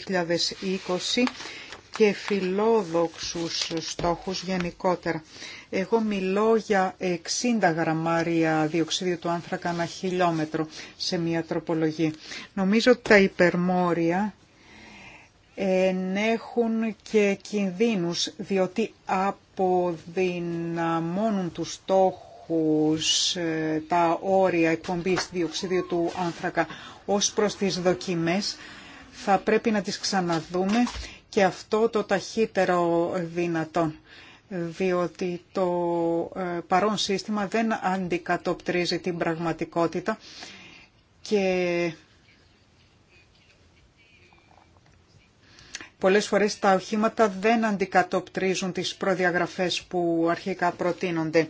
και φιλόδοξους στόχους γενικότερα. Εγώ μιλώ για 60 γραμμάρια διοξίδιου του άνθρακα ένα χιλιόμετρο σε μια τροπολογία. Νομίζω ότι τα υπερμόρια ενέχουν και κινδύνους, διότι αποδυναμώνουν τους στόχους ε, τα όρια εκπομπής διοξιδίου του άνθρακα ως προς τις δοκιμές. Θα πρέπει να τις ξαναδούμε και αυτό το ταχύτερο δυνατόν διότι το ε, παρόν σύστημα δεν αντικατοπτρίζει την πραγματικότητα και Πολλές φορές τα οχήματα δεν αντικατοπτρίζουν τις προδιαγραφές που αρχικά προτείνονται.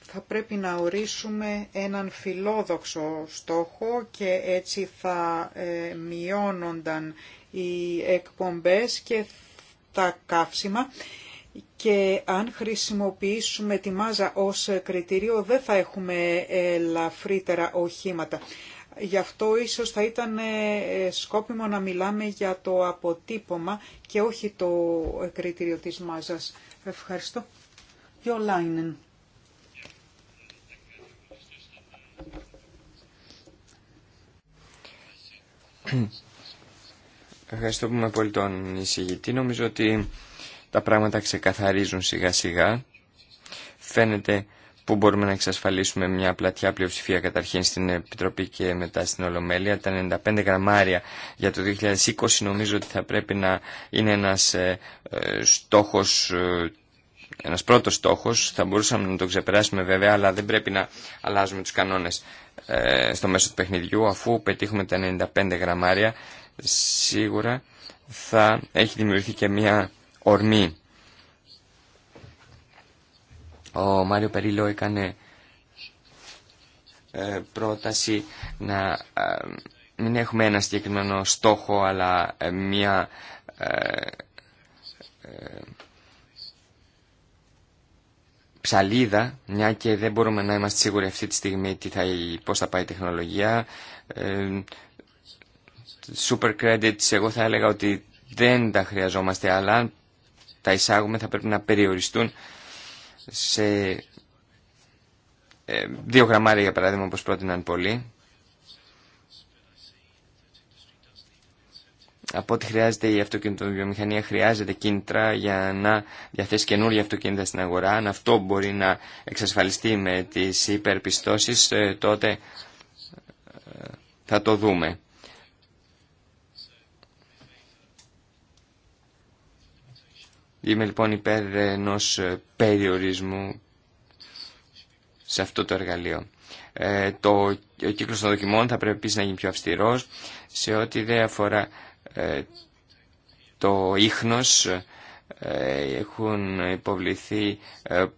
Θα πρέπει να ορίσουμε έναν φιλόδοξο στόχο και έτσι θα ε, μειώνονταν οι εκπομπές και τα καύσιμα και αν χρησιμοποιήσουμε τη μάζα ως κριτήριο δεν θα έχουμε ελαφρύτερα οχήματα. Γι' αυτό ίσως θα ήταν ε, σκόπιμο να μιλάμε για το αποτύπωμα και όχι το κριτήριο της μάζας. Ευχαριστώ. Λάινεν. Ευχαριστώ πολύ τον εισηγητή. Νομίζω ότι τα πράγματα ξεκαθαρίζουν σιγά σιγά. Φαίνεται που μπορούμε να εξασφαλίσουμε μια πλατιά πλειοψηφία καταρχήν στην Επιτροπή και μετά στην Ολομέλεια. Τα 95 γραμμάρια για το 2020 νομίζω ότι θα πρέπει να είναι ένας ε, ε, στόχος ε, ένα πρώτος στόχος, θα μπορούσαμε να το ξεπεράσουμε βέβαια, αλλά δεν πρέπει να αλλάζουμε τους κανόνες στο μέσο του παιχνιδιού. Αφού πετύχουμε τα 95 γραμμάρια, σίγουρα θα έχει δημιουργηθεί και μια ορμή ο Μάριο Περίλο έκανε ε, πρόταση να ε, μην έχουμε ένα συγκεκριμένο στόχο αλλά ε, μια ψαλίδα, μια και δεν μπορούμε να είμαστε σίγουροι αυτή τη στιγμή τι θα, πώς θα πάει η τεχνολογία. super credits, εγώ θα έλεγα ότι δεν τα χρειαζόμαστε, αλλά τα εισάγουμε θα πρέπει να περιοριστούν σε ε, δύο γραμμάρια για παράδειγμα όπως πρότειναν πολλοί. Από ό,τι χρειάζεται η αυτοκινητοβιομηχανία χρειάζεται κίνητρα για να διαθέσει καινούργια αυτοκίνητα στην αγορά. Αν αυτό μπορεί να εξασφαλιστεί με τις υπερπιστώσεις ε, τότε ε, θα το δούμε. Είμαι λοιπόν υπέρ ενό ε, περιορισμού σε αυτό το εργαλείο. Ε, το, ο κύκλος των δοκιμών θα πρέπει επίσης να γίνει πιο αυστηρός σε ό,τι δεν αφορά ε, το ίχνος έχουν υποβληθεί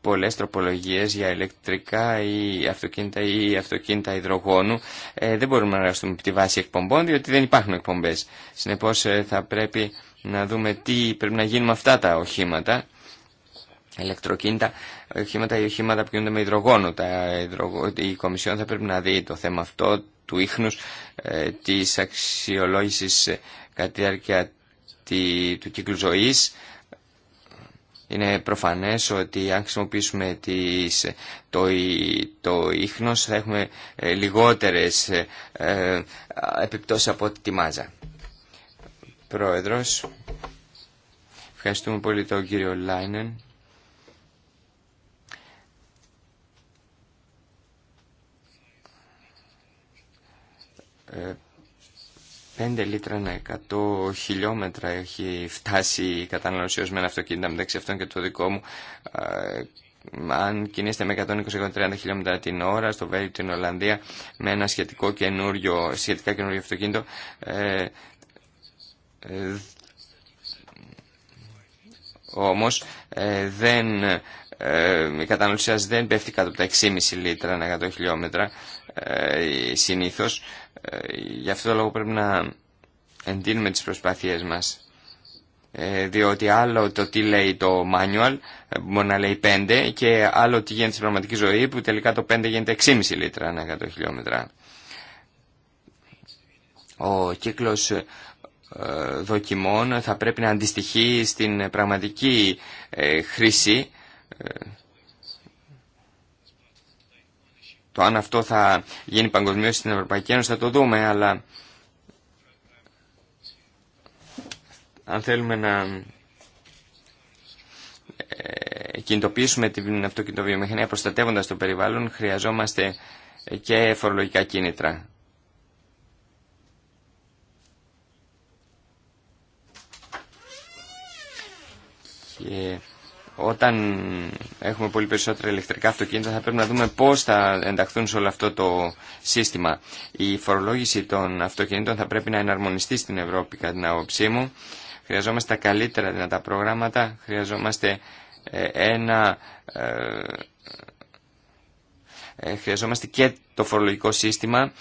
πολλές τροπολογίες για ηλεκτρικά ή αυτοκίνητα ή αυτοκίνητα υδρογόνου δεν μπορούμε να εργαστούμε από τη βάση εκπομπών διότι δεν υπάρχουν εκπομπές συνεπώς θα πρέπει να δούμε τι πρέπει να γίνει με αυτά τα οχήματα, ηλεκτροκίνητα, οχήματα ή οχήματα που κινούνται με υδρογόνο. Τα Η Κομισιόν θα πρέπει να δει το θέμα αυτό του ίχνους, ε, της αξιολόγησης ε, κατά τη διάρκεια του κύκλου ζωής. Είναι προφανές ότι αν χρησιμοποιήσουμε τις... το, το ίχνος θα έχουμε ε, λιγότερες ε, ε, επιπτώσεις από τη μάζα. Πρόεδρος, ευχαριστούμε πολύ τον κύριο Λάινεν. Ε, πέντε λίτρα ανά 100 χιλιόμετρα έχει φτάσει η κατανάλωση ως με ένα αυτοκίνητο μεταξύ αυτών και το δικό μου. Ε, αν κινείστε με 120-130 χιλιόμετρα την ώρα στο Βέλγιο, την Ολλανδία, με ένα σχετικό καινούριο, σχετικά καινούριο αυτοκίνητο, ε, ε, όμως ε, δεν, ε, η κατανάλωση δεν πέφτει κάτω από τα 6,5 λίτρα ανά 100 χιλιόμετρα συνήθως. Γι' αυτό το λόγο πρέπει να εντείνουμε τις προσπάθειές μας. διότι άλλο το τι λέει το manual, μπορεί να λέει 5, και άλλο τι γίνεται στην πραγματική ζωή, που τελικά το 5 γίνεται 6,5 λίτρα ανά 100 χιλιόμετρα. Ο κύκλος δοκιμών θα πρέπει να αντιστοιχεί στην πραγματική ε, χρήση. Ε, το αν αυτό θα γίνει παγκοσμίως στην Ευρωπαϊκή Ένωση θα το δούμε, αλλά αν θέλουμε να ε, κινητοποιήσουμε την αυτοκινητοβιομηχανία προστατεύοντας το περιβάλλον, χρειαζόμαστε και φορολογικά κίνητρα. Και όταν έχουμε πολύ περισσότερα ηλεκτρικά αυτοκίνητα θα πρέπει να δούμε πώς θα ενταχθούν σε όλο αυτό το σύστημα. Η φορολόγηση των αυτοκινήτων θα πρέπει να εναρμονιστεί στην Ευρώπη κατά την άποψή μου. Χρειαζόμαστε τα καλύτερα δυνατά προγράμματα, χρειαζόμαστε ε, ένα... Ε, ε, χρειαζόμαστε και το φορολογικό σύστημα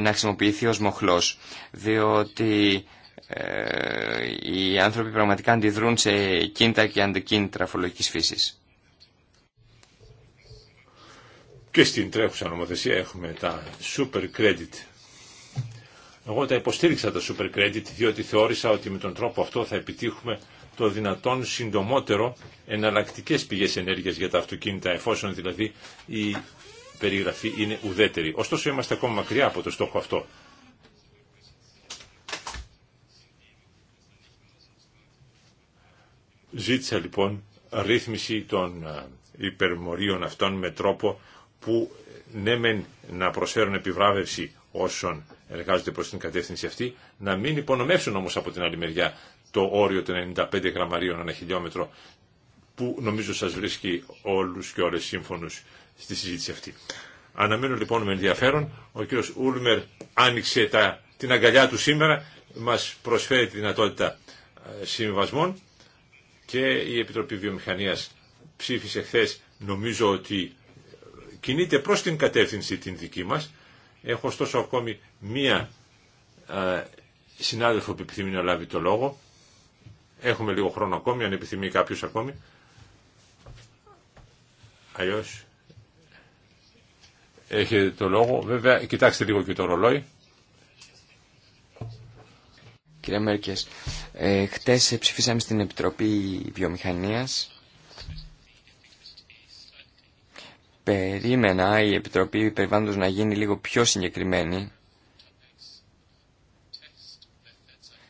να χρησιμοποιηθεί ως μοχλός, διότι ε, οι άνθρωποι πραγματικά αντιδρούν σε κίνητα και αντικίνητρα φορολογικής φύσης. Και στην τρέχουσα νομοθεσία έχουμε τα super credit. Εγώ τα υποστήριξα τα super credit διότι θεώρησα ότι με τον τρόπο αυτό θα επιτύχουμε το δυνατόν συντομότερο εναλλακτικέ πηγές ενέργειας για τα αυτοκίνητα εφόσον δηλαδή η περιγραφή είναι ουδέτερη. Ωστόσο είμαστε ακόμα μακριά από το στόχο αυτό. Ζήτησα λοιπόν ρύθμιση των ε, υπερμορίων αυτών με τρόπο που ε, ναι μεν να προσφέρουν επιβράβευση όσων εργάζονται προς την κατεύθυνση αυτή, να μην υπονομεύσουν όμως από την άλλη μεριά το όριο των 95 γραμμαρίων ανά χιλιόμετρο που νομίζω σας βρίσκει όλους και όλες σύμφωνους στη συζήτηση αυτή. Αναμένω λοιπόν με ενδιαφέρον, ο κύριος Ούλμερ άνοιξε την αγκαλιά του σήμερα, μας προσφέρει τη δυνατότητα ε, συμβασμών και η Επιτροπή Βιομηχανίας ψήφισε χθε νομίζω ότι κινείται προς την κατεύθυνση την δική μας. Έχω ωστόσο ακόμη μία συνάδελφο που επιθυμεί να λάβει το λόγο. Έχουμε λίγο χρόνο ακόμη, αν επιθυμεί κάποιος ακόμη. Αλλιώς έχετε το λόγο. Βέβαια, κοιτάξτε λίγο και το ρολόι. Κύριε Μέρκες, ε, χτες ψηφίσαμε στην Επιτροπή Βιομηχανίας. Περίμενα η Επιτροπή Περιβάλλοντος να γίνει λίγο πιο συγκεκριμένη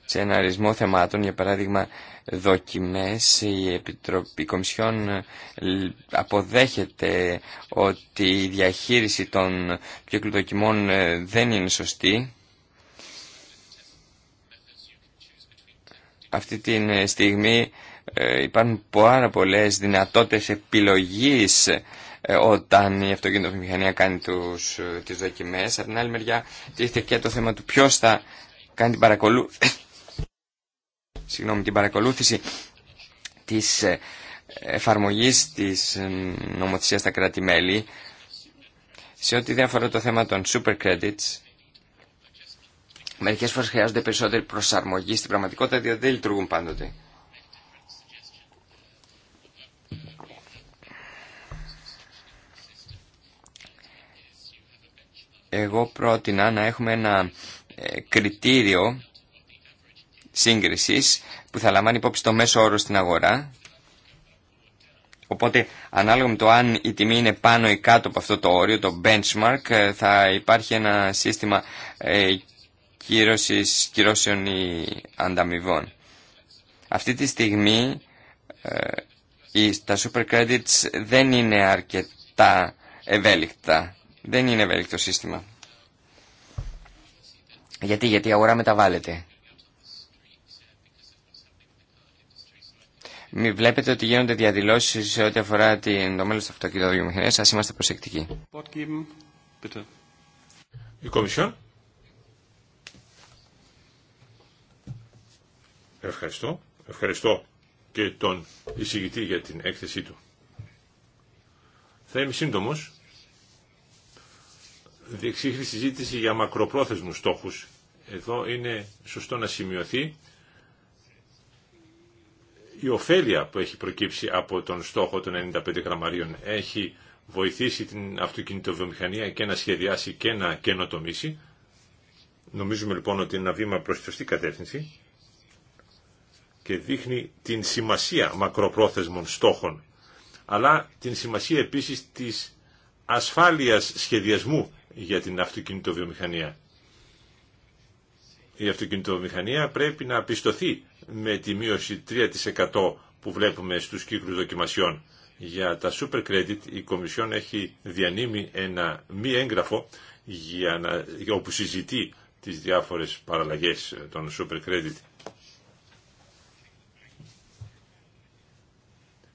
σε ένα αρισμό θεμάτων, για παράδειγμα δοκιμές, η Επιτροπή Κομισιόν ε, αποδέχεται ότι η διαχείριση των κύκλου δοκιμών ε, δεν είναι σωστή Αυτή τη στιγμή ε, υπάρχουν πάρα πολλές δυνατότητες επιλογής ε, όταν η αυτοκινητοβιομηχανία κάνει τους, ε, τις δοκιμές. Από την άλλη μεριά τίθεται και το θέμα του ποιος θα κάνει την, παρακολου... Συγγνώμη, την παρακολούθηση της εφαρμογής της νομοθεσίας στα κράτη-μέλη. Σε ό,τι αφορά το θέμα των super credits, Μερικέ φορέ χρειάζονται περισσότερη προσαρμογή στην πραγματικότητα διότι δεν λειτουργούν πάντοτε. Εγώ πρότεινα να έχουμε ένα ε, κριτήριο σύγκρισης που θα λαμβάνει υπόψη το μέσο όρο στην αγορά. Οπότε ανάλογα με το αν η τιμή είναι πάνω ή κάτω από αυτό το όριο, το benchmark, ε, θα υπάρχει ένα σύστημα ε, κύρωσης, κυρώσεων ή ανταμοιβών. Αυτή τη στιγμή ε, τα super credits δεν είναι αρκετά ευέλικτα. Δεν είναι ευέλικτο σύστημα. Γιατί, γιατί η αγορά μεταβάλλεται. Μην βλέπετε ότι γίνονται διαδηλώσει σε ό,τι αφορά την, το μέλλον τη αυτοκινητοβιομηχανία. Α είμαστε προσεκτικοί. Η Κομισιόν. Ευχαριστώ. Ευχαριστώ και τον εισηγητή για την έκθεσή του. Θα είμαι σύντομος. Διεξήχθη συζήτηση για μακροπρόθεσμους στόχους. Εδώ είναι σωστό να σημειωθεί η ωφέλεια που έχει προκύψει από τον στόχο των 95 γραμμαρίων. Έχει βοηθήσει την αυτοκινητοβιομηχανία και να σχεδιάσει και να καινοτομήσει. Νομίζουμε λοιπόν ότι είναι ένα βήμα προς τη σωστή κατεύθυνση και δείχνει την σημασία μακροπρόθεσμων στόχων, αλλά την σημασία επίσης της ασφάλειας σχεδιασμού για την αυτοκινητοβιομηχανία. Η αυτοκινητοβιομηχανία πρέπει να πιστοθεί με τη μείωση 3% που βλέπουμε στους κύκλους δοκιμασιών. Για τα super credit η Κομισιόν έχει διανύμει ένα μη έγγραφο για να, όπου συζητεί τις διάφορες παραλλαγές των super credit.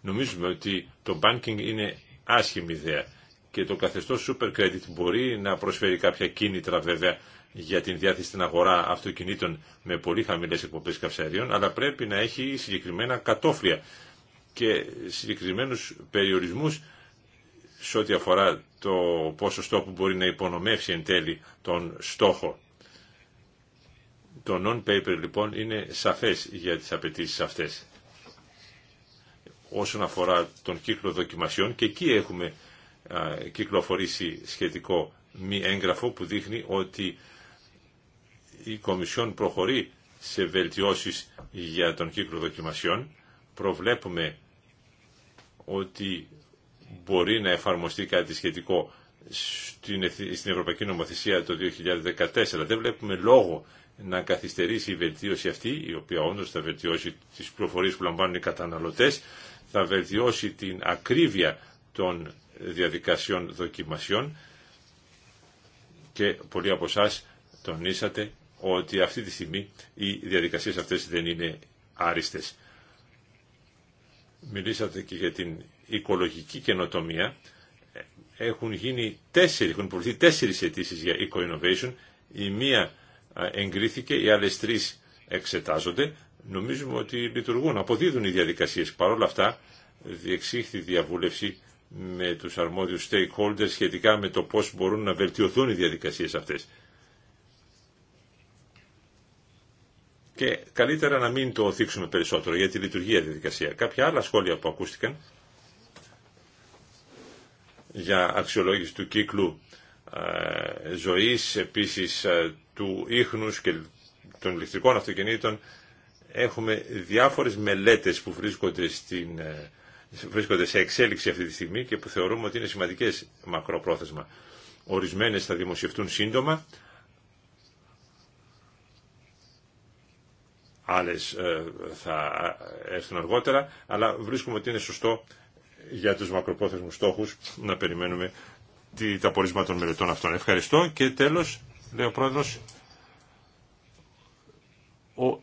Νομίζουμε ότι το banking είναι άσχημη ιδέα και το καθεστώς super credit μπορεί να προσφέρει κάποια κίνητρα βέβαια για την διάθεση στην αγορά αυτοκινήτων με πολύ χαμηλές εκπομπές καυσαρίων, αλλά πρέπει να έχει συγκεκριμένα κατόφλια και συγκεκριμένους περιορισμούς σε ό,τι αφορά το ποσοστό που μπορεί να υπονομεύσει εν τέλει τον στόχο. Το non-paper λοιπόν είναι σαφές για τις απαιτήσει αυτές όσον αφορά τον κύκλο δοκιμασιών και εκεί έχουμε κυκλοφορήσει σχετικό μη έγγραφο που δείχνει ότι η Κομισιόν προχωρεί σε βελτιώσεις για τον κύκλο δοκιμασιών. Προβλέπουμε ότι μπορεί να εφαρμοστεί κάτι σχετικό στην Ευρωπαϊκή Νομοθεσία το 2014. Δεν βλέπουμε λόγο να καθυστερήσει η βελτίωση αυτή, η οποία όντω θα βελτιώσει τις πληροφορίες που λαμβάνουν οι καταναλωτές θα βελτιώσει την ακρίβεια των διαδικασιών δοκιμασιών και πολλοί από εσά τονίσατε ότι αυτή τη στιγμή οι διαδικασίες αυτές δεν είναι άριστες. Μιλήσατε και για την οικολογική καινοτομία. Έχουν γίνει τέσσερι, έχουν προωθεί τέσσερις αιτήσει για Eco Innovation. Η μία ε, εγκρίθηκε, οι άλλες τρεις εξετάζονται. Νομίζουμε ότι λειτουργούν, αποδίδουν οι διαδικασίες. Παρ' όλα αυτά διεξήχθη διαβούλευση με τους αρμόδιους stakeholders σχετικά με το πώς μπορούν να βελτιωθούν οι διαδικασίες αυτές. Και καλύτερα να μην το οθήξουμε περισσότερο για τη λειτουργία διαδικασία. Κάποια άλλα σχόλια που ακούστηκαν για αξιολόγηση του κύκλου ε, ζωής, επίσης ε, του ίχνους και των ηλεκτρικών αυτοκινήτων Έχουμε διάφορες μελέτες που βρίσκονται, στην, ε, βρίσκονται σε εξέλιξη αυτή τη στιγμή και που θεωρούμε ότι είναι σημαντικές μακροπρόθεσμα. Ορισμένες θα δημοσιευτούν σύντομα, άλλες ε, θα έρθουν αργότερα, αλλά βρίσκουμε ότι είναι σωστό για τους μακροπρόθεσμους στόχους να περιμένουμε τα πορίσματα των μελετών αυτών. Ευχαριστώ και τέλος, λέει ο Πρόεδρος, ο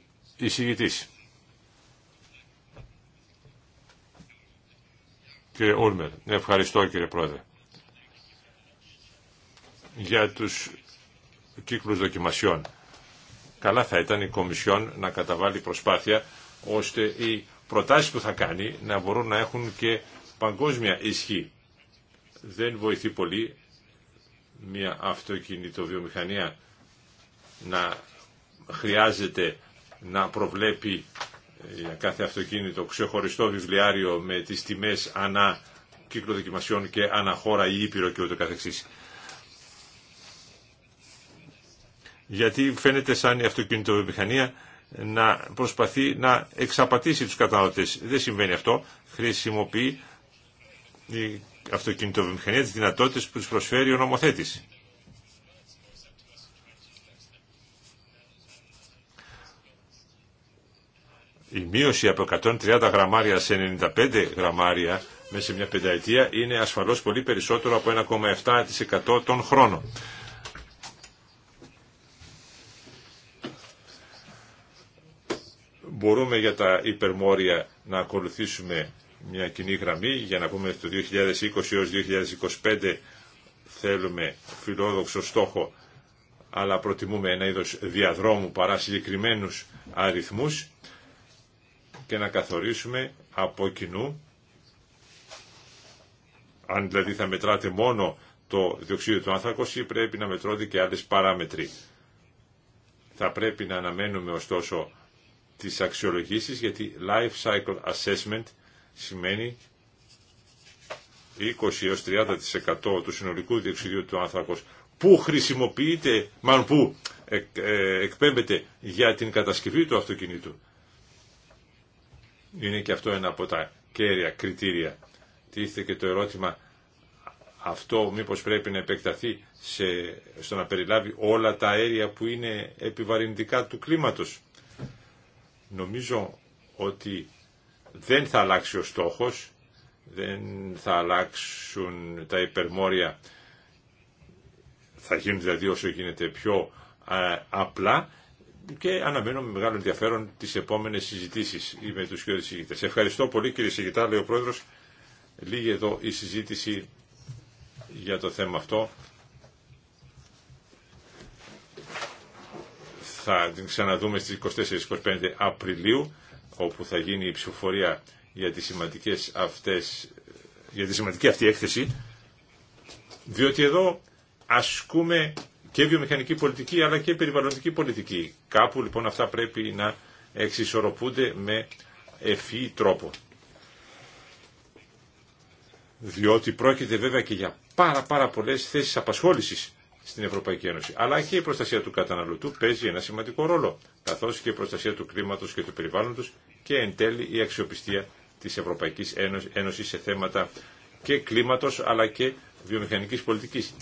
Κύριε Ούλμερ, ευχαριστώ κύριε Πρόεδρε. Για τους κύκλους δοκιμασιών. Καλά θα ήταν η Κομισιόν να καταβάλει προσπάθεια ώστε οι προτάσεις που θα κάνει να μπορούν να έχουν και παγκόσμια ισχύ. Δεν βοηθεί πολύ μια αυτοκινητοβιομηχανία να χρειάζεται να προβλέπει ε, για κάθε αυτοκίνητο ξεχωριστό βιβλιάριο με τις τιμές ανά κύκλο δοκιμασιών και ανά χώρα ή ήπειρο και ούτω καθεξής. Γιατί φαίνεται σαν η αυτοκινητοβιομηχανία να προσπαθεί να εξαπατήσει τους καταναλωτές. Δεν συμβαίνει αυτό. Χρησιμοποιεί η αυτοκινητοβιομηχανία τις δυνατότητες που τους προσφέρει ο νομοθέτης. η μείωση από 130 γραμμάρια σε 95 γραμμάρια μέσα σε μια πενταετία είναι ασφαλώς πολύ περισσότερο από 1,7% των χρόνων. Μπορούμε για τα υπερμόρια να ακολουθήσουμε μια κοινή γραμμή για να πούμε το 2020 έως 2025 θέλουμε φιλόδοξο στόχο αλλά προτιμούμε ένα είδος διαδρόμου παρά συγκεκριμένους αριθμούς και να καθορίσουμε από κοινού, αν δηλαδή θα μετράτε μόνο το διοξείδιο του άνθρακος ή πρέπει να μετρώνται και άλλες παράμετροι. Θα πρέπει να αναμένουμε ωστόσο τις αξιολογήσεις γιατί life cycle assessment σημαίνει 20 έως 30% του συνολικού διοξειδίου του άνθρακος που χρησιμοποιείται, μάλλον που ε, εκπέμπεται για την κατασκευή του αυτοκινήτου είναι και αυτό ένα από τα κέρια κριτήρια. Τι είστε και το ερώτημα αυτό μήπως πρέπει να επεκταθεί σε, στο να περιλάβει όλα τα αέρια που είναι επιβαρυντικά του κλίματος. Νομίζω ότι δεν θα αλλάξει ο στόχος, δεν θα αλλάξουν τα υπερμόρια, θα γίνουν δηλαδή όσο γίνεται πιο απλά, και αναμένω με μεγάλο ενδιαφέρον τι επόμενε συζητήσει με τους κύριου συζητητέ. Ευχαριστώ πολύ κύριε Σιγητά, λέει ο Πρόεδρος. Λίγη εδώ η συζήτηση για το θέμα αυτό. Θα την ξαναδούμε στις 24-25 Απριλίου, όπου θα γίνει η ψηφοφορία για, τις σημαντικές αυτές, για τη σημαντική αυτή έκθεση, διότι εδώ ασκούμε και βιομηχανική πολιτική αλλά και περιβαλλοντική πολιτική. Κάπου λοιπόν αυτά πρέπει να εξισορροπούνται με ευφύ τρόπο. Διότι πρόκειται βέβαια και για πάρα πάρα πολλές θέσεις απασχόλησης στην Ευρωπαϊκή Ένωση. Αλλά και η προστασία του καταναλωτού παίζει ένα σημαντικό ρόλο, καθώς και η προστασία του κλίματος και του περιβάλλοντος και εν τέλει η αξιοπιστία της Ευρωπαϊκής Ένωσης σε θέματα και κλίματος αλλά και βιομηχανικής πολιτικής.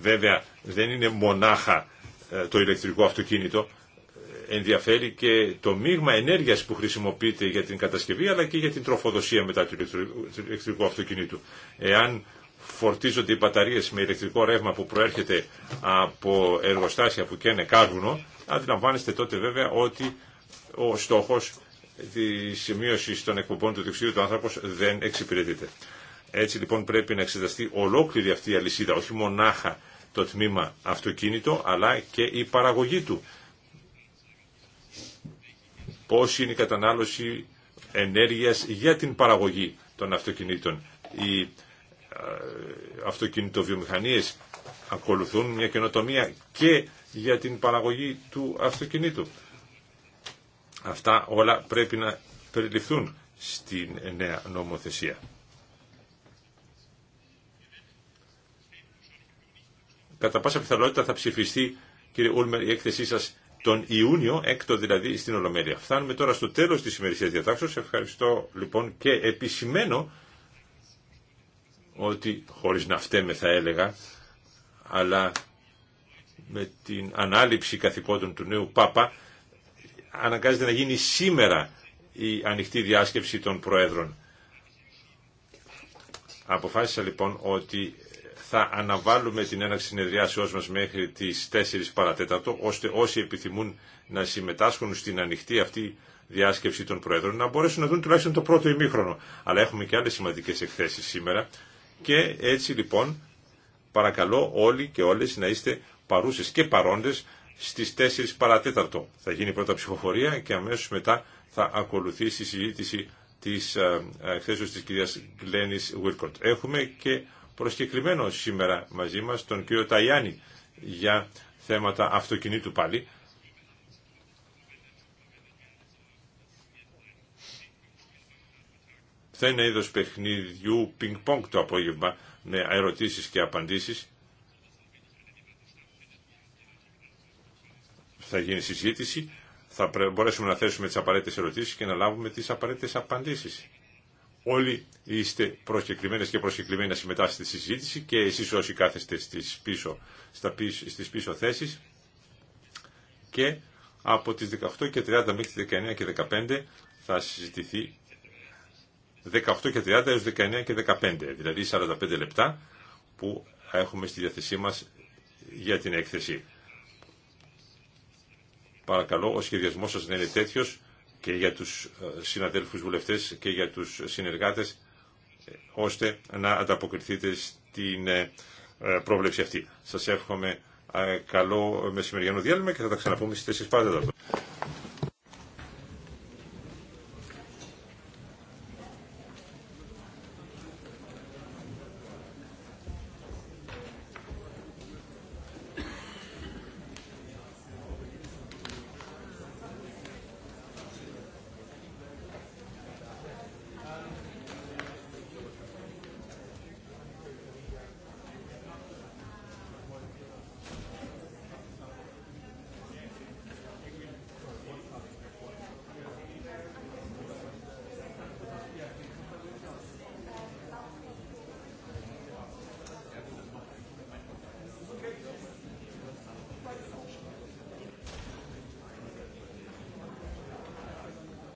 Βέβαια δεν είναι μονάχα ε, το ηλεκτρικό αυτοκίνητο, ε, ενδιαφέρει και το μείγμα ενέργειας που χρησιμοποιείται για την κατασκευή αλλά και για την τροφοδοσία μετά του ηλεκτρικού αυτοκινήτου. Εάν φορτίζονται οι μπαταρίες με ηλεκτρικό ρεύμα που προέρχεται από εργοστάσια που καίνε κάρβουνο, αντιλαμβάνεστε τότε βέβαια ότι ο στόχος της σημείωση των εκπομπών του διοξιδίου του άνθρακος δεν εξυπηρετείται. Έτσι λοιπόν πρέπει να εξεταστεί ολόκληρη αυτή η αλυσίδα, όχι μονάχα το τμήμα αυτοκίνητο αλλά και η παραγωγή του. Πώς είναι η κατανάλωση ενέργειας για την παραγωγή των αυτοκινήτων. Οι ε, αυτοκινητοβιομηχανίες ακολουθούν μια καινοτομία και για την παραγωγή του αυτοκινήτου. Αυτά όλα πρέπει να περιληφθούν στην νέα νομοθεσία. κατά πάσα πιθανότητα θα ψηφιστεί, κύριε Ούλμερ, η έκθεσή σας τον Ιούνιο, έκτο δηλαδή στην Ολομέλεια. Φτάνουμε τώρα στο τέλος της ημερησίας διατάξεως. Ευχαριστώ λοιπόν και επισημένο ότι, χωρίς να φταίμε θα έλεγα, αλλά με την ανάληψη καθηκόντων του νέου Πάπα, αναγκάζεται να γίνει σήμερα η ανοιχτή διάσκεψη των Προέδρων. Αποφάσισα λοιπόν ότι θα αναβάλουμε την έναρξη συνεδριάσεώ μα μέχρι τι 4 παρατέταρτο, ώστε όσοι επιθυμούν να συμμετάσχουν στην ανοιχτή αυτή διάσκεψη των Προέδρων να μπορέσουν να δουν τουλάχιστον το πρώτο ημίχρονο. Αλλά έχουμε και άλλε σημαντικέ εκθέσει σήμερα και έτσι λοιπόν παρακαλώ όλοι και όλε να είστε παρούσε και παρόντε στι 4 παρατέταρτο. Θα γίνει πρώτα ψηφοφορία και αμέσω μετά θα ακολουθήσει η συζήτηση τη ε, ε, εκθέσεω τη κυρία Γκλένη Βίλκοτ. Έχουμε και προσκεκλημένο σήμερα μαζί μας τον κύριο Ταϊάννη για θέματα αυτοκινήτου πάλι. Θα είναι είδος παιχνιδιού πινκ-πονκ το απόγευμα με ερωτήσεις και απαντήσεις. Θα γίνει συζήτηση, θα μπορέσουμε να θέσουμε τις απαραίτητες ερωτήσεις και να λάβουμε τις απαραίτητες απαντήσεις όλοι είστε προσκεκλημένε και προσκεκλημένοι να συμμετάσχετε στη συζήτηση και εσείς όσοι κάθεστε στις πίσω, στα πίσω, πίσω θέσεις και από τις 18 και 30 μέχρι τις 19 και 15 θα συζητηθεί 18 και 30 έως 19 και 15, δηλαδή 45 λεπτά που έχουμε στη διάθεσή μας για την έκθεση. Παρακαλώ, ο σχεδιασμός σας να είναι τέτοιος και για τους ε, συναδέλφους βουλευτές και για τους συνεργάτες ε, ώστε να ανταποκριθείτε στην ε, πρόβλεψη αυτή. Σας εύχομαι καλό μεσημεριανό διάλειμμα και θα τα ξαναπούμε στις 4 πάντα.